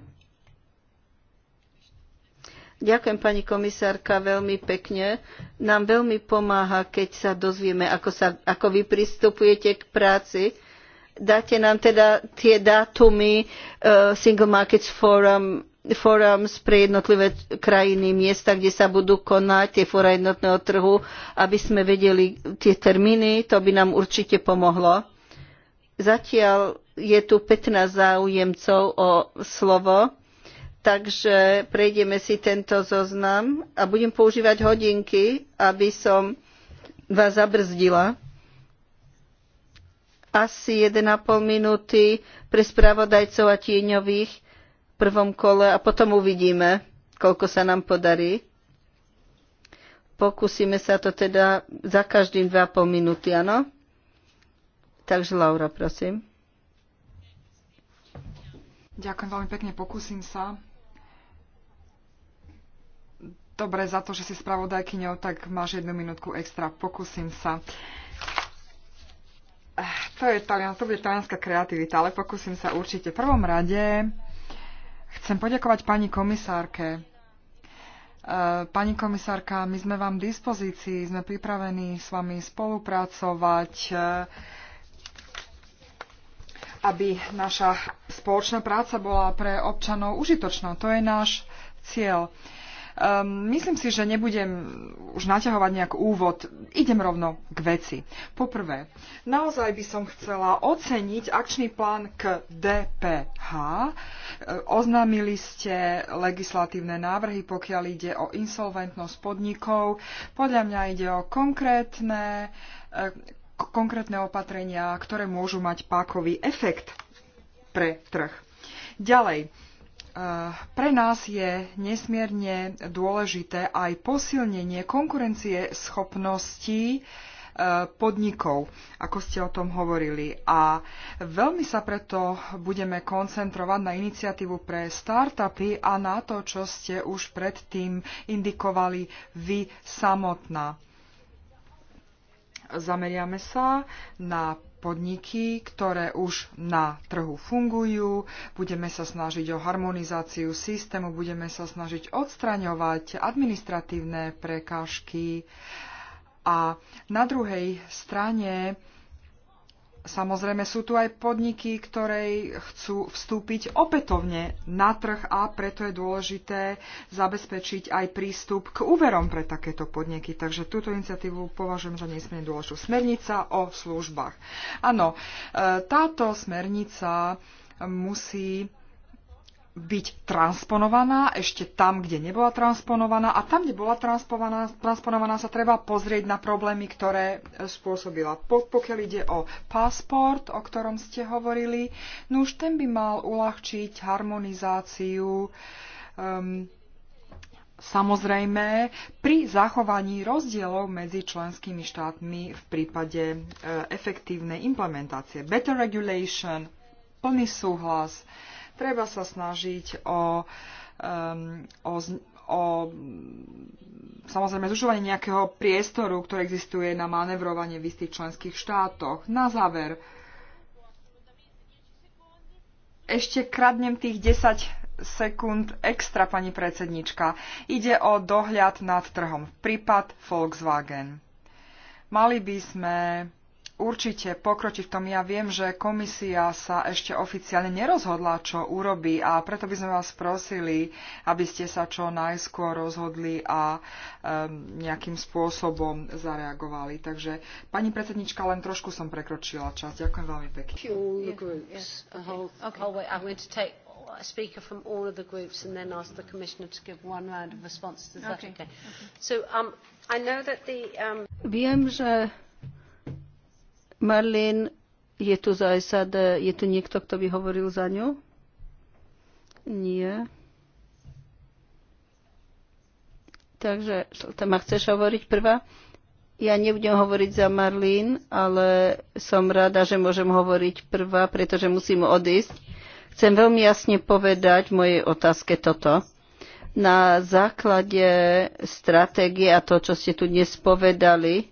Ďakujem pani komisárka veľmi pekne. Nám veľmi pomáha, keď sa dozvieme, ako, sa, ako vy pristupujete k práci. Dáte nám teda tie dátumy uh, Single Markets Forum forums pre jednotlivé krajiny, miesta, kde sa budú konať tie fóra jednotného trhu, aby sme vedeli tie termíny, to by nám určite pomohlo. Zatiaľ je tu 15 záujemcov o slovo. Takže prejdeme si tento zoznam a budem používať hodinky, aby som vás zabrzdila. Asi 1,5 minúty pre spravodajcov a tieňových v prvom kole a potom uvidíme, koľko sa nám podarí. Pokúsime sa to teda za každým 2,5 minúty, áno? Takže Laura, prosím. Ďakujem veľmi pekne, pokúsim sa Dobre, za to, že si spravodajkyňou, tak máš jednu minútku extra. Pokúsim sa. Eh, to, je, to bude talianská kreativita, ale pokúsim sa určite. V prvom rade chcem poďakovať pani komisárke. Eh, pani komisárka, my sme vám v dispozícii, sme pripravení s vami spolupracovať, eh, aby naša spoločná práca bola pre občanov užitočná. To je náš cieľ. Um, myslím si, že nebudem už naťahovať nejak úvod. Idem rovno k veci. Poprvé, naozaj by som chcela oceniť akčný plán k DPH. Ehm, oznámili ste legislatívne návrhy, pokiaľ ide o insolventnosť podnikov. Podľa mňa ide o konkrétne, ehm, konkrétne opatrenia, ktoré môžu mať pákový efekt pre trh. Ďalej, Eh, pre nás je nesmierne dôležité aj posilnenie konkurencie schopností eh, podnikov, ako ste o tom hovorili. A veľmi sa preto budeme koncentrovať na iniciatívu pre startupy a na to, čo ste už predtým indikovali vy samotná. Zameriame sa na podniky, ktoré už na trhu fungujú. Budeme sa snažiť o harmonizáciu systému, budeme sa snažiť odstraňovať administratívne prekážky a na druhej strane Samozrejme sú tu aj podniky, ktoré chcú vstúpiť opätovne na trh a preto je dôležité zabezpečiť aj prístup k úverom pre takéto podniky. Takže túto iniciatívu považujem za nesmierne dôležitú. Smernica o službách. Áno, e, táto smernica musí byť transponovaná ešte tam, kde nebola transponovaná a tam, kde bola transponovaná, transponovaná sa treba pozrieť na problémy, ktoré e, spôsobila. Pokiaľ ide o pasport, o ktorom ste hovorili, no už ten by mal uľahčiť harmonizáciu um, Samozrejme, pri zachovaní rozdielov medzi členskými štátmi v prípade e, efektívnej implementácie. Better regulation, plný súhlas. E, Treba sa snažiť o, um, o, o samozrejme zužovanie nejakého priestoru, ktorý existuje na manevrovanie v istých členských štátoch. Na záver, ešte kradnem tých 10 sekúnd extra, pani predsednička. Ide o dohľad nad trhom. Prípad Volkswagen. Mali by sme určite pokročiť v tom. Ja viem, že komisia sa ešte oficiálne nerozhodla, čo urobí a preto by sme vás prosili, aby ste sa čo najskôr rozhodli a um, nejakým spôsobom zareagovali. Takže pani predsednička, len trošku som prekročila čas. Ďakujem veľmi pekne. speaker from all of the groups and then ask the Commissioner to give one round of response. Is okay. that okay? okay. So um, I know that the... Um... Viem, že Marlin, je tu zajsad, je tu niekto, kto by hovoril za ňu? Nie. Takže, Tama, chceš hovoriť prvá? Ja nebudem hovoriť za Marlín, ale som rada, že môžem hovoriť prvá, pretože musím odísť. Chcem veľmi jasne povedať v mojej otázke toto. Na základe stratégie a to, čo ste tu dnes povedali,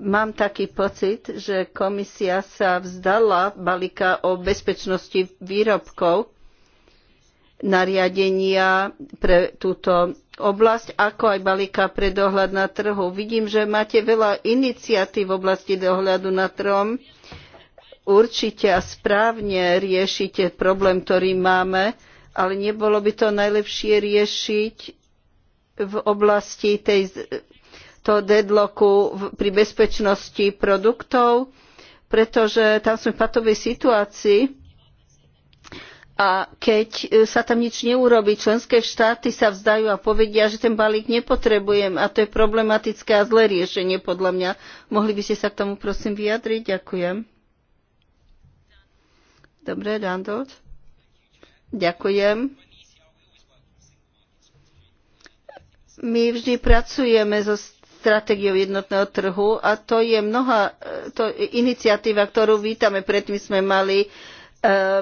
Mám taký pocit, že komisia sa vzdala balíka o bezpečnosti výrobkov nariadenia pre túto oblasť, ako aj balíka pre dohľad na trhu. Vidím, že máte veľa iniciatív v oblasti dohľadu na trhom. Určite a správne riešite problém, ktorý máme, ale nebolo by to najlepšie riešiť v oblasti tej tohto deadlocku pri bezpečnosti produktov, pretože tam sme v patovej situácii a keď e, sa tam nič neurobi, členské štáty sa vzdajú a povedia, že ten balík nepotrebujem a to je problematické a zlé riešenie podľa mňa. Mohli by ste sa k tomu prosím vyjadriť? Ďakujem. Dobre, Randolph. Ďakujem. My vždy pracujeme so stratégiou jednotného trhu a to je mnoha, to je iniciatíva, ktorú vítame, predtým sme mali e,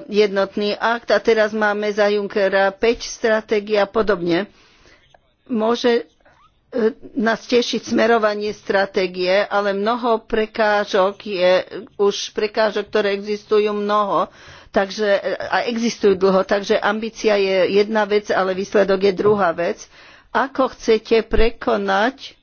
jednotný akt a teraz máme za Junckera 5 stratégií a podobne. Môže e, nás tešiť smerovanie stratégie, ale mnoho prekážok je, už prekážok, ktoré existujú mnoho, takže, a existujú dlho, takže ambícia je jedna vec, ale výsledok je druhá vec. Ako chcete prekonať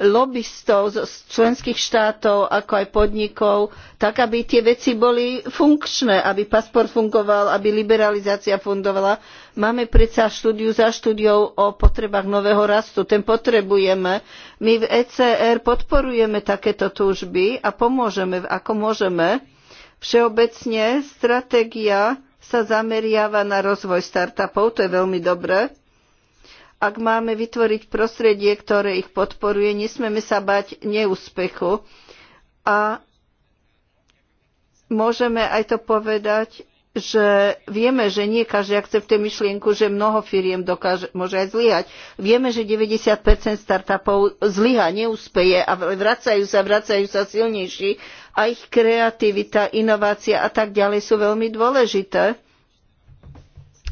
lobistov z členských štátov, ako aj podnikov, tak aby tie veci boli funkčné, aby pasport fungoval, aby liberalizácia fungovala. Máme predsa štúdiu za štúdiou o potrebách nového rastu. Ten potrebujeme. My v ECR podporujeme takéto túžby a pomôžeme, ako môžeme. Všeobecne stratégia sa zameriava na rozvoj startupov, to je veľmi dobré ak máme vytvoriť prostredie, ktoré ich podporuje, nesmeme sa bať neúspechu. A môžeme aj to povedať, že vieme, že nie každý akceptuje myšlienku, že mnoho firiem dokáže, môže aj zlyhať. Vieme, že 90% startupov zlyha, neúspeje a vracajú sa, vracajú sa silnejší a ich kreativita, inovácia a tak ďalej sú veľmi dôležité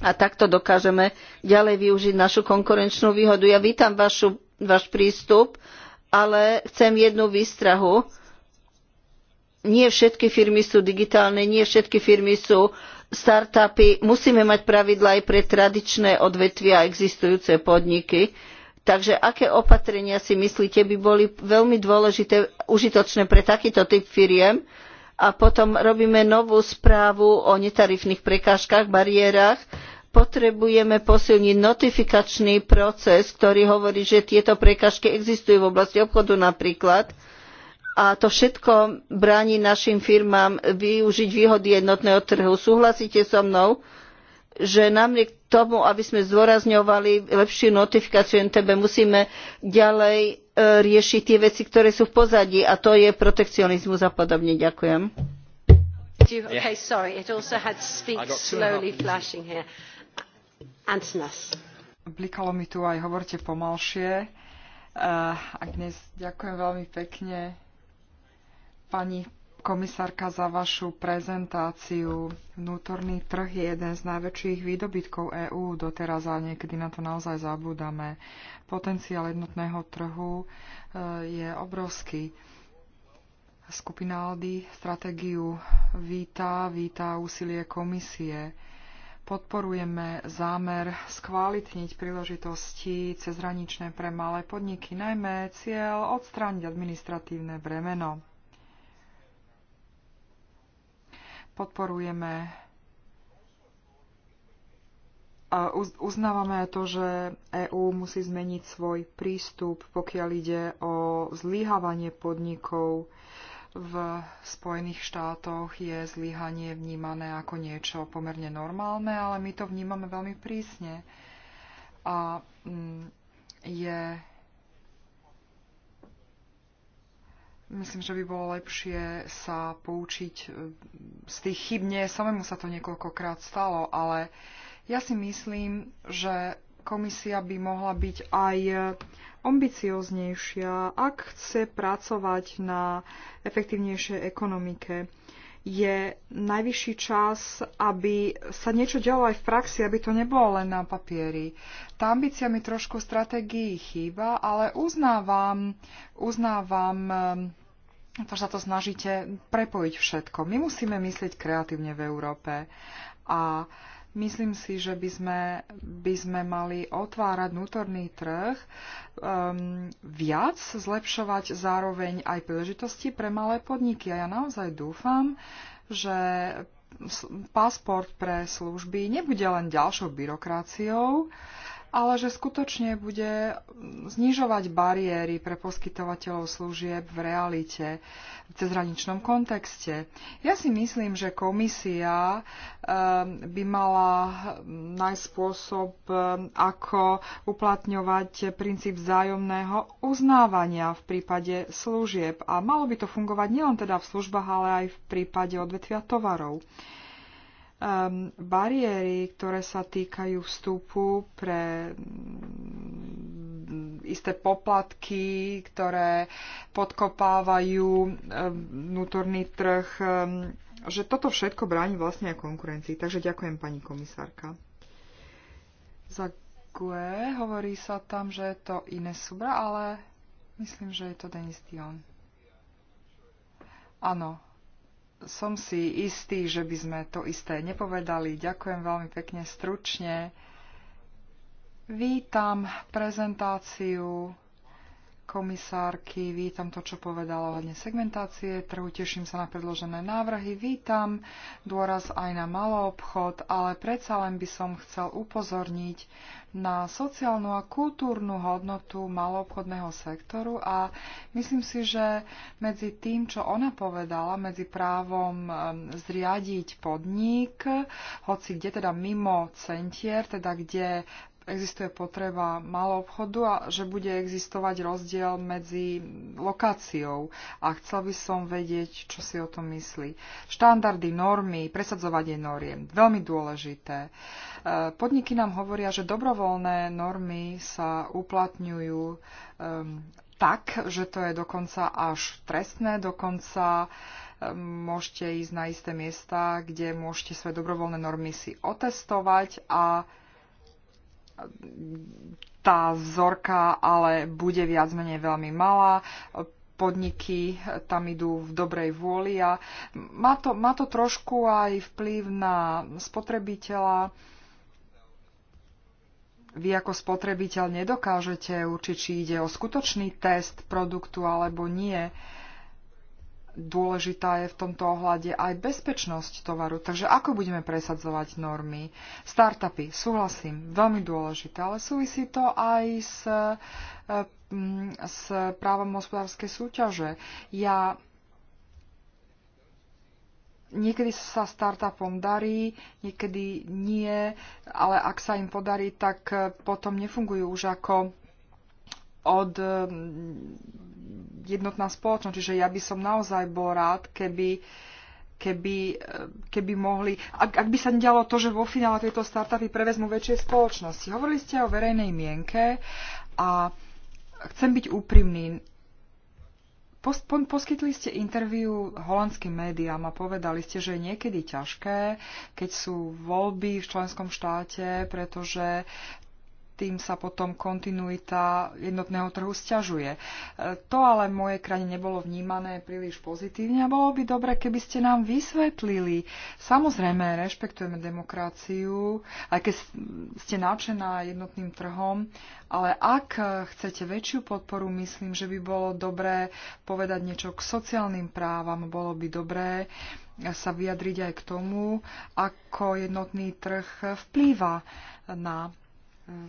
a takto dokážeme ďalej využiť našu konkurenčnú výhodu. Ja vítam vašu, váš prístup, ale chcem jednu výstrahu. Nie všetky firmy sú digitálne, nie všetky firmy sú startupy. Musíme mať pravidla aj pre tradičné odvetvia a existujúce podniky. Takže aké opatrenia si myslíte by boli veľmi dôležité, užitočné pre takýto typ firiem? A potom robíme novú správu o netarifných prekážkach, bariérach potrebujeme posilniť notifikačný proces, ktorý hovorí, že tieto prekažky existujú v oblasti obchodu napríklad. A to všetko bráni našim firmám využiť výhody jednotného trhu. Súhlasíte so mnou, že napriek tomu, aby sme zdôrazňovali lepšiu notifikáciu NTB, musíme ďalej e, riešiť tie veci, ktoré sú v pozadí a to je protekcionizmus a podobne. Ďakujem. Okay, sorry, it also had speak slowly flashing here. Antnas. Blikalo mi tu aj hovorte pomalšie. Eh, a dnes ďakujem veľmi pekne pani komisárka za vašu prezentáciu. Vnútorný trh je jeden z najväčších výdobytkov EÚ doteraz a niekedy na to naozaj zabúdame. Potenciál jednotného trhu eh, je obrovský. Skupina Aldy stratégiu víta, víta úsilie komisie podporujeme zámer skvalitniť príležitosti cezhraničné pre malé podniky, najmä cieľ odstrániť administratívne bremeno. Podporujeme a uznávame to, že EÚ musí zmeniť svoj prístup, pokiaľ ide o zlyhávanie podnikov v Spojených štátoch je zlyhanie vnímané ako niečo pomerne normálne, ale my to vnímame veľmi prísne. A mm, je. Myslím, že by bolo lepšie sa poučiť e, z tých chybne. Samému sa to niekoľkokrát stalo, ale ja si myslím, že komisia by mohla byť aj ambicioznejšia, ak chce pracovať na efektívnejšej ekonomike. Je najvyšší čas, aby sa niečo dialo aj v praxi, aby to nebolo len na papieri. Tá ambícia mi trošku v stratégii chýba, ale uznávam, uznávam eh, to, že sa to snažíte prepojiť všetko. My musíme myslieť kreatívne v Európe a Myslím si, že by sme, by sme mali otvárať vnútorný trh, um, viac zlepšovať zároveň aj príležitosti pre malé podniky. A ja naozaj dúfam, že pasport pre služby nebude len ďalšou byrokraciou, ale že skutočne bude znižovať bariéry pre poskytovateľov služieb v realite, v cezhraničnom kontexte. Ja si myslím, že komisia eh, by mala nájsť spôsob, eh, ako uplatňovať princíp vzájomného uznávania v prípade služieb. A malo by to fungovať nielen teda v službách, ale aj v prípade odvetvia tovarov um, bariéry, ktoré sa týkajú vstupu pre mm, isté poplatky, ktoré podkopávajú ehm, vnútorný trh, ehm, že toto všetko bráni vlastne aj konkurencii. Takže ďakujem pani komisárka. Za GUE hovorí sa tam, že je to iné Subra, ale myslím, že je to Denis Dion. Áno, som si istý, že by sme to isté nepovedali. Ďakujem veľmi pekne stručne. Vítam prezentáciu komisárky, vítam to, čo povedala ohľadne segmentácie trhu, teším sa na predložené návrhy, vítam dôraz aj na malý obchod, ale predsa len by som chcel upozorniť na sociálnu a kultúrnu hodnotu maloobchodného sektoru a myslím si, že medzi tým, čo ona povedala, medzi právom um, zriadiť podnik, hoci kde teda mimo centier, teda kde existuje potreba malou obchodu a že bude existovať rozdiel medzi lokáciou a chcel by som vedieť, čo si o tom myslí. Štandardy, normy, presadzovanie noriem, veľmi dôležité. E, podniky nám hovoria, že dobrovoľné normy sa uplatňujú um, tak, že to je dokonca až trestné, dokonca môžete ísť na isté miesta, kde môžete svoje dobrovoľné normy si otestovať a tá zorka ale bude viac menej veľmi malá podniky tam idú v dobrej vôli a má to, má to trošku aj vplyv na spotrebiteľa. Vy ako spotrebiteľ nedokážete určiť, či ide o skutočný test produktu alebo nie. Uh, dôležitá je v tomto ohľade aj bezpečnosť tovaru. Takže ako budeme presadzovať normy? Startupy, súhlasím, veľmi dôležité, ale súvisí to aj s, e, mm, s právom hospodárskej súťaže. Ja Niekedy sa startupom darí, niekedy nie, ale ak sa im podarí, tak potom nefungujú už ako od eh, jednotná spoločnosť. Čiže ja by som naozaj bol rád, keby keby, eh, keby mohli, ak, ak by sa nedialo to, že vo finále tieto startupy prevezmu väčšie spoločnosti. Hovorili ste o verejnej mienke a chcem byť úprimný. poskytli ste interviu holandským médiám a povedali ste, že je niekedy ťažké, keď sú voľby v členskom štáte, pretože tým sa potom kontinuita jednotného trhu sťažuje. E, to ale v mojej krajine nebolo vnímané príliš pozitívne a bolo by dobre, keby ste nám vysvetlili. Samozrejme, rešpektujeme demokraciu, aj keď ste náčená jednotným trhom, ale ak chcete väčšiu podporu, myslím, že by bolo dobré povedať niečo k sociálnym právam, bolo by dobré sa vyjadriť aj k tomu, ako jednotný trh vplýva na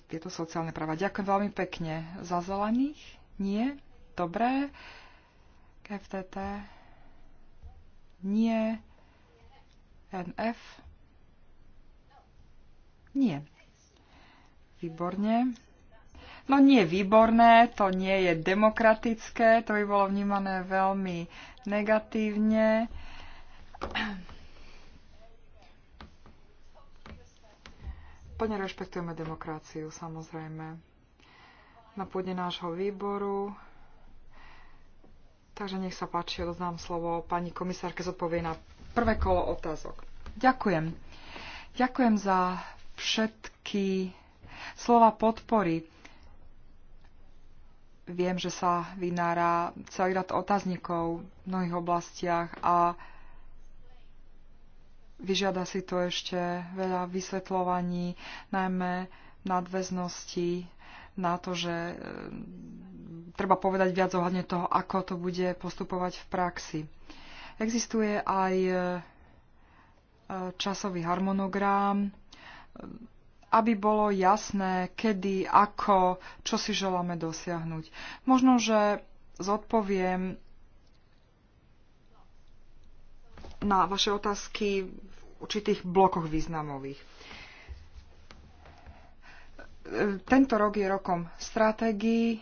tieto sociálne práva. Ďakujem veľmi pekne. Za zelených? Nie? Dobré. KFTT? Nie. NF? Nie. Výborne. No nie výborné, to nie je demokratické, to by bolo vnímané veľmi negatívne. Plne rešpektujeme demokraciu, samozrejme. Na pôde nášho výboru. Takže nech sa páči, odoznám slovo pani komisárke zodpovie na prvé kolo otázok. Ďakujem. Ďakujem za všetky slova podpory. Viem, že sa vynára celý rad otáznikov v mnohých oblastiach a Vyžiada si to ešte veľa vysvetľovaní, najmä nadväznosti na to, že e, treba povedať viac ohľadne toho, ako to bude postupovať v praxi. Existuje aj e, e, časový harmonogram, aby bolo jasné, kedy, ako, čo si želáme dosiahnuť. Možno, že zodpoviem na vaše otázky určitých blokoch významových. Tento rok je rokom stratégií,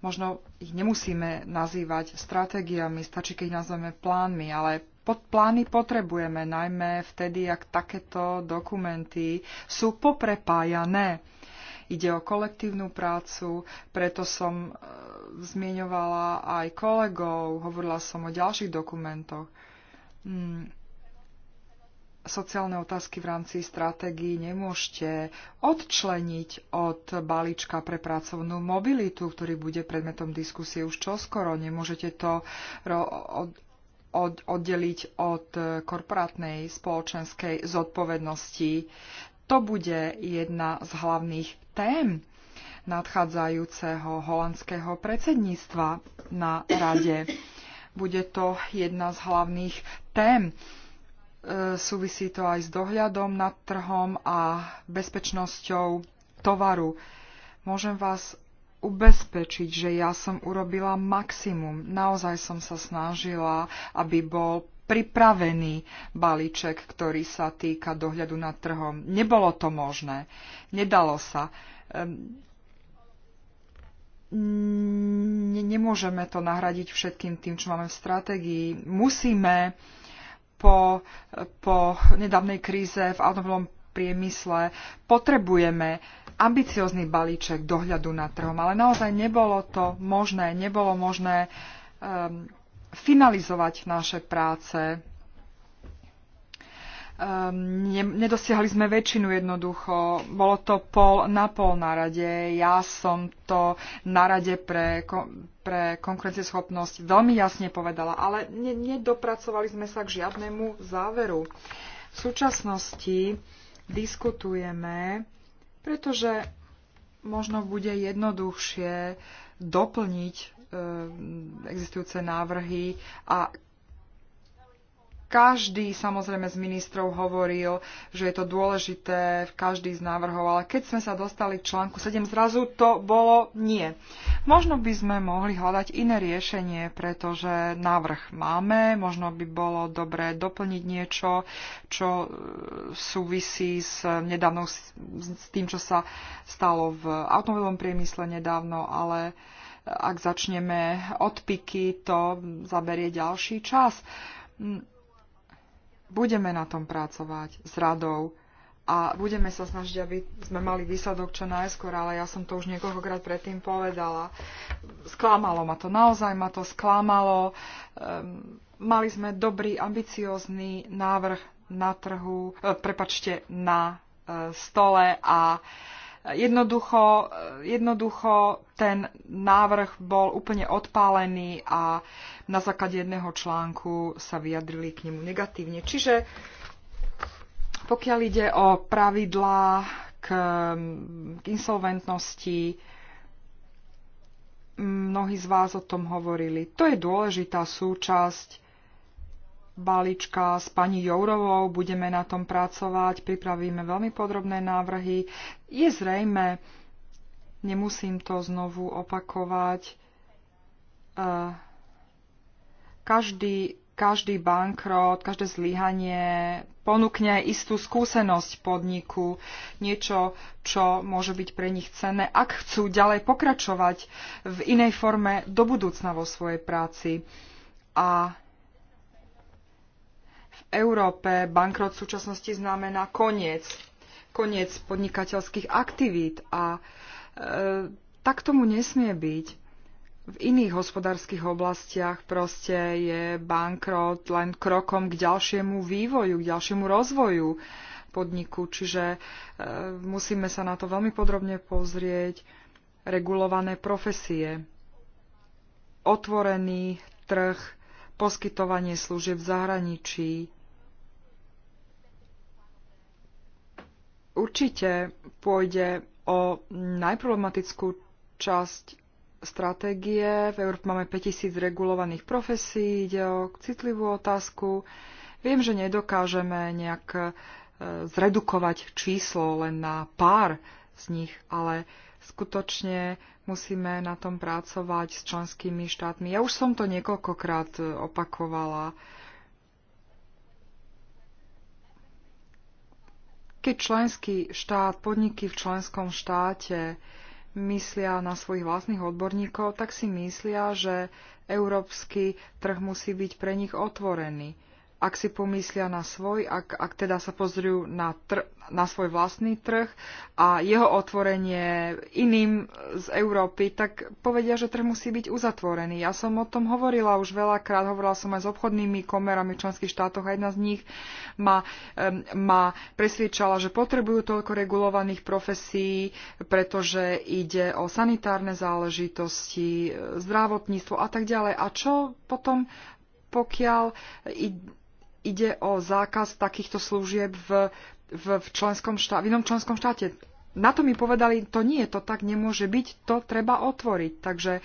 možno ich nemusíme nazývať stratégiami, stačí, keď ich nazveme plánmi, ale pod plány potrebujeme, najmä vtedy, ak takéto dokumenty sú poprepájané. Ide o kolektívnu prácu, preto som e, zmieňovala aj kolegov, hovorila som o ďalších dokumentoch. Mm sociálne otázky v rámci stratégií nemôžete odčleniť od balíčka pre pracovnú mobilitu, ktorý bude predmetom diskusie už čoskoro. Nemôžete to od, od, oddeliť od korporátnej spoločenskej zodpovednosti. To bude jedna z hlavných tém nadchádzajúceho holandského predsedníctva na rade. Bude to jedna z hlavných tém E, súvisí to aj s dohľadom nad trhom a bezpečnosťou tovaru. Môžem vás ubezpečiť, že ja som urobila maximum. Naozaj som sa snažila, aby bol pripravený balíček, ktorý sa týka dohľadu nad trhom. Nebolo to možné. Nedalo sa. Nemôžeme to nahradiť všetkým tým, čo máme v stratégii. Musíme po, po nedávnej kríze v automobilovom priemysle. Potrebujeme ambiciózny balíček dohľadu nad trhom, ale naozaj nebolo to možné, nebolo možné um, finalizovať naše práce um, ne, nedosiahli sme väčšinu jednoducho. Bolo to pol na pol na rade. Ja som to na rade pre, pre konkurencieschopnosť veľmi jasne povedala, ale ne, nedopracovali sme sa k žiadnemu záveru. V súčasnosti diskutujeme, pretože možno bude jednoduchšie doplniť ehm, existujúce návrhy a každý samozrejme z ministrov hovoril, že je to dôležité, každý z návrhov, ale keď sme sa dostali k článku 7, zrazu to bolo nie. Možno by sme mohli hľadať iné riešenie, pretože návrh máme, možno by bolo dobré doplniť niečo, čo e, súvisí s nedávnou, s tým, čo sa stalo v automobilovom priemysle nedávno, ale e, ak začneme odpiky, to zaberie ďalší čas. Mm, Budeme na tom pracovať s radou a budeme sa snažiť, aby sme mali výsledok čo najskôr, ale ja som to už niekoľkokrát predtým povedala. Sklamalo ma to, naozaj ma to sklamalo. Um, mali sme dobrý, ambiciózny návrh na trhu, e, prepačte, na e, stole a e, Jednoducho, jednoducho ten návrh bol úplne odpálený a na základe jedného článku sa vyjadrili k nemu negatívne. Čiže pokiaľ ide o pravidlá k, k insolventnosti, mnohí z vás o tom hovorili. To je dôležitá súčasť balíčka s pani Jourovou, budeme na tom pracovať, pripravíme veľmi podrobné návrhy. Je zrejme, nemusím to znovu opakovať, eh, každý, každý bankrot, každé zlyhanie ponúkne istú skúsenosť podniku, niečo, čo môže byť pre nich cenné, ak chcú ďalej pokračovať v inej forme do budúcna vo svojej práci. A Európe bankrot v súčasnosti znamená koniec, koniec podnikateľských aktivít a e, tak tomu nesmie byť. V iných hospodárskych oblastiach proste je bankrot len krokom k ďalšiemu vývoju, k ďalšiemu rozvoju podniku, čiže e, musíme sa na to veľmi podrobne pozrieť. Regulované profesie, otvorený trh, poskytovanie služieb v zahraničí, Určite pôjde o najproblematickú časť stratégie. V Európe máme 5000 regulovaných profesí, ide o citlivú otázku. Viem, že nedokážeme nejak e, zredukovať číslo len na pár z nich, ale skutočne musíme na tom pracovať s členskými štátmi. Ja už som to niekoľkokrát e, opakovala. Keď členský štát, podniky v členskom štáte myslia na svojich vlastných odborníkov, tak si myslia, že európsky trh musí byť pre nich otvorený ak si pomyslia na svoj, ak, ak teda sa pozrú na, tr- na svoj vlastný trh a jeho otvorenie iným z Európy, tak povedia, že trh musí byť uzatvorený. Ja som o tom hovorila už veľakrát, hovorila som aj s obchodnými komerami v členských štátoch a jedna z nich ma, ma presviečala, že potrebujú toľko regulovaných profesí, pretože ide o sanitárne záležitosti, e, zdravotníctvo a tak ďalej. A čo potom pokiaľ ide o zákaz takýchto služieb v, v, v, členskom štá, v inom členskom štáte. Na to mi povedali, to nie, to tak nemôže byť, to treba otvoriť. Takže e,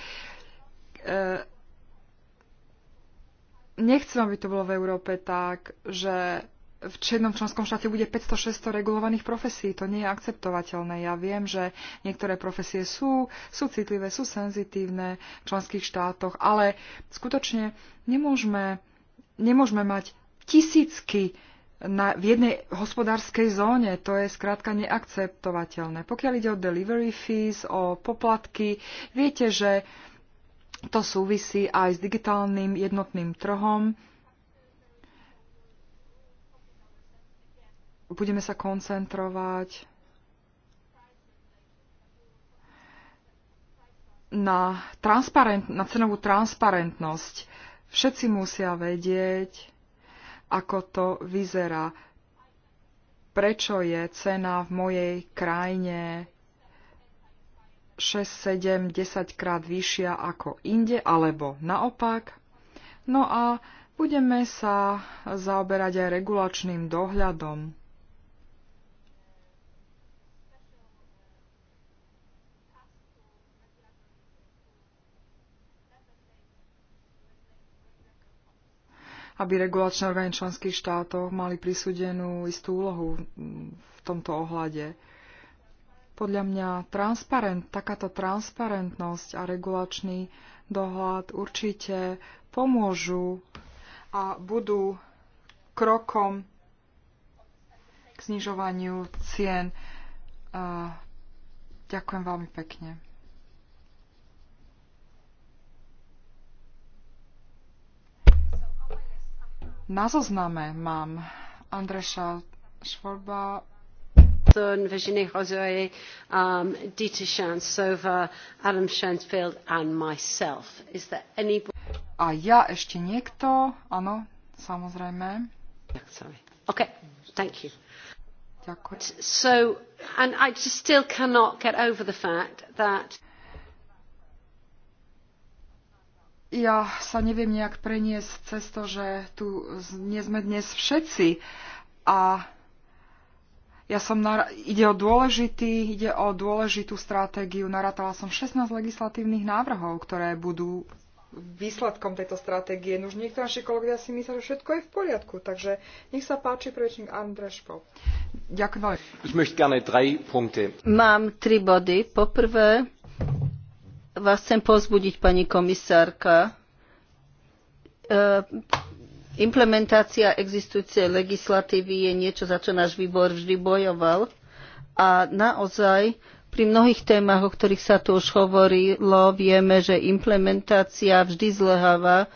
nechcem, aby to bolo v Európe tak, že v jednom členskom štáte bude 500-600 regulovaných profesí. To nie je akceptovateľné. Ja viem, že niektoré profesie sú, sú citlivé, sú senzitívne v členských štátoch, ale skutočne nemôžeme, nemôžeme mať tisícky na, v jednej hospodárskej zóne. To je skrátka neakceptovateľné. Pokiaľ ide o delivery fees, o poplatky, viete, že to súvisí aj s digitálnym jednotným trhom. Budeme sa koncentrovať na, transparent, na cenovú transparentnosť. Všetci musia vedieť, ako to vyzerá, prečo je cena v mojej krajine 6, 7, 10 krát vyššia ako inde, alebo naopak. No a budeme sa zaoberať aj regulačným dohľadom. aby regulačné orgány členských štátov mali prisúdenú istú úlohu v tomto ohľade. Podľa mňa transparent, takáto transparentnosť a regulačný dohľad určite pomôžu a budú krokom k znižovaniu cien. Ďakujem veľmi pekne. Na zozname mám Andreša Švorba, Virginie Rosé, um, Dieter Shansova, Adam Schoenfeld and myself. Is there any... A ja ešte niekto? Áno, samozrejme. Sorry. Okay, thank you. Ďakujem. So, and I just still cannot get over the fact that ja sa neviem nejak preniesť cez to, že tu nie sme dnes všetci a ja som na, ide o dôležitý, ide o dôležitú stratégiu. Narátala som 16 legislatívnych návrhov, ktoré budú výsledkom tejto stratégie. No už niektorí naši kolegovia si myslia, že všetko je v poriadku. Takže nech sa páči prečník Andreško. Ďakujem veľmi. Mám tri body. Poprvé, vás chcem pozbudiť, pani komisárka. E, implementácia existujúcej legislatívy je niečo, za čo náš výbor vždy bojoval. A naozaj pri mnohých témach, o ktorých sa tu už hovorilo, vieme, že implementácia vždy zleháva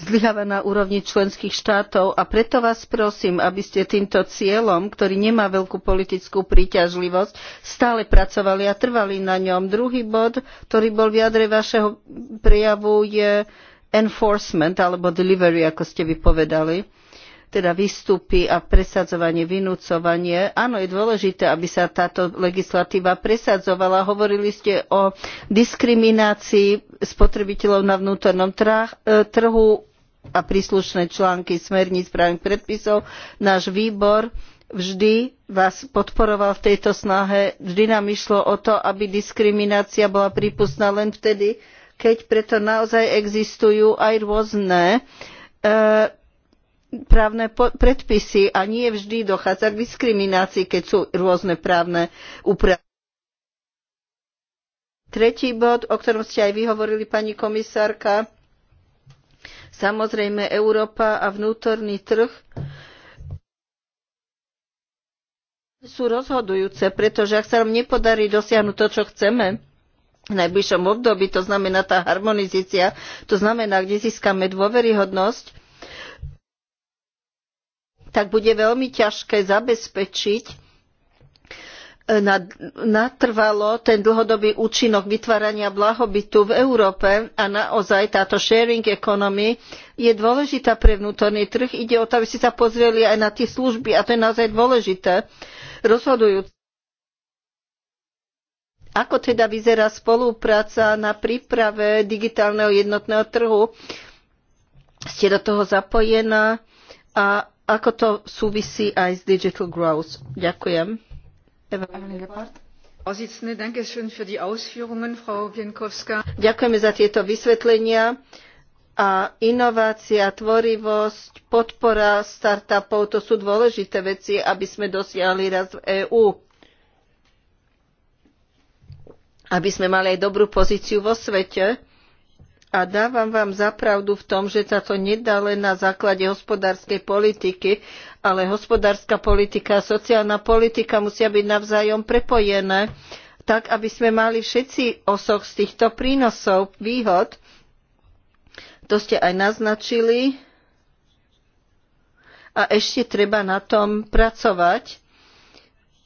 zlyháva na úrovni členských štátov a preto vás prosím, aby ste týmto cieľom, ktorý nemá veľkú politickú príťažlivosť, stále pracovali a trvali na ňom. Druhý bod, ktorý bol v jadre vašeho prejavu, je enforcement alebo delivery, ako ste vy povedali teda výstupy a presadzovanie, vynúcovanie. Áno, je dôležité, aby sa táto legislatíva presadzovala. Hovorili ste o diskriminácii spotrebiteľov na vnútornom e, trhu a príslušné články smerníc právnych predpisov. Náš výbor vždy vás podporoval v tejto snahe. Vždy nám išlo o to, aby diskriminácia bola prípustná len vtedy, keď preto naozaj existujú aj rôzne e, právne predpisy a nie vždy dochádza k diskriminácii, keď sú rôzne právne úpravy. Tretí bod, o ktorom ste aj vyhovorili, pani komisárka, samozrejme Európa a vnútorný trh sú rozhodujúce, pretože ak sa nám nepodarí dosiahnuť to, čo chceme, v najbližšom období, to znamená tá harmonizácia, to znamená, kde získame dôveryhodnosť, tak bude veľmi ťažké zabezpečiť e, natrvalo ten dlhodobý účinok vytvárania blahobytu v Európe a naozaj táto sharing economy je dôležitá pre vnútorný trh. Ide o to, aby ste sa pozreli aj na tie služby a to je naozaj dôležité, rozhodujúce. Ako teda vyzerá spolupráca na príprave digitálneho jednotného trhu? Ste do toho zapojená a ako to súvisí aj s digital growth. Ďakujem. Ďakujeme za tieto vysvetlenia a inovácia, tvorivosť, podpora startupov, to sú dôležité veci, aby sme dosiahli raz v EÚ. Aby sme mali aj dobrú pozíciu vo svete a dávam vám zapravdu v tom, že sa to nedá len na základe hospodárskej politiky, ale hospodárska politika a sociálna politika musia byť navzájom prepojené, tak aby sme mali všetci osoch z týchto prínosov, výhod. To ste aj naznačili. A ešte treba na tom pracovať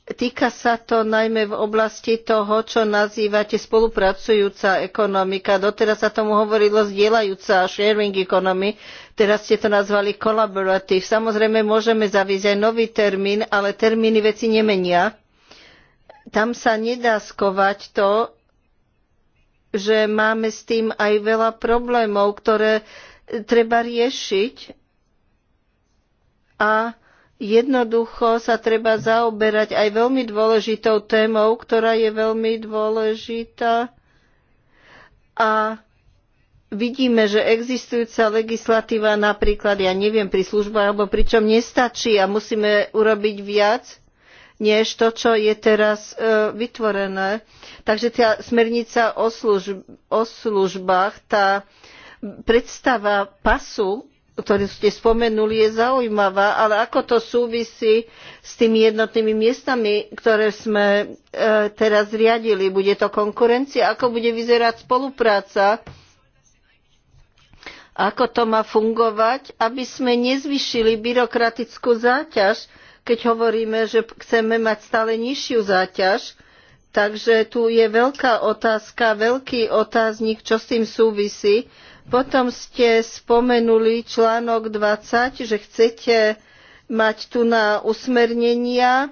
Týka sa to najmä v oblasti toho, čo nazývate spolupracujúca ekonomika. Doteraz sa tomu hovorilo zdieľajúca sharing economy, teraz ste to nazvali collaborative. Samozrejme môžeme zaviesť aj nový termín, ale termíny veci nemenia. Tam sa nedá skovať to, že máme s tým aj veľa problémov, ktoré treba riešiť. A Jednoducho sa treba zaoberať aj veľmi dôležitou témou, ktorá je veľmi dôležitá. A vidíme, že existujúca legislatíva napríklad, ja neviem, pri službách alebo pričom nestačí a musíme urobiť viac než to, čo je teraz e, vytvorené. Takže tá smernica o, služb, o službách, tá predstava pasu ktorú ste spomenuli, je zaujímavá, ale ako to súvisí s tými jednotnými miestami, ktoré sme e, teraz riadili? Bude to konkurencia? Ako bude vyzerať spolupráca? Ako to má fungovať, aby sme nezvyšili byrokratickú záťaž, keď hovoríme, že chceme mať stále nižšiu záťaž? Takže tu je veľká otázka, veľký otáznik, čo s tým súvisí potom ste spomenuli článok 20, že chcete mať tu na usmernenia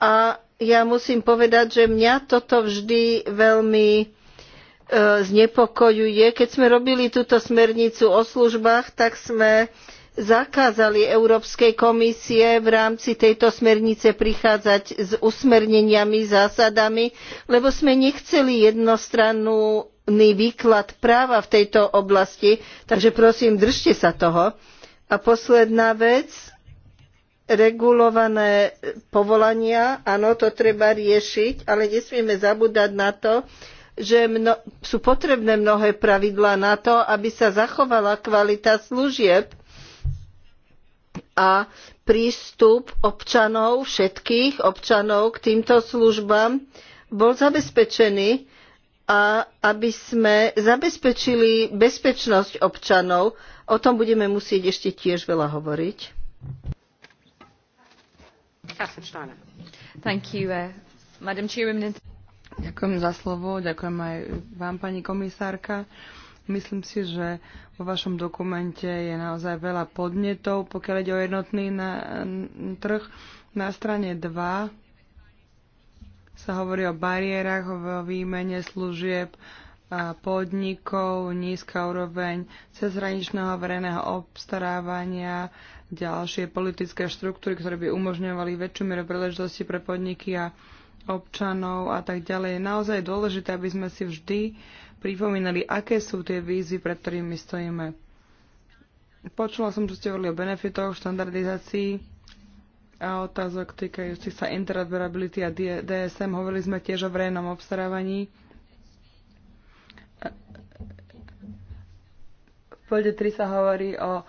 a ja musím povedať, že mňa toto vždy veľmi e, znepokojuje. Keď sme robili túto smernicu o službách, tak sme zakázali Európskej komisie v rámci tejto smernice prichádzať s usmerneniami, zásadami, lebo sme nechceli jednostrannú právny výklad práva v tejto oblasti, takže prosím, držte sa toho. A posledná vec, regulované povolania, áno, to treba riešiť, ale nesmieme zabúdať na to, že mno, sú potrebné mnohé pravidlá na to, aby sa zachovala kvalita služieb a prístup občanov, všetkých občanov k týmto službám bol zabezpečený a aby sme zabezpečili bezpečnosť občanov. O tom budeme musieť ešte tiež veľa hovoriť. You, uh, ďakujem za slovo, ďakujem aj vám, pani komisárka. Myslím si, že vo vašom dokumente je naozaj veľa podnetov, pokiaľ ide o jednotný na, trh. Na strane 2 sa hovorí o bariérach v výmene služieb podnikov, nízka úroveň cezhraničného verejného obstarávania, ďalšie politické štruktúry, ktoré by umožňovali väčšiu mieru príležitosti pre podniky a občanov a tak ďalej. Je naozaj dôležité, aby sme si vždy pripomínali, aké sú tie výzvy, pred ktorými stojíme. Počula som, čo ste hovorili o benefitoch, štandardizácii a otázok týkajúcich sa interoperability a DSM. Hovorili sme tiež o verejnom obstarávaní. V pôde 3 sa hovorí o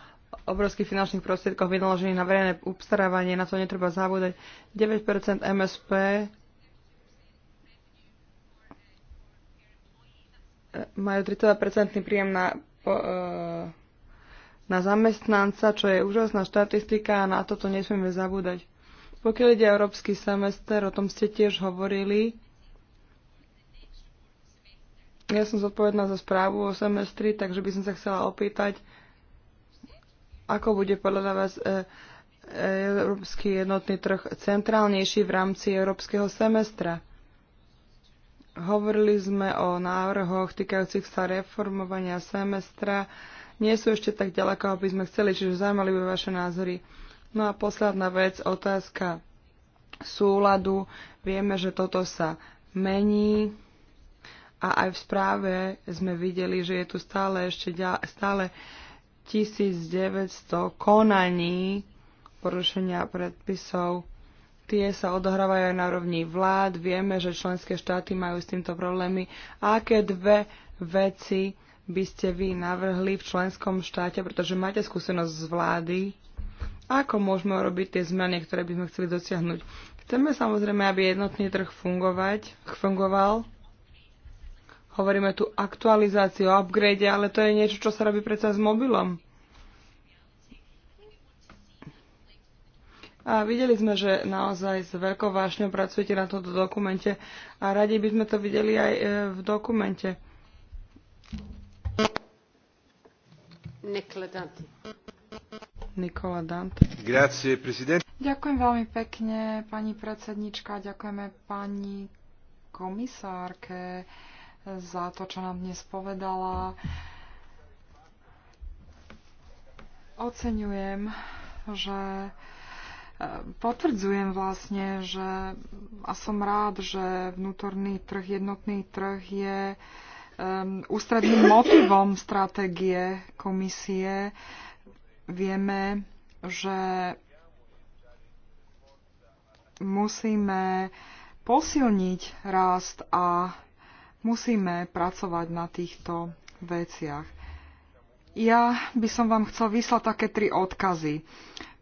obrovských finančných prostriedkoch vynaložených na verejné obstarávanie, na to netreba zabúdať. 9% MSP e, majú 32% príjem na po, e, na zamestnanca, čo je úžasná štatistika a na toto nesmieme zabúdať. Pokiaľ ide európsky semester, o tom ste tiež hovorili. Ja som zodpovedná za správu o semestri, takže by som sa chcela opýtať, ako bude podľa vás e, e, európsky jednotný trh centrálnejší v rámci európskeho semestra. Hovorili sme o návrhoch týkajúcich sa reformovania semestra, nie sú ešte tak ďaleko, aby sme chceli, čiže zaujímali by vaše názory. No a posledná vec, otázka súladu. Vieme, že toto sa mení a aj v správe sme videli, že je tu stále ešte stále 1900 konaní porušenia predpisov. Tie sa odohrávajú aj na rovni vlád. Vieme, že členské štáty majú s týmto problémy. aké dve veci by ste vy navrhli v členskom štáte, pretože máte skúsenosť z vlády, ako môžeme urobiť tie zmeny, ktoré by sme chceli dosiahnuť. Chceme samozrejme, aby jednotný trh fungovať, fungoval. Hovoríme tu aktualizáciu, o upgrade, ale to je niečo, čo sa robí predsa s mobilom. A videli sme, že naozaj s veľkou vášňou pracujete na tomto dokumente a radi by sme to videli aj e, v dokumente. Ďakujem veľmi pekne, pani predsednička. Ďakujeme pani komisárke za to, čo nám dnes povedala. Oceňujem, že e, potvrdzujem vlastne, že a som rád, že vnútorný trh, jednotný trh je um, ústredným motivom stratégie komisie. Vieme, že musíme posilniť rast a musíme pracovať na týchto veciach. Ja by som vám chcel vyslať také tri odkazy.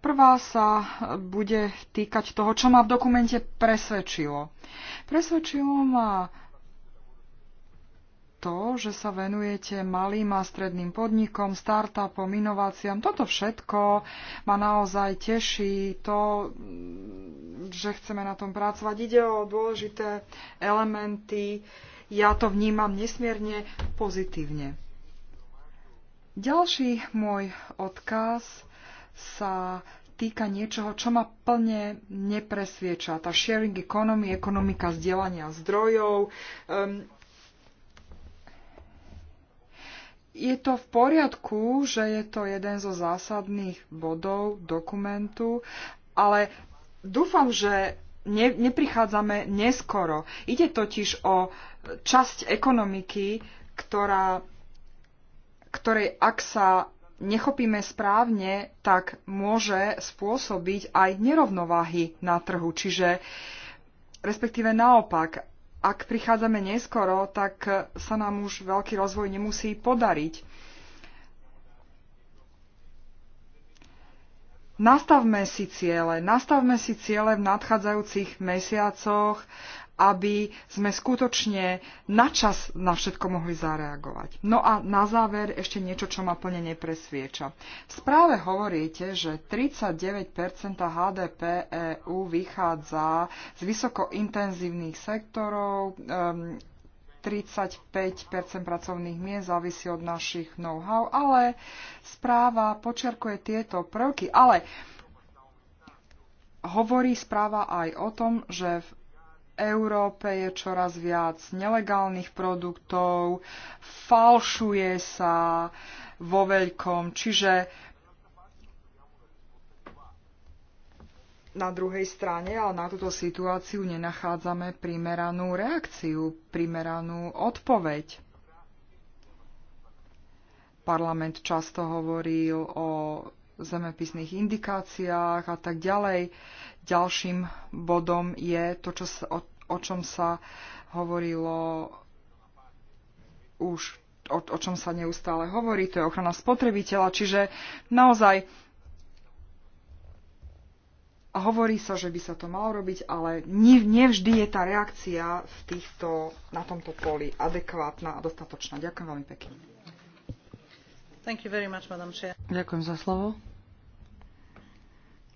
Prvá sa bude týkať toho, čo ma v dokumente presvedčilo. Presvedčilo ma to, že sa venujete malým a stredným podnikom, startupom, inováciám. Toto všetko ma naozaj teší. To, že chceme na tom pracovať, ide o dôležité elementy. Ja to vnímam nesmierne pozitívne. Ďalší môj odkaz sa týka niečoho, čo ma plne nepresvieča. Tá sharing economy, ekonomika zdieľania zdrojov. Um, je to v poriadku, že je to jeden zo zásadných bodov dokumentu, ale dúfam, že ne, neprichádzame neskoro. Ide totiž o časť ekonomiky, ktorá, ktorej ak sa nechopíme správne, tak môže spôsobiť aj nerovnováhy na trhu. Čiže respektíve naopak, ak prichádzame neskoro, tak sa nám už veľký rozvoj nemusí podariť. Nastavme si ciele, nastavme si ciele v nadchádzajúcich mesiacoch aby sme skutočne načas na všetko mohli zareagovať. No a na záver ešte niečo, čo ma plne nepresvieča. V správe hovoríte, že 39% HDP EU vychádza z vysokointenzívnych sektorov, 35 ehm, pracovných miest závisí od našich know-how, ale správa počiarkuje tieto prvky. Ale hovorí správa aj o tom, že v Európe je čoraz viac nelegálnych produktov, falšuje sa vo veľkom, čiže na druhej strane, ale na túto situáciu nenachádzame primeranú reakciu, primeranú odpoveď. Parlament často hovoril o zemepisných indikáciách a tak ďalej. Ďalším bodom je to, čo sa, o, o čom sa hovorilo už, o, o čom sa neustále hovorí, to je ochrana spotrebiteľa. Čiže naozaj hovorí sa, že by sa to malo robiť, ale nevždy je tá reakcia v týchto, na tomto poli adekvátna a dostatočná. Ďakujem veľmi pekne. Thank you very much, Madam Chair. Ďakujem za slovo.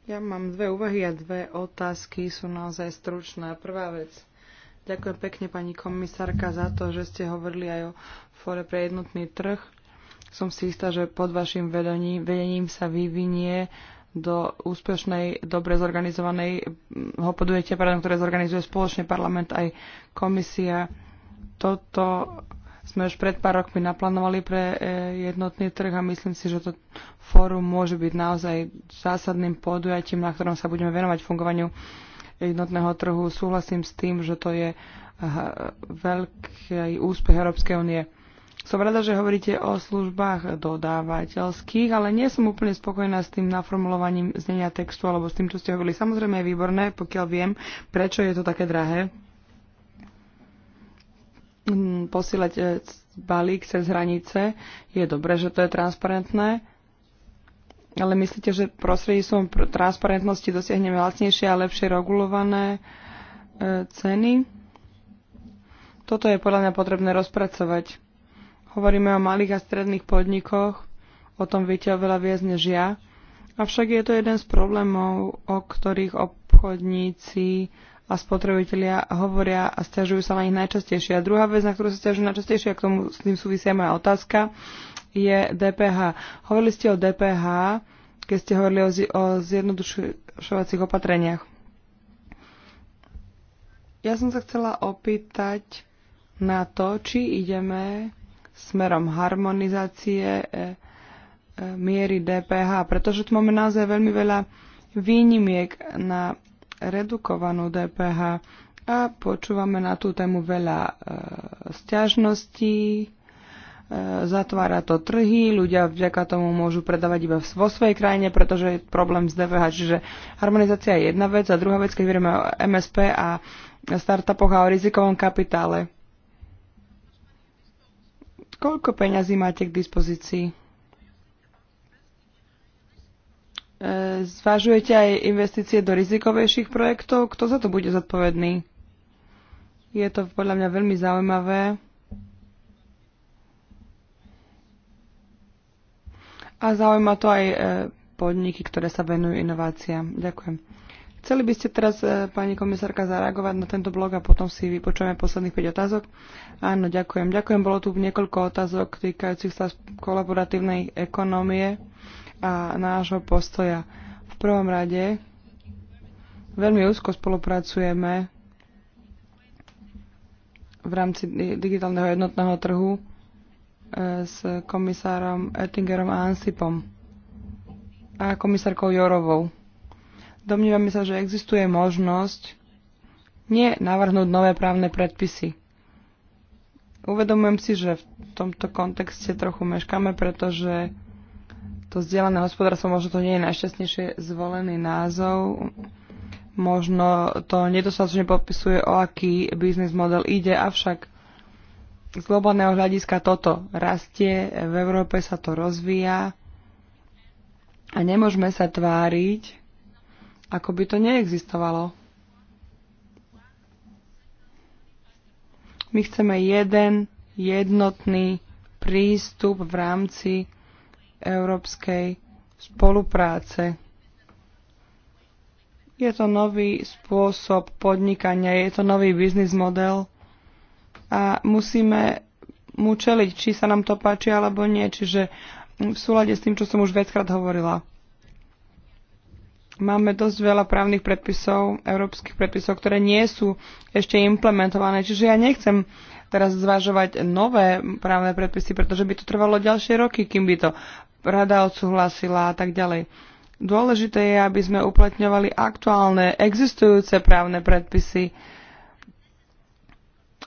Ja mám dve úvahy a dve otázky, sú naozaj stručné. Prvá vec. Ďakujem pekne pani komisárka za to, že ste hovorili aj o fore pre jednotný trh. Som si istá, že pod vašim vedením, vedením sa vyvinie do úspešnej, dobre zorganizovanej ho podujete, pardon, ktoré zorganizuje spoločne parlament aj komisia. Toto sme už pred pár rokmi naplánovali pre e, jednotný trh a myslím si, že to fórum môže byť naozaj zásadným podujatím, na ktorom sa budeme venovať fungovaniu jednotného trhu. Súhlasím s tým, že to je veľký úspech Európskej únie. Som rada, že hovoríte o službách dodávateľských, ale nie som úplne spokojná s tým naformulovaním znenia textu alebo s tým, čo ste hovorili. Samozrejme je výborné, pokiaľ viem, prečo je to také drahé. Mm, posílať e, balík cez hranice. Je dobré, že to je transparentné, ale myslíte, že prostredníctvom transparentnosti dosiahneme lacnejšie a lepšie regulované e, ceny? Toto je podľa mňa potrebné rozpracovať. Hovoríme o malých a stredných podnikoch, o tom viete oveľa viac než ja. Avšak je to jeden z problémov, o ktorých obchodníci a spotrebitelia hovoria a stiažujú sa na nich najčastejšie. A druhá vec, na ktorú sa stiažujú najčastejšie, a k tomu s tým súvisia moja otázka, je DPH. Hovorili ste o DPH, keď ste hovorili o, o zjednodušovacích opatreniach. Ja som sa chcela opýtať na to, či ideme smerom harmonizácie e, e miery DPH, pretože tu máme naozaj veľmi veľa výnimiek na redukovanú DPH a počúvame na tú tému veľa e, sťažností, e, zatvára to trhy, ľudia vďaka tomu môžu predávať iba vo svojej krajine, pretože je problém s DPH. Čiže harmonizácia je jedna vec a druhá vec, keď vieme o MSP a startupoch a o rizikovom kapitále. Koľko peňazí máte k dispozícii? E, zvažujete aj investície do rizikovejších projektov? Kto za to bude zodpovedný? Je to podľa mňa veľmi zaujímavé. A zaujíma to aj e, podniky, ktoré sa venujú inováciám. Ďakujem. Chceli by ste teraz, e, pani komisárka, zareagovať na tento blog a potom si vypočujeme posledných 5 otázok? Áno, ďakujem. Ďakujem. Bolo tu niekoľko otázok týkajúcich sa kolaboratívnej ekonomie a nášho postoja. V prvom rade veľmi úzko spolupracujeme v rámci digitálneho jednotného trhu e, s komisárom Oettingerom a Ansipom a komisárkou Jorovou. Domnívame sa, že existuje možnosť nie navrhnúť nové právne predpisy. Uvedomujem si, že v tomto kontexte trochu meškame, pretože to vzdielané hospodárstvo, možno to nie je najšťastnejšie zvolený názov, možno to nedostatočne popisuje, o aký biznis model ide, avšak z globálneho hľadiska toto rastie, v Európe sa to rozvíja a nemôžeme sa tváriť, ako by to neexistovalo. My chceme jeden jednotný prístup v rámci európskej spolupráce. Je to nový spôsob podnikania, je to nový biznis model a musíme mu čeliť, či sa nám to páči alebo nie, čiže v súlade s tým, čo som už viackrát hovorila. Máme dosť veľa právnych predpisov, európskych predpisov, ktoré nie sú ešte implementované, čiže ja nechcem teraz zvažovať nové právne predpisy, pretože by to trvalo ďalšie roky, kým by to rada odsúhlasila a tak ďalej. Dôležité je, aby sme uplatňovali aktuálne existujúce právne predpisy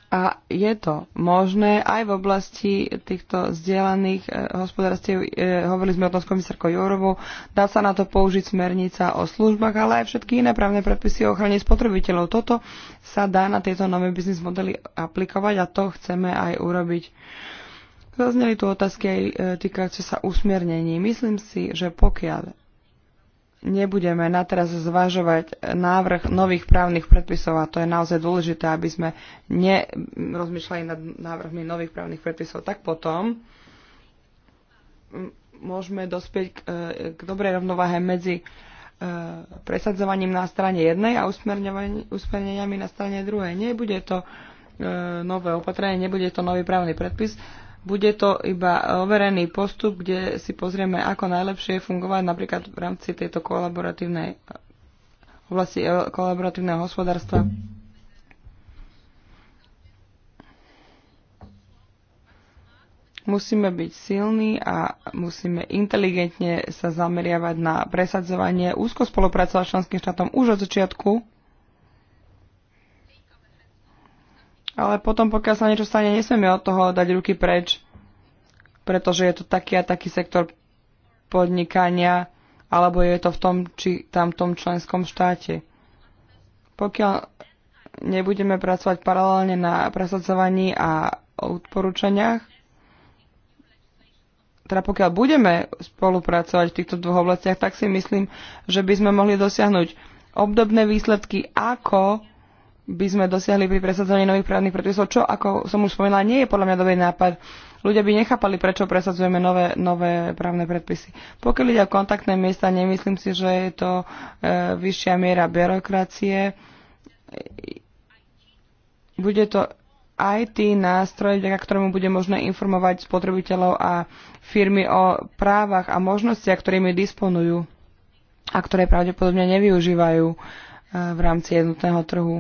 a je to možné aj v oblasti týchto zdieľaných e, hospodárstiev. E, hovorili sme o tom s komisárkou Jourovou. Dá sa na to použiť smernica o službách, ale aj všetky iné právne predpisy o ochrane spotrebiteľov. Toto sa dá na tieto nové biznis modely aplikovať a to chceme aj urobiť. E, Zazneli tu otázky aj e, týkajúce sa usmiernení. Myslím si, že pokiaľ nebudeme teraz zvažovať návrh nových právnych predpisov a to je naozaj dôležité, aby sme nerozmýšľali nad návrhmi nových právnych predpisov, tak potom môžeme dospieť k, e, k dobrej rovnováhe medzi e, presadzovaním na strane jednej a usmerneniami na strane druhej. Nebude to nové opatrenie, nebude to nový právny predpis, bude to iba overený postup, kde si pozrieme, ako najlepšie fungovať napríklad v rámci tejto kolaboratívnej oblasti eh, kolaboratívneho hospodárstva. Musíme byť silní a musíme inteligentne sa zameriavať na presadzovanie, úzko spolupracovať s členským štátom už od začiatku ale potom, pokiaľ sa niečo stane, nesmieme od toho dať ruky preč, pretože je to taký a taký sektor podnikania, alebo je to v tom či tamtom členskom štáte. Pokiaľ nebudeme pracovať paralelne na presadzovaní a odporúčaniach, teda pokiaľ budeme spolupracovať v týchto dvoch oblastiach, tak si myslím, že by sme mohli dosiahnuť obdobné výsledky ako by sme dosiahli pri presadzovaní nových právnych predpisov, čo, ako som už spomínala, nie je podľa mňa dobrý nápad. Ľudia by nechápali, prečo presadzujeme nové, nové právne predpisy. Pokiaľ ide o kontaktné miesta, nemyslím si, že je to e, vyššia miera byrokracie. Bude to IT nástroj, vďaka ktorému bude možné informovať spotrebiteľov a firmy o právach a možnostiach, ktorými disponujú a ktoré pravdepodobne nevyužívajú e, v rámci jednotného trhu.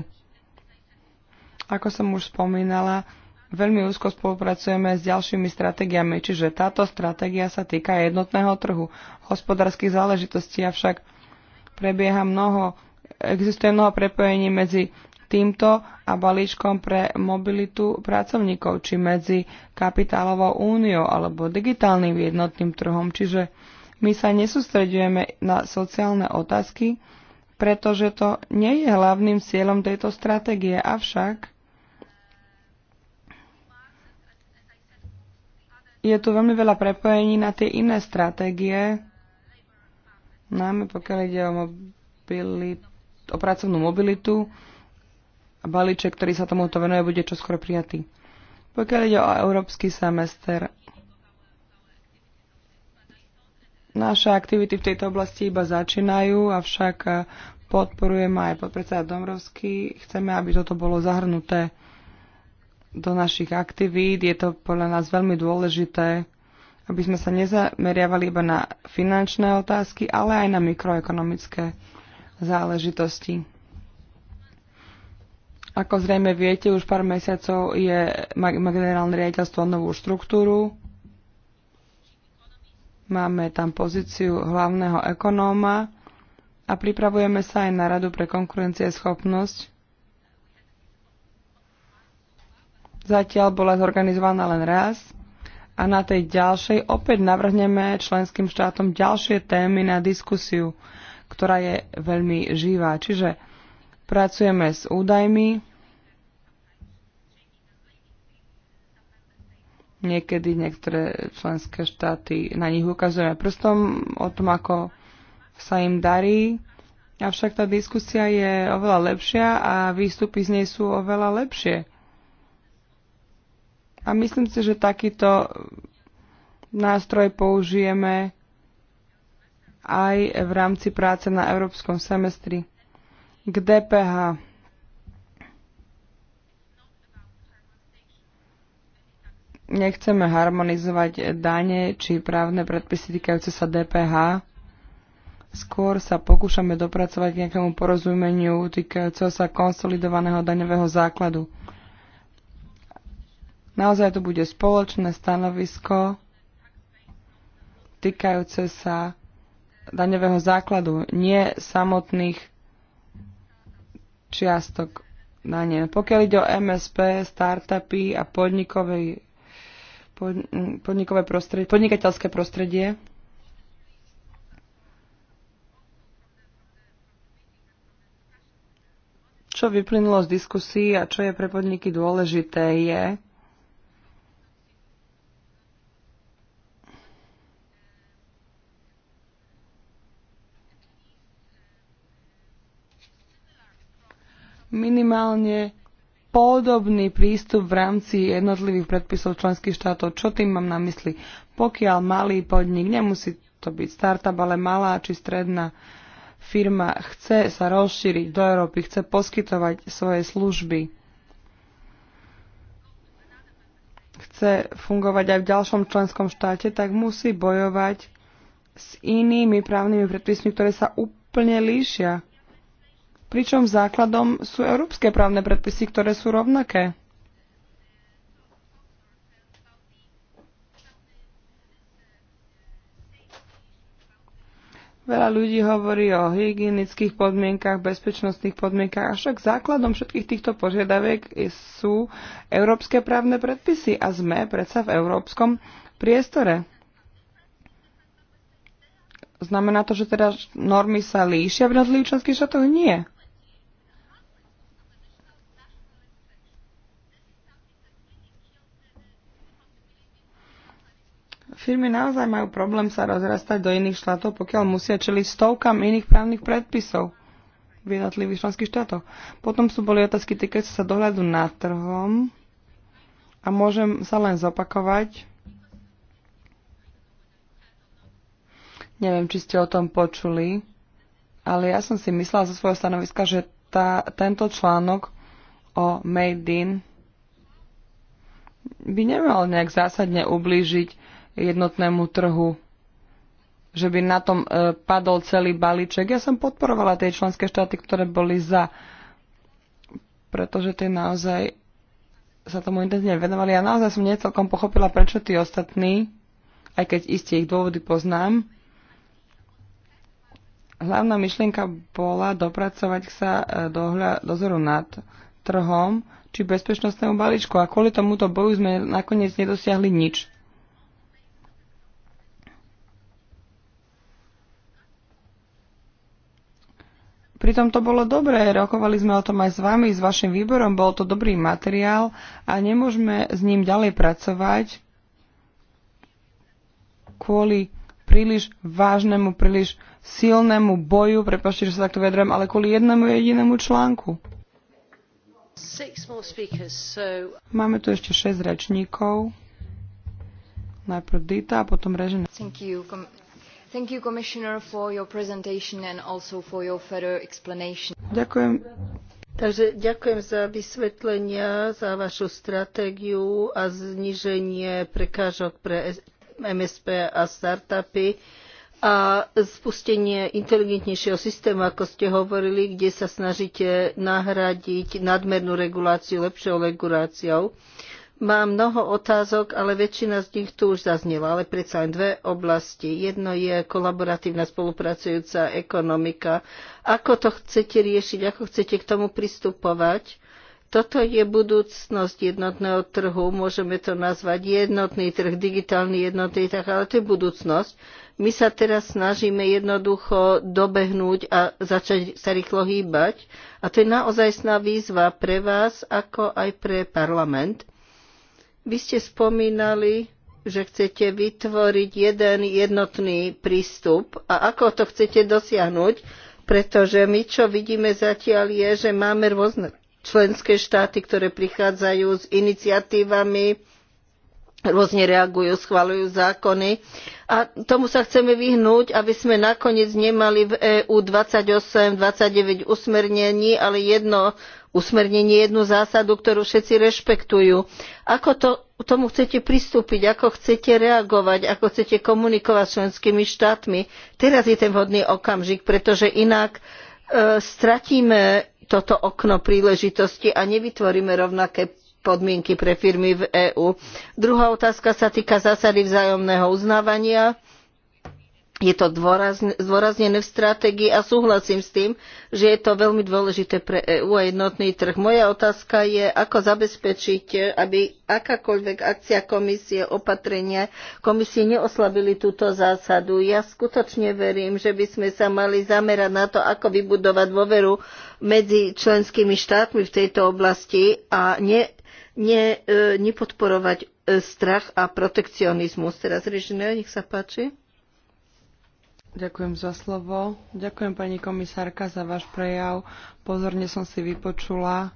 Ako som už spomínala, veľmi úzko spolupracujeme s ďalšími stratégiami, čiže táto stratégia sa týka jednotného trhu, hospodárskych záležitostí, avšak prebieha mnoho, existuje mnoho prepojení medzi týmto a balíčkom pre mobilitu pracovníkov, či medzi kapitálovou úniou alebo digitálnym jednotným trhom. Čiže my sa nesústredujeme na sociálne otázky, pretože to nie je hlavným cieľom tejto stratégie. Avšak je tu veľmi veľa prepojení na tie iné stratégie, najmä pokiaľ ide o, mobilit- o pracovnú mobilitu a balíček, ktorý sa tomuto venuje, bude čoskoro prijatý. Pokiaľ ide o európsky semester, naše aktivity v tejto oblasti iba začínajú, avšak podporujeme aj podpredseda Domrovský. Chceme, aby toto bolo zahrnuté do našich aktivít. Je to podľa nás veľmi dôležité, aby sme sa nezameriavali iba na finančné otázky, ale aj na mikroekonomické záležitosti. Ako zrejme viete, už pár mesiacov je generálne riaditeľstvo novú štruktúru. Máme tam pozíciu hlavného ekonóma a pripravujeme sa aj na radu pre konkurencieschopnosť, Zatiaľ bola zorganizovaná len raz a na tej ďalšej opäť navrhneme členským štátom ďalšie témy na diskusiu, ktorá je veľmi živá. Čiže pracujeme s údajmi, niekedy niektoré členské štáty na nich ukazujeme prstom o tom, ako sa im darí. Avšak tá diskusia je oveľa lepšia a výstupy z nej sú oveľa lepšie. A myslím si, že takýto nástroj použijeme aj v rámci práce na európskom semestri. K DPH. Nechceme harmonizovať dane či právne predpisy týkajúce sa DPH. Skôr sa pokúšame dopracovať k nejakému porozumeniu týkajúceho sa konsolidovaného daňového základu. Naozaj tu bude spoločné stanovisko týkajúce sa daňového základu, nie samotných čiastok dane. Pokiaľ ide o MSP, startupy a podnikové, podnikové prostredie, podnikateľské prostredie, čo vyplynulo z diskusí a čo je pre podniky dôležité je, minimálne podobný prístup v rámci jednotlivých predpisov členských štátov. Čo tým mám na mysli? Pokiaľ malý podnik, nemusí to byť startup, ale malá či stredná firma chce sa rozšíriť do Európy, chce poskytovať svoje služby, chce fungovať aj v ďalšom členskom štáte, tak musí bojovať s inými právnymi predpismi, ktoré sa úplne líšia pričom základom sú európske právne predpisy, ktoré sú rovnaké. Veľa ľudí hovorí o hygienických podmienkach, bezpečnostných podmienkach, avšak základom všetkých týchto požiadaviek sú európske právne predpisy a sme predsa v európskom priestore. Znamená to, že teda normy sa líšia v jednotlivých členských štátoch? Nie. Firmy naozaj majú problém sa rozrastať do iných štátov, pokiaľ musia čeliť stovkam iných právnych predpisov v jednotlivých členských štátoch. Potom sú boli otázky týkajúce sa dohľadu nad trhom a môžem sa len zopakovať. Neviem, či ste o tom počuli, ale ja som si myslela zo svojho stanoviska, že tá, tento článok o Made in by nemal nejak zásadne ublížiť jednotnému trhu že by na tom e, padol celý balíček. Ja som podporovala tie členské štáty, ktoré boli za, pretože tie naozaj sa tomu intenzívne venovali. Ja naozaj som necelkom pochopila, prečo tí ostatní, aj keď isté ich dôvody poznám, hlavná myšlienka bola dopracovať sa e, dohľa, dozoru nad trhom či bezpečnostnému balíčku. A kvôli tomuto boju sme nakoniec nedosiahli nič. Pritom to bolo dobré, rokovali sme o tom aj s vami, s vašim výborom, bol to dobrý materiál a nemôžeme s ním ďalej pracovať kvôli príliš vážnemu, príliš silnému boju, prepašte, že sa takto vedrem, ale kvôli jednému jedinému článku. Máme tu ešte 6 rečníkov. Najprv Dita a potom Režina. Thank you, Commissioner, for your presentation and also for your further explanation. Ďakujem. Takže ďakujem za vysvetlenia, za vašu stratégiu a zniženie prekážok pre MSP a startupy a spustenie inteligentnejšieho systému, ako ste hovorili, kde sa snažíte nahradiť nadmernú reguláciu lepšou reguláciou. Mám mnoho otázok, ale väčšina z nich tu už zaznela, ale predsa len dve oblasti. Jedno je kolaboratívna spolupracujúca ekonomika. Ako to chcete riešiť, ako chcete k tomu pristupovať? Toto je budúcnosť jednotného trhu, môžeme to nazvať jednotný trh, digitálny jednotný trh, ale to je budúcnosť. My sa teraz snažíme jednoducho dobehnúť a začať sa rýchlo hýbať. A to je naozajstná výzva pre vás, ako aj pre parlament vy ste spomínali, že chcete vytvoriť jeden jednotný prístup. A ako to chcete dosiahnuť? Pretože my, čo vidíme zatiaľ, je, že máme rôzne členské štáty, ktoré prichádzajú s iniciatívami, rôzne reagujú, schvalujú zákony. A tomu sa chceme vyhnúť, aby sme nakoniec nemali v EU 28, 29 usmernení, ale jedno usmernenie jednu zásadu, ktorú všetci rešpektujú. Ako k tomu chcete pristúpiť, ako chcete reagovať, ako chcete komunikovať s členskými štátmi. Teraz je ten vhodný okamžik, pretože inak e, stratíme toto okno príležitosti a nevytvoríme rovnaké podmienky pre firmy v eú. druhá otázka sa týka zásady vzájomného uznávania je to zdôraznené v stratégii a súhlasím s tým, že je to veľmi dôležité pre EÚ a jednotný trh. Moja otázka je, ako zabezpečiť, aby akákoľvek akcia komisie, opatrenia komisie neoslabili túto zásadu. Ja skutočne verím, že by sme sa mali zamerať na to, ako vybudovať dôveru medzi členskými štátmi v tejto oblasti a ne, ne, e, nepodporovať e, strach a protekcionizmus. Teraz režim, nech sa páči. Ďakujem za slovo. Ďakujem pani komisárka za váš prejav. Pozorne som si vypočula,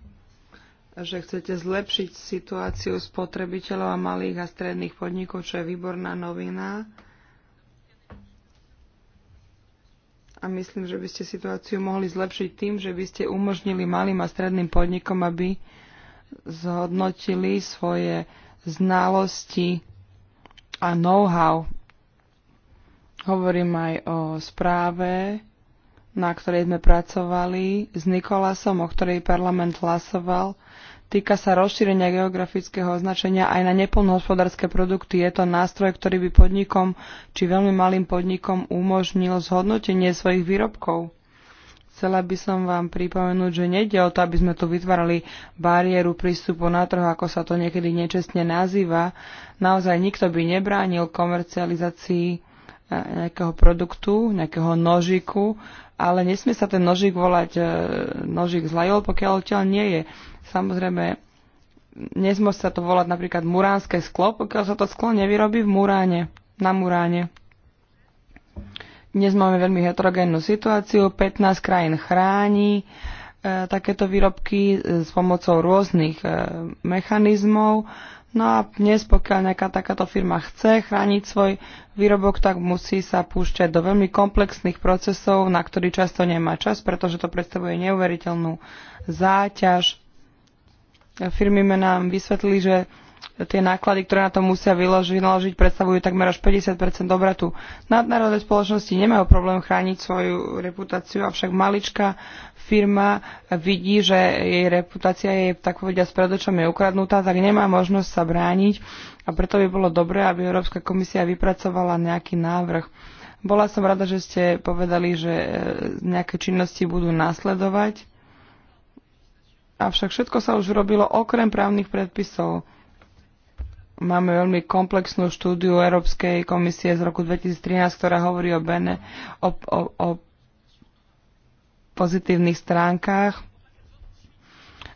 že chcete zlepšiť situáciu spotrebiteľov a malých a stredných podnikov, čo je výborná novina. A myslím, že by ste situáciu mohli zlepšiť tým, že by ste umožnili malým a stredným podnikom, aby zhodnotili svoje znalosti a know-how Hovorím aj o správe, na ktorej sme pracovali s Nikolasom, o ktorej parlament hlasoval. Týka sa rozšírenia geografického označenia aj na nepolnohospodárske produkty. Je to nástroj, ktorý by podnikom či veľmi malým podnikom umožnil zhodnotenie svojich výrobkov. Chcela by som vám pripomenúť, že nejde o to, aby sme tu vytvárali bariéru prístupu na trh, ako sa to niekedy nečestne nazýva. Naozaj nikto by nebránil komercializácii nejakého produktu, nejakého nožiku, ale nesmie sa ten nožik volať e, nožik z lajol, pokiaľ odtiaľ nie je. Samozrejme, nesmie sa to volať napríklad muránske sklo, pokiaľ sa to sklo nevyrobí v Muráne, na Muráne. Dnes máme veľmi heterogénnu situáciu, 15 krajín chráni e, takéto výrobky e, s pomocou rôznych e, mechanizmov. No a dnes, pokiaľ nejaká takáto firma chce chrániť svoj výrobok, tak musí sa púšťať do veľmi komplexných procesov, na ktorý často nemá čas, pretože to predstavuje neuveriteľnú záťaž. Firmy nám vysvetli, že tie náklady, ktoré na to musia naložiť, predstavujú takmer až 50 obratu. Nadnárodné spoločnosti nemajú problém chrániť svoju reputáciu, avšak malička firma vidí, že jej reputácia je tak povediať s predočom je ukradnutá, tak nemá možnosť sa brániť a preto by bolo dobré, aby Európska komisia vypracovala nejaký návrh. Bola som rada, že ste povedali, že e, nejaké činnosti budú nasledovať, avšak všetko sa už robilo okrem právnych predpisov. Máme veľmi komplexnú štúdiu Európskej komisie z roku 2013, ktorá hovorí o, bene, o, o, o pozitívnych stránkach.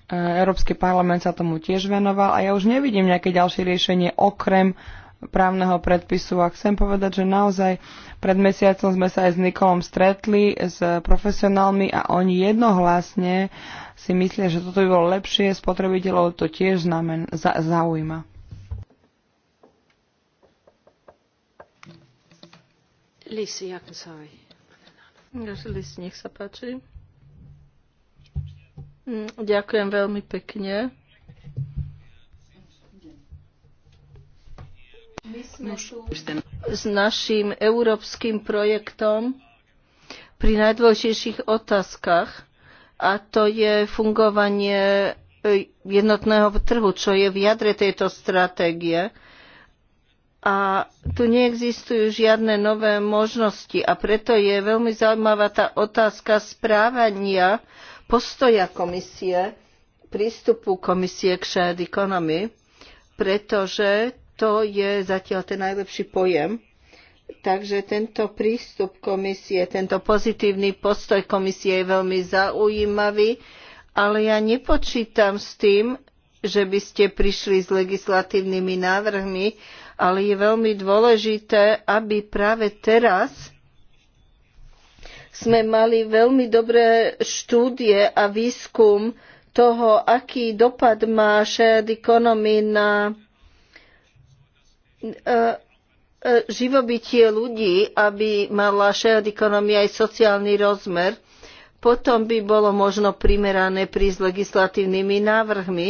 E, Európsky parlament sa tomu tiež venoval a ja už nevidím nejaké ďalšie riešenie okrem právneho predpisu a chcem povedať, že naozaj pred mesiacom sme sa aj s Nikolom stretli, s profesionálmi a oni jednohlasne si myslia, že toto by bolo lepšie, spotrebiteľov to tiež znamen, za, zaujíma. Lisa Jakonsari. Žilis, nech sa páči. Hm, ďakujem veľmi pekne. s našim európskym projektom pri najdôležitejších otázkach a to je fungovanie e, jednotného trhu, čo je v jadre tejto stratégie a tu neexistujú žiadne nové možnosti a preto je veľmi zaujímavá tá otázka správania postoja komisie, prístupu komisie k shared economy, pretože to je zatiaľ ten najlepší pojem. Takže tento prístup komisie, tento pozitívny postoj komisie je veľmi zaujímavý, ale ja nepočítam s tým, že by ste prišli s legislatívnymi návrhmi, ale je veľmi dôležité, aby práve teraz sme mali veľmi dobré štúdie a výskum toho, aký dopad má shared economy na e, e, živobytie ľudí, aby mala shared economy aj sociálny rozmer. Potom by bolo možno primerané prísť legislatívnymi návrhmi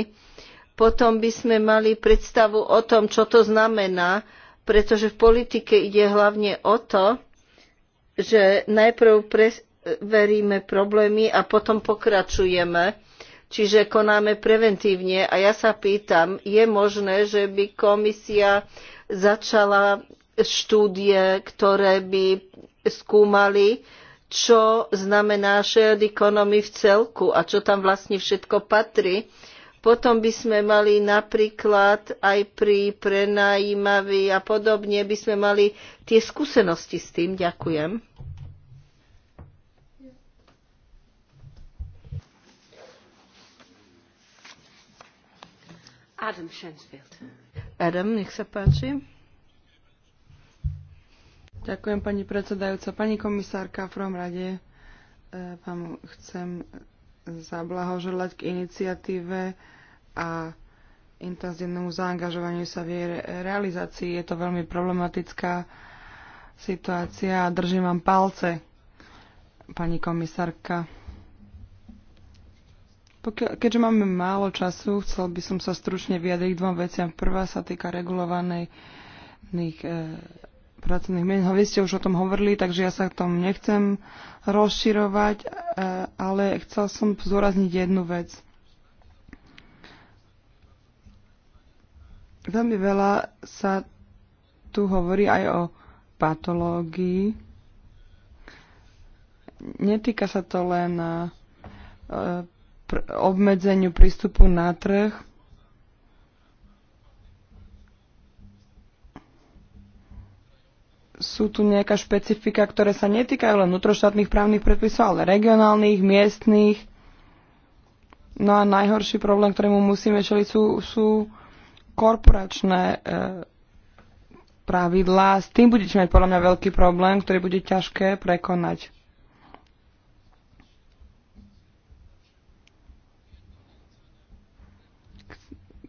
potom by sme mali predstavu o tom, čo to znamená, pretože v politike ide hlavne o to, že najprv preveríme problémy a potom pokračujeme, čiže konáme preventívne. A ja sa pýtam, je možné, že by komisia začala štúdie, ktoré by skúmali, čo znamená shared economy v celku a čo tam vlastne všetko patrí potom by sme mali napríklad aj pri prenajímavi a podobne by sme mali tie skúsenosti s tým. Ďakujem. Adam Schensfield. Adam, nech sa páči. Ďakujem, pani predsedajúca. Pani komisárka, v prvom rade e, vám chcem zablahoželať k iniciatíve a intenzívnemu zaangažovaniu sa v jej realizácii. Je to veľmi problematická situácia a držím vám palce, pani komisárka. keďže máme málo času, chcel by som sa stručne vyjadriť dvom veciam. Prvá sa týka regulovanej eh, pracovných mien. No, vy ste už o tom hovorili, takže ja sa tom nechcem rozširovať, e, ale chcel som zdôrazniť jednu vec. Veľmi veľa sa tu hovorí aj o patológii. Netýka sa to len e, obmedzeniu prístupu na trh, sú tu nejaká špecifika, ktoré sa netýkajú len vnútroštátnych právnych predpisov, ale regionálnych, miestných. No a najhorší problém, ktorému musíme čeliť, sú, sú korporačné e, pravidlá. S tým budete mať podľa mňa veľký problém, ktorý bude ťažké prekonať.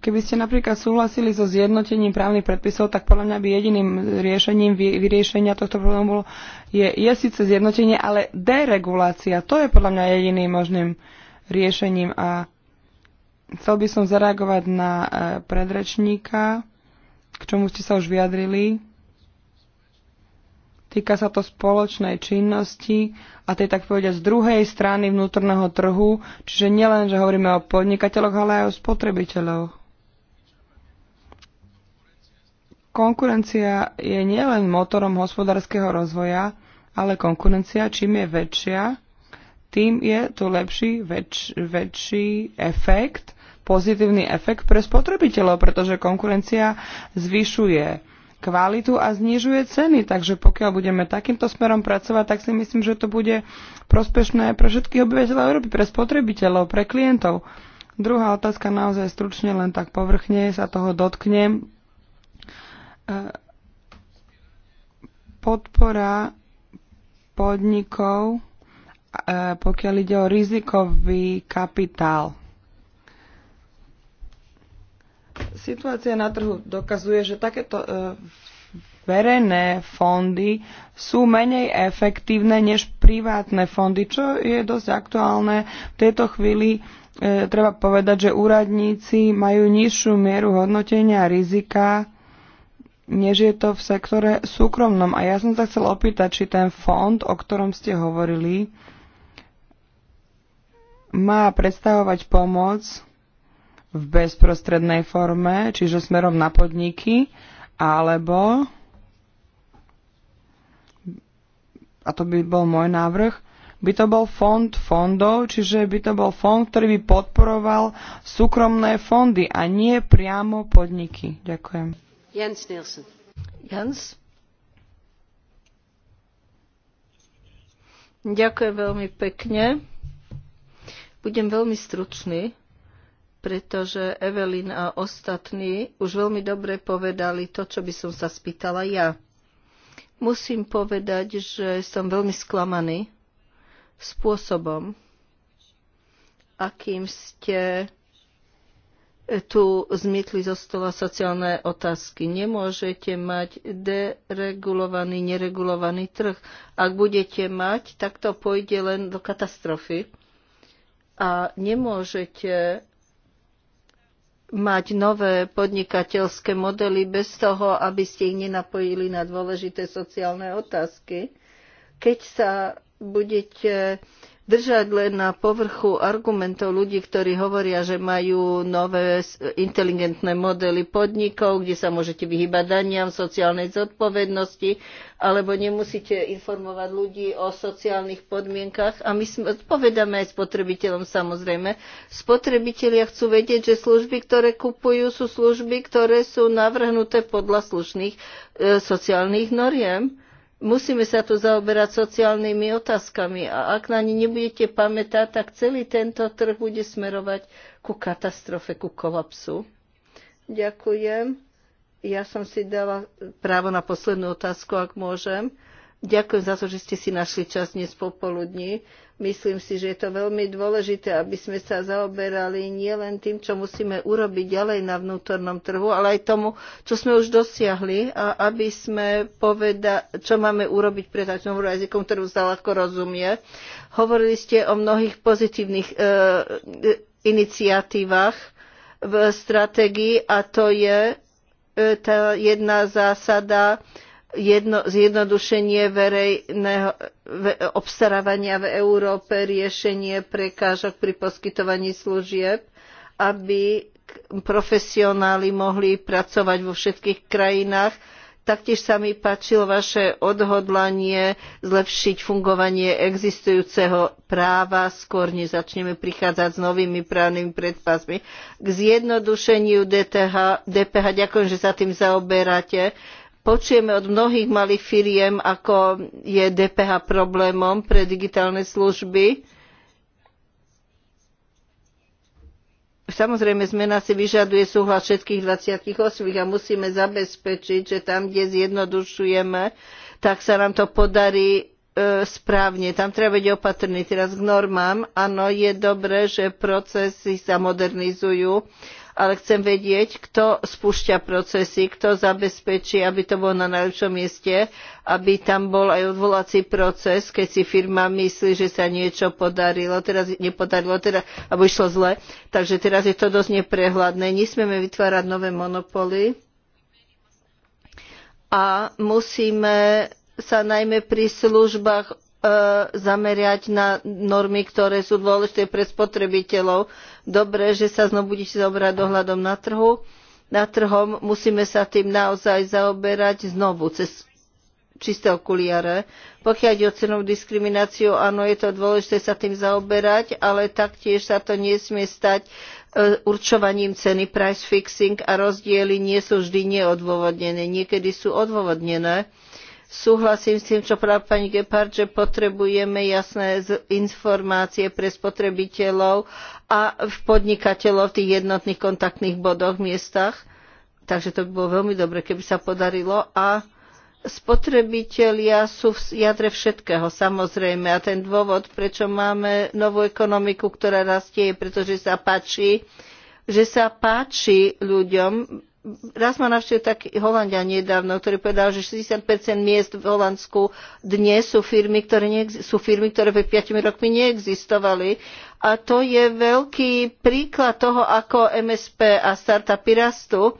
Keby ste napríklad súhlasili so zjednotením právnych predpisov, tak podľa mňa by jediným riešením vyriešenia tohto problému bolo, je, je síce zjednotenie, ale deregulácia. To je podľa mňa jediným možným riešením a chcel by som zareagovať na e, predrečníka, k čomu ste sa už vyjadrili. Týka sa to spoločnej činnosti a tej tak povedať z druhej strany vnútorného trhu, čiže nielen, že hovoríme o podnikateľoch, ale aj o spotrebiteľoch. Konkurencia je nielen motorom hospodárskeho rozvoja, ale konkurencia čím je väčšia, tým je tu lepší, väč, väčší efekt, pozitívny efekt pre spotrebiteľov, pretože konkurencia zvyšuje kvalitu a znižuje ceny. Takže pokiaľ budeme takýmto smerom pracovať, tak si myslím, že to bude prospešné pre všetkých obyvateľov Európy, pre spotrebiteľov, pre klientov. Druhá otázka naozaj stručne, len tak povrchne sa toho dotknem podpora podnikov, e, pokiaľ ide o rizikový kapitál. Situácia na trhu dokazuje, že takéto e, verejné fondy sú menej efektívne než privátne fondy, čo je dosť aktuálne. V tejto chvíli e, treba povedať, že úradníci majú nižšiu mieru hodnotenia rizika než je to v sektore súkromnom. A ja som sa chcel opýtať, či ten fond, o ktorom ste hovorili, má predstavovať pomoc v bezprostrednej forme, čiže smerom na podniky, alebo, a to by bol môj návrh, by to bol fond fondov, čiže by to bol fond, ktorý by podporoval súkromné fondy a nie priamo podniky. Ďakujem. Jens Jens? Ďakujem veľmi pekne. Budem veľmi stručný, pretože Evelyn a ostatní už veľmi dobre povedali to, čo by som sa spýtala ja. Musím povedať, že som veľmi sklamaný spôsobom, akým ste tu zmietli zo stola sociálne otázky. Nemôžete mať deregulovaný, neregulovaný trh. Ak budete mať, tak to pôjde len do katastrofy. A nemôžete mať nové podnikateľské modely bez toho, aby ste ich nenapojili na dôležité sociálne otázky. Keď sa budete držať len na povrchu argumentov ľudí, ktorí hovoria, že majú nové inteligentné modely podnikov, kde sa môžete vyhybať daniam sociálnej zodpovednosti, alebo nemusíte informovať ľudí o sociálnych podmienkach. A my sme, aj spotrebiteľom samozrejme. Spotrebitelia chcú vedieť, že služby, ktoré kupujú, sú služby, ktoré sú navrhnuté podľa slušných e, sociálnych noriem Musíme sa tu zaoberať sociálnymi otázkami a ak na ne nebudete pamätať, tak celý tento trh bude smerovať ku katastrofe, ku kolapsu. Ďakujem. Ja som si dala právo na poslednú otázku, ak môžem. Ďakujem za to, že ste si našli čas dnes popoludní. Myslím si, že je to veľmi dôležité, aby sme sa zaoberali nielen tým, čo musíme urobiť ďalej na vnútornom trhu, ale aj tomu, čo sme už dosiahli a aby sme povedali, čo máme urobiť pre takým jazykom, ktorú ľahko rozumie. Hovorili ste o mnohých pozitívnych e, e, iniciatívach v stratégii a to je e, tá jedna zásada e, jedno, zjednodušenie verejného ve, obstarávania v Európe, riešenie prekážok pri poskytovaní služieb, aby profesionáli mohli pracovať vo všetkých krajinách. Taktiež sa mi páčilo vaše odhodlanie zlepšiť fungovanie existujúceho práva, skôr než začneme prichádzať s novými právnymi predpasmi. K zjednodušeniu DTH, DPH ďakujem, že sa tým zaoberáte Počujeme od mnohých malých firiem, ako je DPH problémom pre digitálne služby. Samozrejme, zmena si vyžaduje súhlas všetkých 28 a musíme zabezpečiť, že tam, kde zjednodušujeme, tak sa nám to podarí e, správne. Tam treba byť opatrný. Teraz k normám. Áno, je dobré, že procesy sa modernizujú, ale chcem vedieť, kto spúšťa procesy, kto zabezpečí, aby to bolo na najlepšom mieste, aby tam bol aj odvolací proces, keď si firma myslí, že sa niečo podarilo, teraz nepodarilo, teda, alebo išlo zle. Takže teraz je to dosť neprehľadné. Nesmieme vytvárať nové monopoly a musíme sa najmä pri službách E, zamerať na normy, ktoré sú dôležité pre spotrebiteľov. Dobre, že sa znovu budete zaoberať dohľadom na trhu. Na trhom musíme sa tým naozaj zaoberať znovu cez čisté okuliare. Pokiaľ ide o cenovú diskrimináciu, áno, je to dôležité sa tým zaoberať, ale taktiež sa to nesmie stať e, určovaním ceny price fixing a rozdiely nie sú vždy neodôvodnené. Niekedy sú odôvodnené Súhlasím s tým, čo povedala pani gebhardt že potrebujeme jasné informácie pre spotrebiteľov a podnikateľov v tých jednotných kontaktných bodoch, miestach. Takže to by bolo veľmi dobre, keby sa podarilo. A spotrebitelia sú v jadre všetkého, samozrejme. A ten dôvod, prečo máme novú ekonomiku, ktorá rastie, je preto, že sa páči že sa páči ľuďom raz ma navštívil taký Holandia nedávno, ktorý povedal, že 60% miest v Holandsku dnes sú firmy, ktoré, sú firmy, ktoré pred 5 rokmi neexistovali. A to je veľký príklad toho, ako MSP a startupy rastú.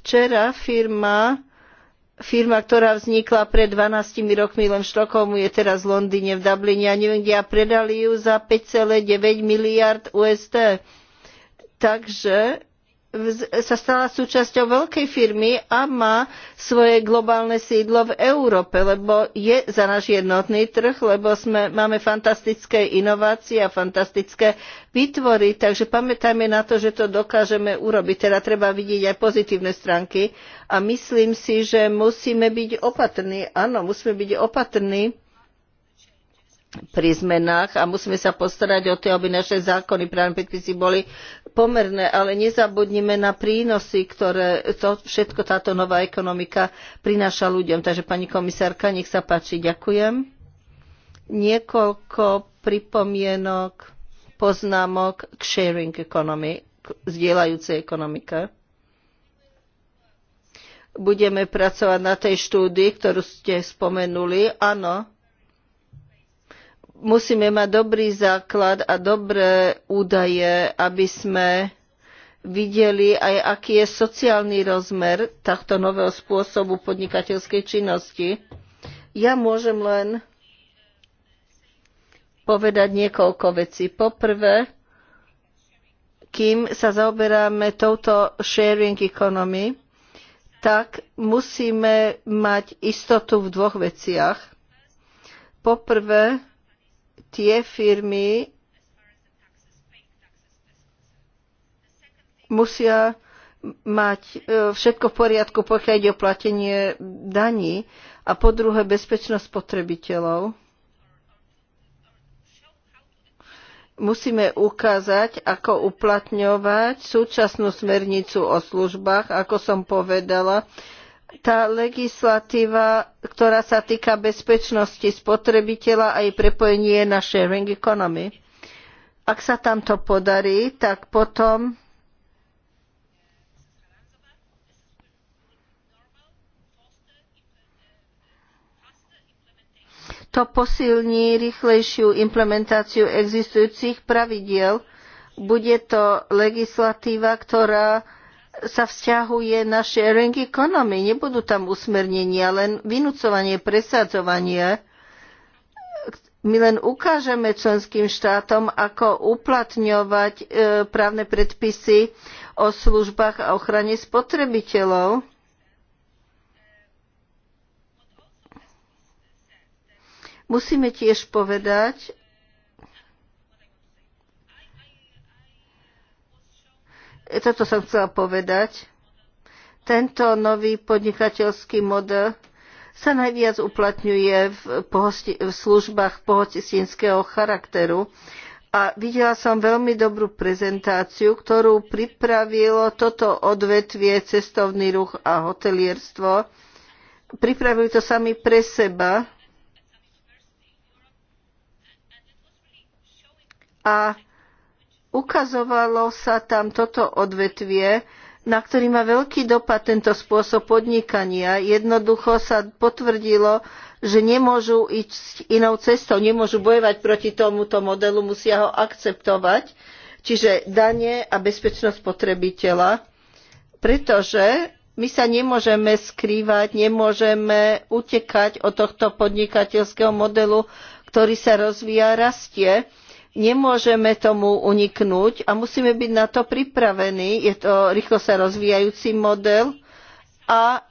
Včera firma, firma, ktorá vznikla pred 12 rokmi len v Štokholmu, je teraz v Londýne, v Dubline a neviem kde, a predali ju za 5,9 miliard USD. Takže sa stala súčasťou veľkej firmy a má svoje globálne sídlo v Európe, lebo je za náš jednotný trh, lebo sme, máme fantastické inovácie a fantastické vytvory, takže pamätajme na to, že to dokážeme urobiť. Teda treba vidieť aj pozitívne stránky a myslím si, že musíme byť opatrní. Áno, musíme byť opatrní pri zmenách a musíme sa postarať o to, aby naše zákony, právne predpisy boli pomerné, ale nezabudnime na prínosy, ktoré to, všetko táto nová ekonomika prináša ľuďom. Takže pani komisárka, nech sa páči, ďakujem. Niekoľko pripomienok, poznámok k sharing economy, k zdieľajúcej ekonomike. Budeme pracovať na tej štúdii, ktorú ste spomenuli. Áno, musíme mať dobrý základ a dobré údaje, aby sme videli aj, aký je sociálny rozmer takto nového spôsobu podnikateľskej činnosti. Ja môžem len povedať niekoľko vecí. Poprvé, kým sa zaoberáme touto sharing economy, tak musíme mať istotu v dvoch veciach. Poprvé, tie firmy musia mať e, všetko v poriadku, pokiaľ ide o platenie daní a po druhé bezpečnosť spotrebiteľov. Musíme ukázať, ako uplatňovať súčasnú smernicu o službách, ako som povedala, tá legislatíva, ktorá sa týka bezpečnosti spotrebiteľa a jej prepojenie na sharing economy. Ak sa tam to podarí, tak potom to posilní rýchlejšiu implementáciu existujúcich pravidiel. Bude to legislatíva, ktorá sa vzťahuje na sharing economy. Nebudú tam usmernenia, len vynúcovanie, presadzovanie. My len ukážeme členským štátom, ako uplatňovať e, právne predpisy o službách a ochrane spotrebiteľov. Musíme tiež povedať, toto som chcela povedať. Tento nový podnikateľský model sa najviac uplatňuje v, pohosti, v službách pohostinského charakteru. A videla som veľmi dobrú prezentáciu, ktorú pripravilo toto odvetvie cestovný ruch a hotelierstvo. Pripravili to sami pre seba. A Ukazovalo sa tam toto odvetvie, na ktorý má veľký dopad tento spôsob podnikania. Jednoducho sa potvrdilo, že nemôžu ísť inou cestou, nemôžu bojovať proti tomuto modelu, musia ho akceptovať, čiže dane a bezpečnosť spotrebiteľa, pretože my sa nemôžeme skrývať, nemôžeme utekať od tohto podnikateľského modelu, ktorý sa rozvíja, rastie Nemôžeme tomu uniknúť a musíme byť na to pripravení. Je to rýchlo sa rozvíjajúci model a,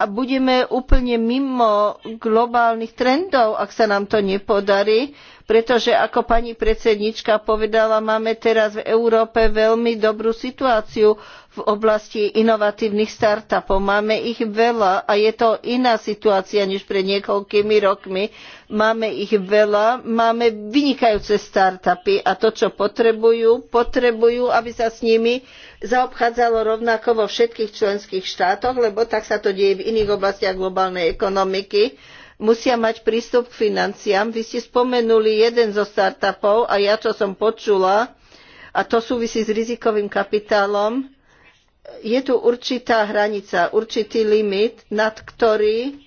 a budeme úplne mimo globálnych trendov, ak sa nám to nepodarí, pretože ako pani predsednička povedala, máme teraz v Európe veľmi dobrú situáciu, v oblasti inovatívnych startupov. Máme ich veľa a je to iná situácia než pred niekoľkými rokmi. Máme ich veľa, máme vynikajúce startupy a to, čo potrebujú, potrebujú, aby sa s nimi zaobchádzalo rovnako vo všetkých členských štátoch, lebo tak sa to deje v iných oblastiach globálnej ekonomiky musia mať prístup k financiám. Vy ste spomenuli jeden zo startupov a ja, čo som počula, a to súvisí s rizikovým kapitálom, je tu určitá hranica, určitý limit, nad ktorý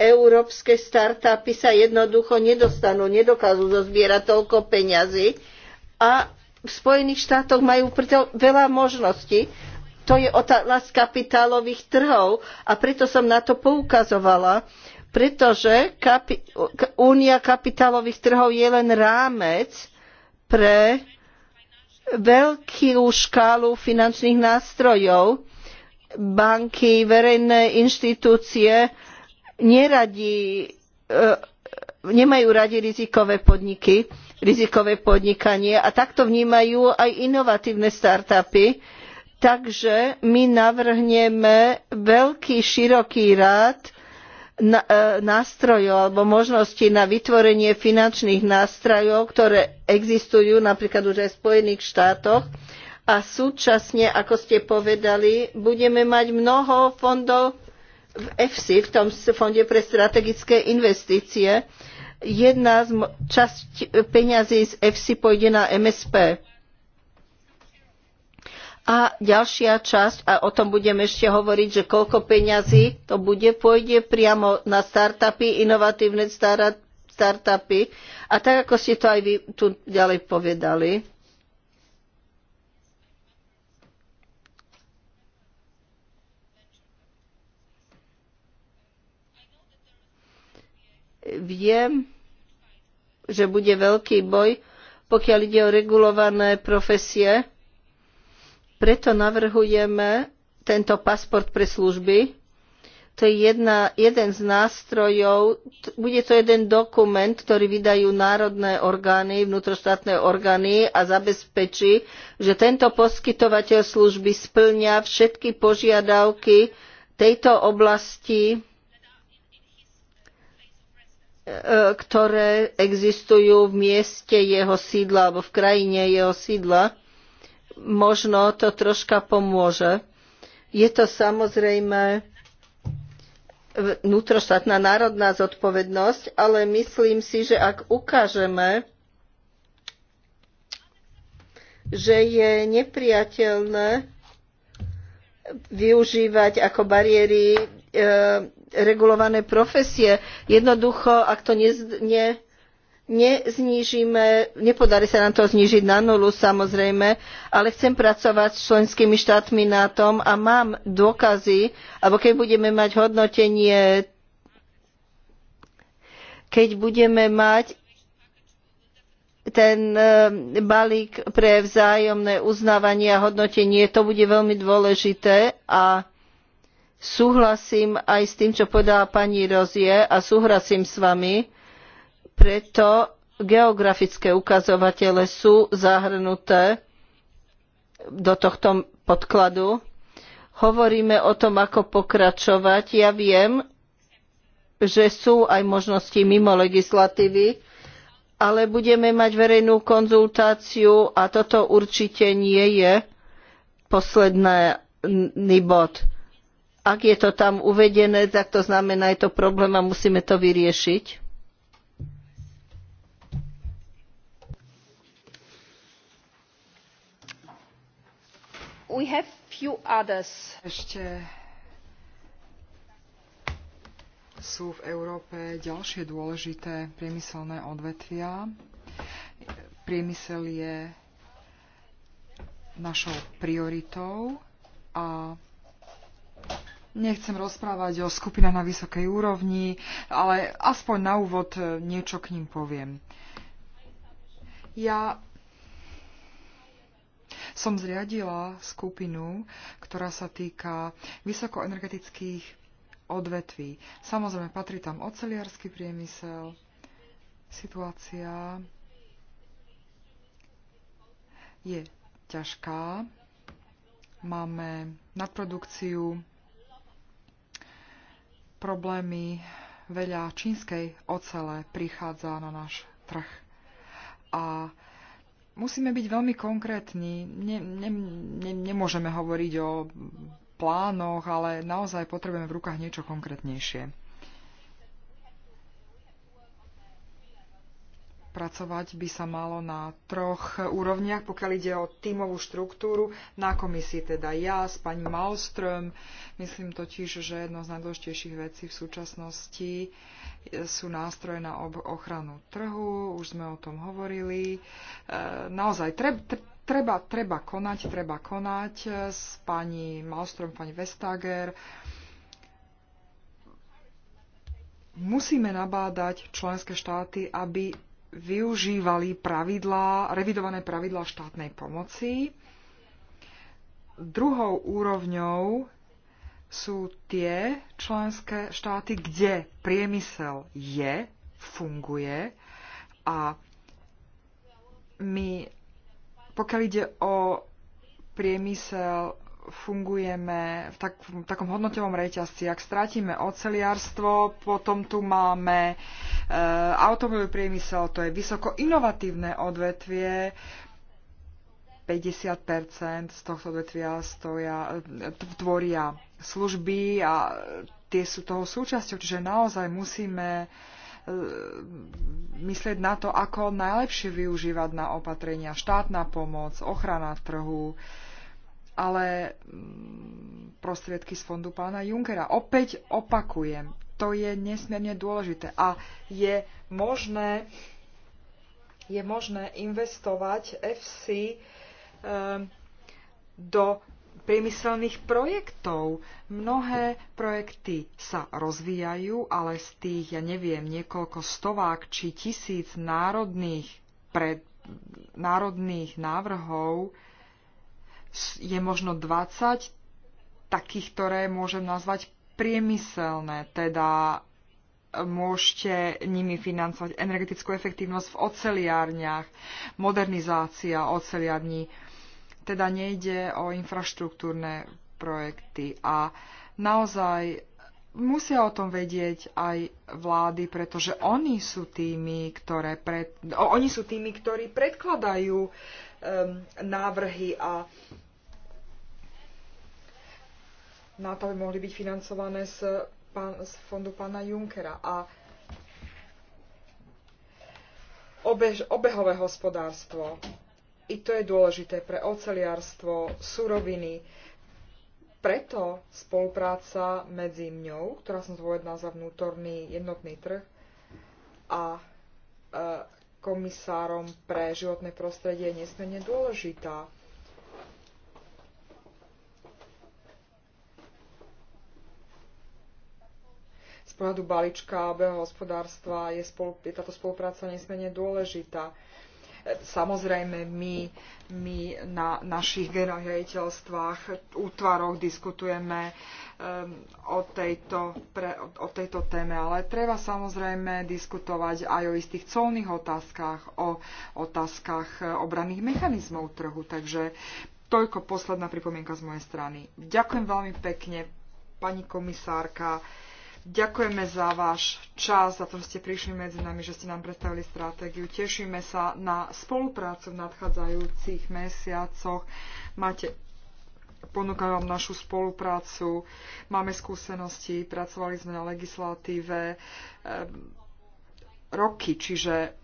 európske startupy sa jednoducho nedostanú, nedokážu zozbierať toľko peňazí a v Spojených štátoch majú preto veľa možností. To je otázka kapitálových trhov a preto som na to poukazovala, pretože kapi- Únia kapitálových trhov je len rámec pre veľkú škálu finančných nástrojov. Banky, verejné inštitúcie neradi, e, nemajú radi rizikové podniky, rizikové podnikanie a takto vnímajú aj inovatívne startupy. Takže my navrhneme veľký, široký rád E, nástrojov alebo možností na vytvorenie finančných nástrojov, ktoré existujú napríklad už aj v Spojených štátoch. A súčasne, ako ste povedali, budeme mať mnoho fondov v EFSI, v tom Fonde pre strategické investície. Jedna z časť peňazí z EFSI pôjde na MSP a ďalšia časť, a o tom budem ešte hovoriť, že koľko peňazí to bude, pôjde priamo na startupy, inovatívne startupy. A tak, ako ste to aj vy tu ďalej povedali. Viem, že bude veľký boj, pokiaľ ide o regulované profesie preto navrhujeme tento pasport pre služby. To je jedna, jeden z nástrojov, bude to jeden dokument, ktorý vydajú národné orgány, vnútroštátne orgány a zabezpečí, že tento poskytovateľ služby splňa všetky požiadavky tejto oblasti e, ktoré existujú v mieste jeho sídla alebo v krajine jeho sídla možno to troška pomôže. Je to samozrejme vnútroštátna národná zodpovednosť, ale myslím si, že ak ukážeme, že je nepriateľné využívať ako bariéry e, regulované profesie. Jednoducho, ak to ne, ne neznížime, nepodarí sa nám to znížiť na nulu samozrejme, ale chcem pracovať s členskými štátmi na tom a mám dôkazy, alebo keď budeme mať hodnotenie, keď budeme mať ten e, balík pre vzájomné uznávanie a hodnotenie, to bude veľmi dôležité a súhlasím aj s tým, čo povedala pani Rozie a súhlasím s vami, preto geografické ukazovatele sú zahrnuté do tohto podkladu. Hovoríme o tom, ako pokračovať. Ja viem, že sú aj možnosti mimo legislatívy, ale budeme mať verejnú konzultáciu a toto určite nie je posledný bod. Ak je to tam uvedené, tak to znamená, je to problém a musíme to vyriešiť. Ešte sú v Európe ďalšie dôležité priemyselné odvetvia. Priemysel je našou prioritou a nechcem rozprávať o skupinách na vysokej úrovni, ale aspoň na úvod niečo k ním poviem. Ja som zriadila skupinu, ktorá sa týka vysokoenergetických odvetví. Samozrejme, patrí tam oceliarský priemysel, situácia je ťažká. Máme nadprodukciu, problémy, veľa čínskej ocele prichádza na náš trh. A musíme byť veľmi konkrétni. Ne, ne, ne, nemôžeme hovoriť o plánoch, ale naozaj potrebujeme v rukách niečo konkrétnejšie. pracovať by sa malo na troch úrovniach, pokiaľ ide o tímovú štruktúru, na komisii teda ja s pani Malström. Myslím totiž, že jedno z najdôležitejších vecí v súčasnosti sú nástroje na ochranu trhu, už sme o tom hovorili. E, naozaj treba, treba, treba konať, treba konať e, s pani Malström, pani Vestager, musíme nabádať členské štáty, aby využívali pravidlá, revidované pravidlá štátnej pomoci. Druhou úrovňou sú tie členské štáty, kde priemysel je, funguje a my, pokiaľ ide o priemysel fungujeme v, tak, v takom hodnotovom reťazci. Ak strátime oceliarstvo, potom tu máme e, automobilový priemysel, to je vysoko inovatívne odvetvie, 50 z tohto odvetvia stoja, eh, tvoria služby a tie sú toho súčasťou, čiže naozaj musíme eh, myslieť na to, ako najlepšie využívať na opatrenia štátna pomoc, ochrana trhu, ale mm, prostriedky z fondu pána Junkera. Opäť opakujem, to je nesmierne dôležité a je možné, je možné investovať FC ehm, do priemyselných projektov. Mnohé projekty sa rozvíjajú, ale z tých, ja neviem, niekoľko stovák či tisíc národných, pred, národných návrhov je možno 20 takých, ktoré môžem nazvať priemyselné, teda e, môžete nimi financovať energetickú efektívnosť v oceliárniach, modernizácia oceliarní. Teda nejde o infraštruktúrne projekty. A naozaj e, musia o tom vedieť aj vlády, pretože oni sú tými, ktoré pred, oni sú tými ktorí predkladajú Um, návrhy a na to by mohli byť financované z, pán, z fondu pána Junkera. A obež, obehové hospodárstvo. I to je dôležité pre oceliarstvo, suroviny. Preto spolupráca medzi mňou, ktorá som zvojedná za vnútorný jednotný trh, a e, komisárom pre životné prostredie je nesmierne dôležitá. Z pohľadu balíčka beho hospodárstva je, spolu, je táto spolupráca nesmierne dôležitá. Samozrejme, my, my na našich generálnych útvaroch diskutujeme ehm, o tejto, pre, o tejto téme, ale treba samozrejme diskutovať aj o istých colných otázkach, o otázkach e, obranných mechanizmov trhu. Takže toľko posledná pripomienka z mojej strany. Ďakujem veľmi pekne, pani komisárka. Ďakujeme za váš čas, za to, že ste prišli medzi nami, že ste nám predstavili stratégiu. Tešíme sa na spoluprácu v nadchádzajúcich mesiacoch. Máte ponúkame vám našu spoluprácu, máme skúsenosti, pracovali sme na legislatíve e, roky, čiže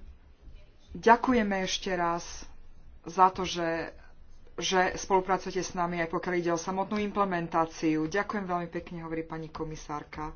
ďakujeme ešte raz za to, že že spolupracujete s nami aj pokiaľ ide o samotnú implementáciu. Ďakujem veľmi pekne, hovorí pani komisárka.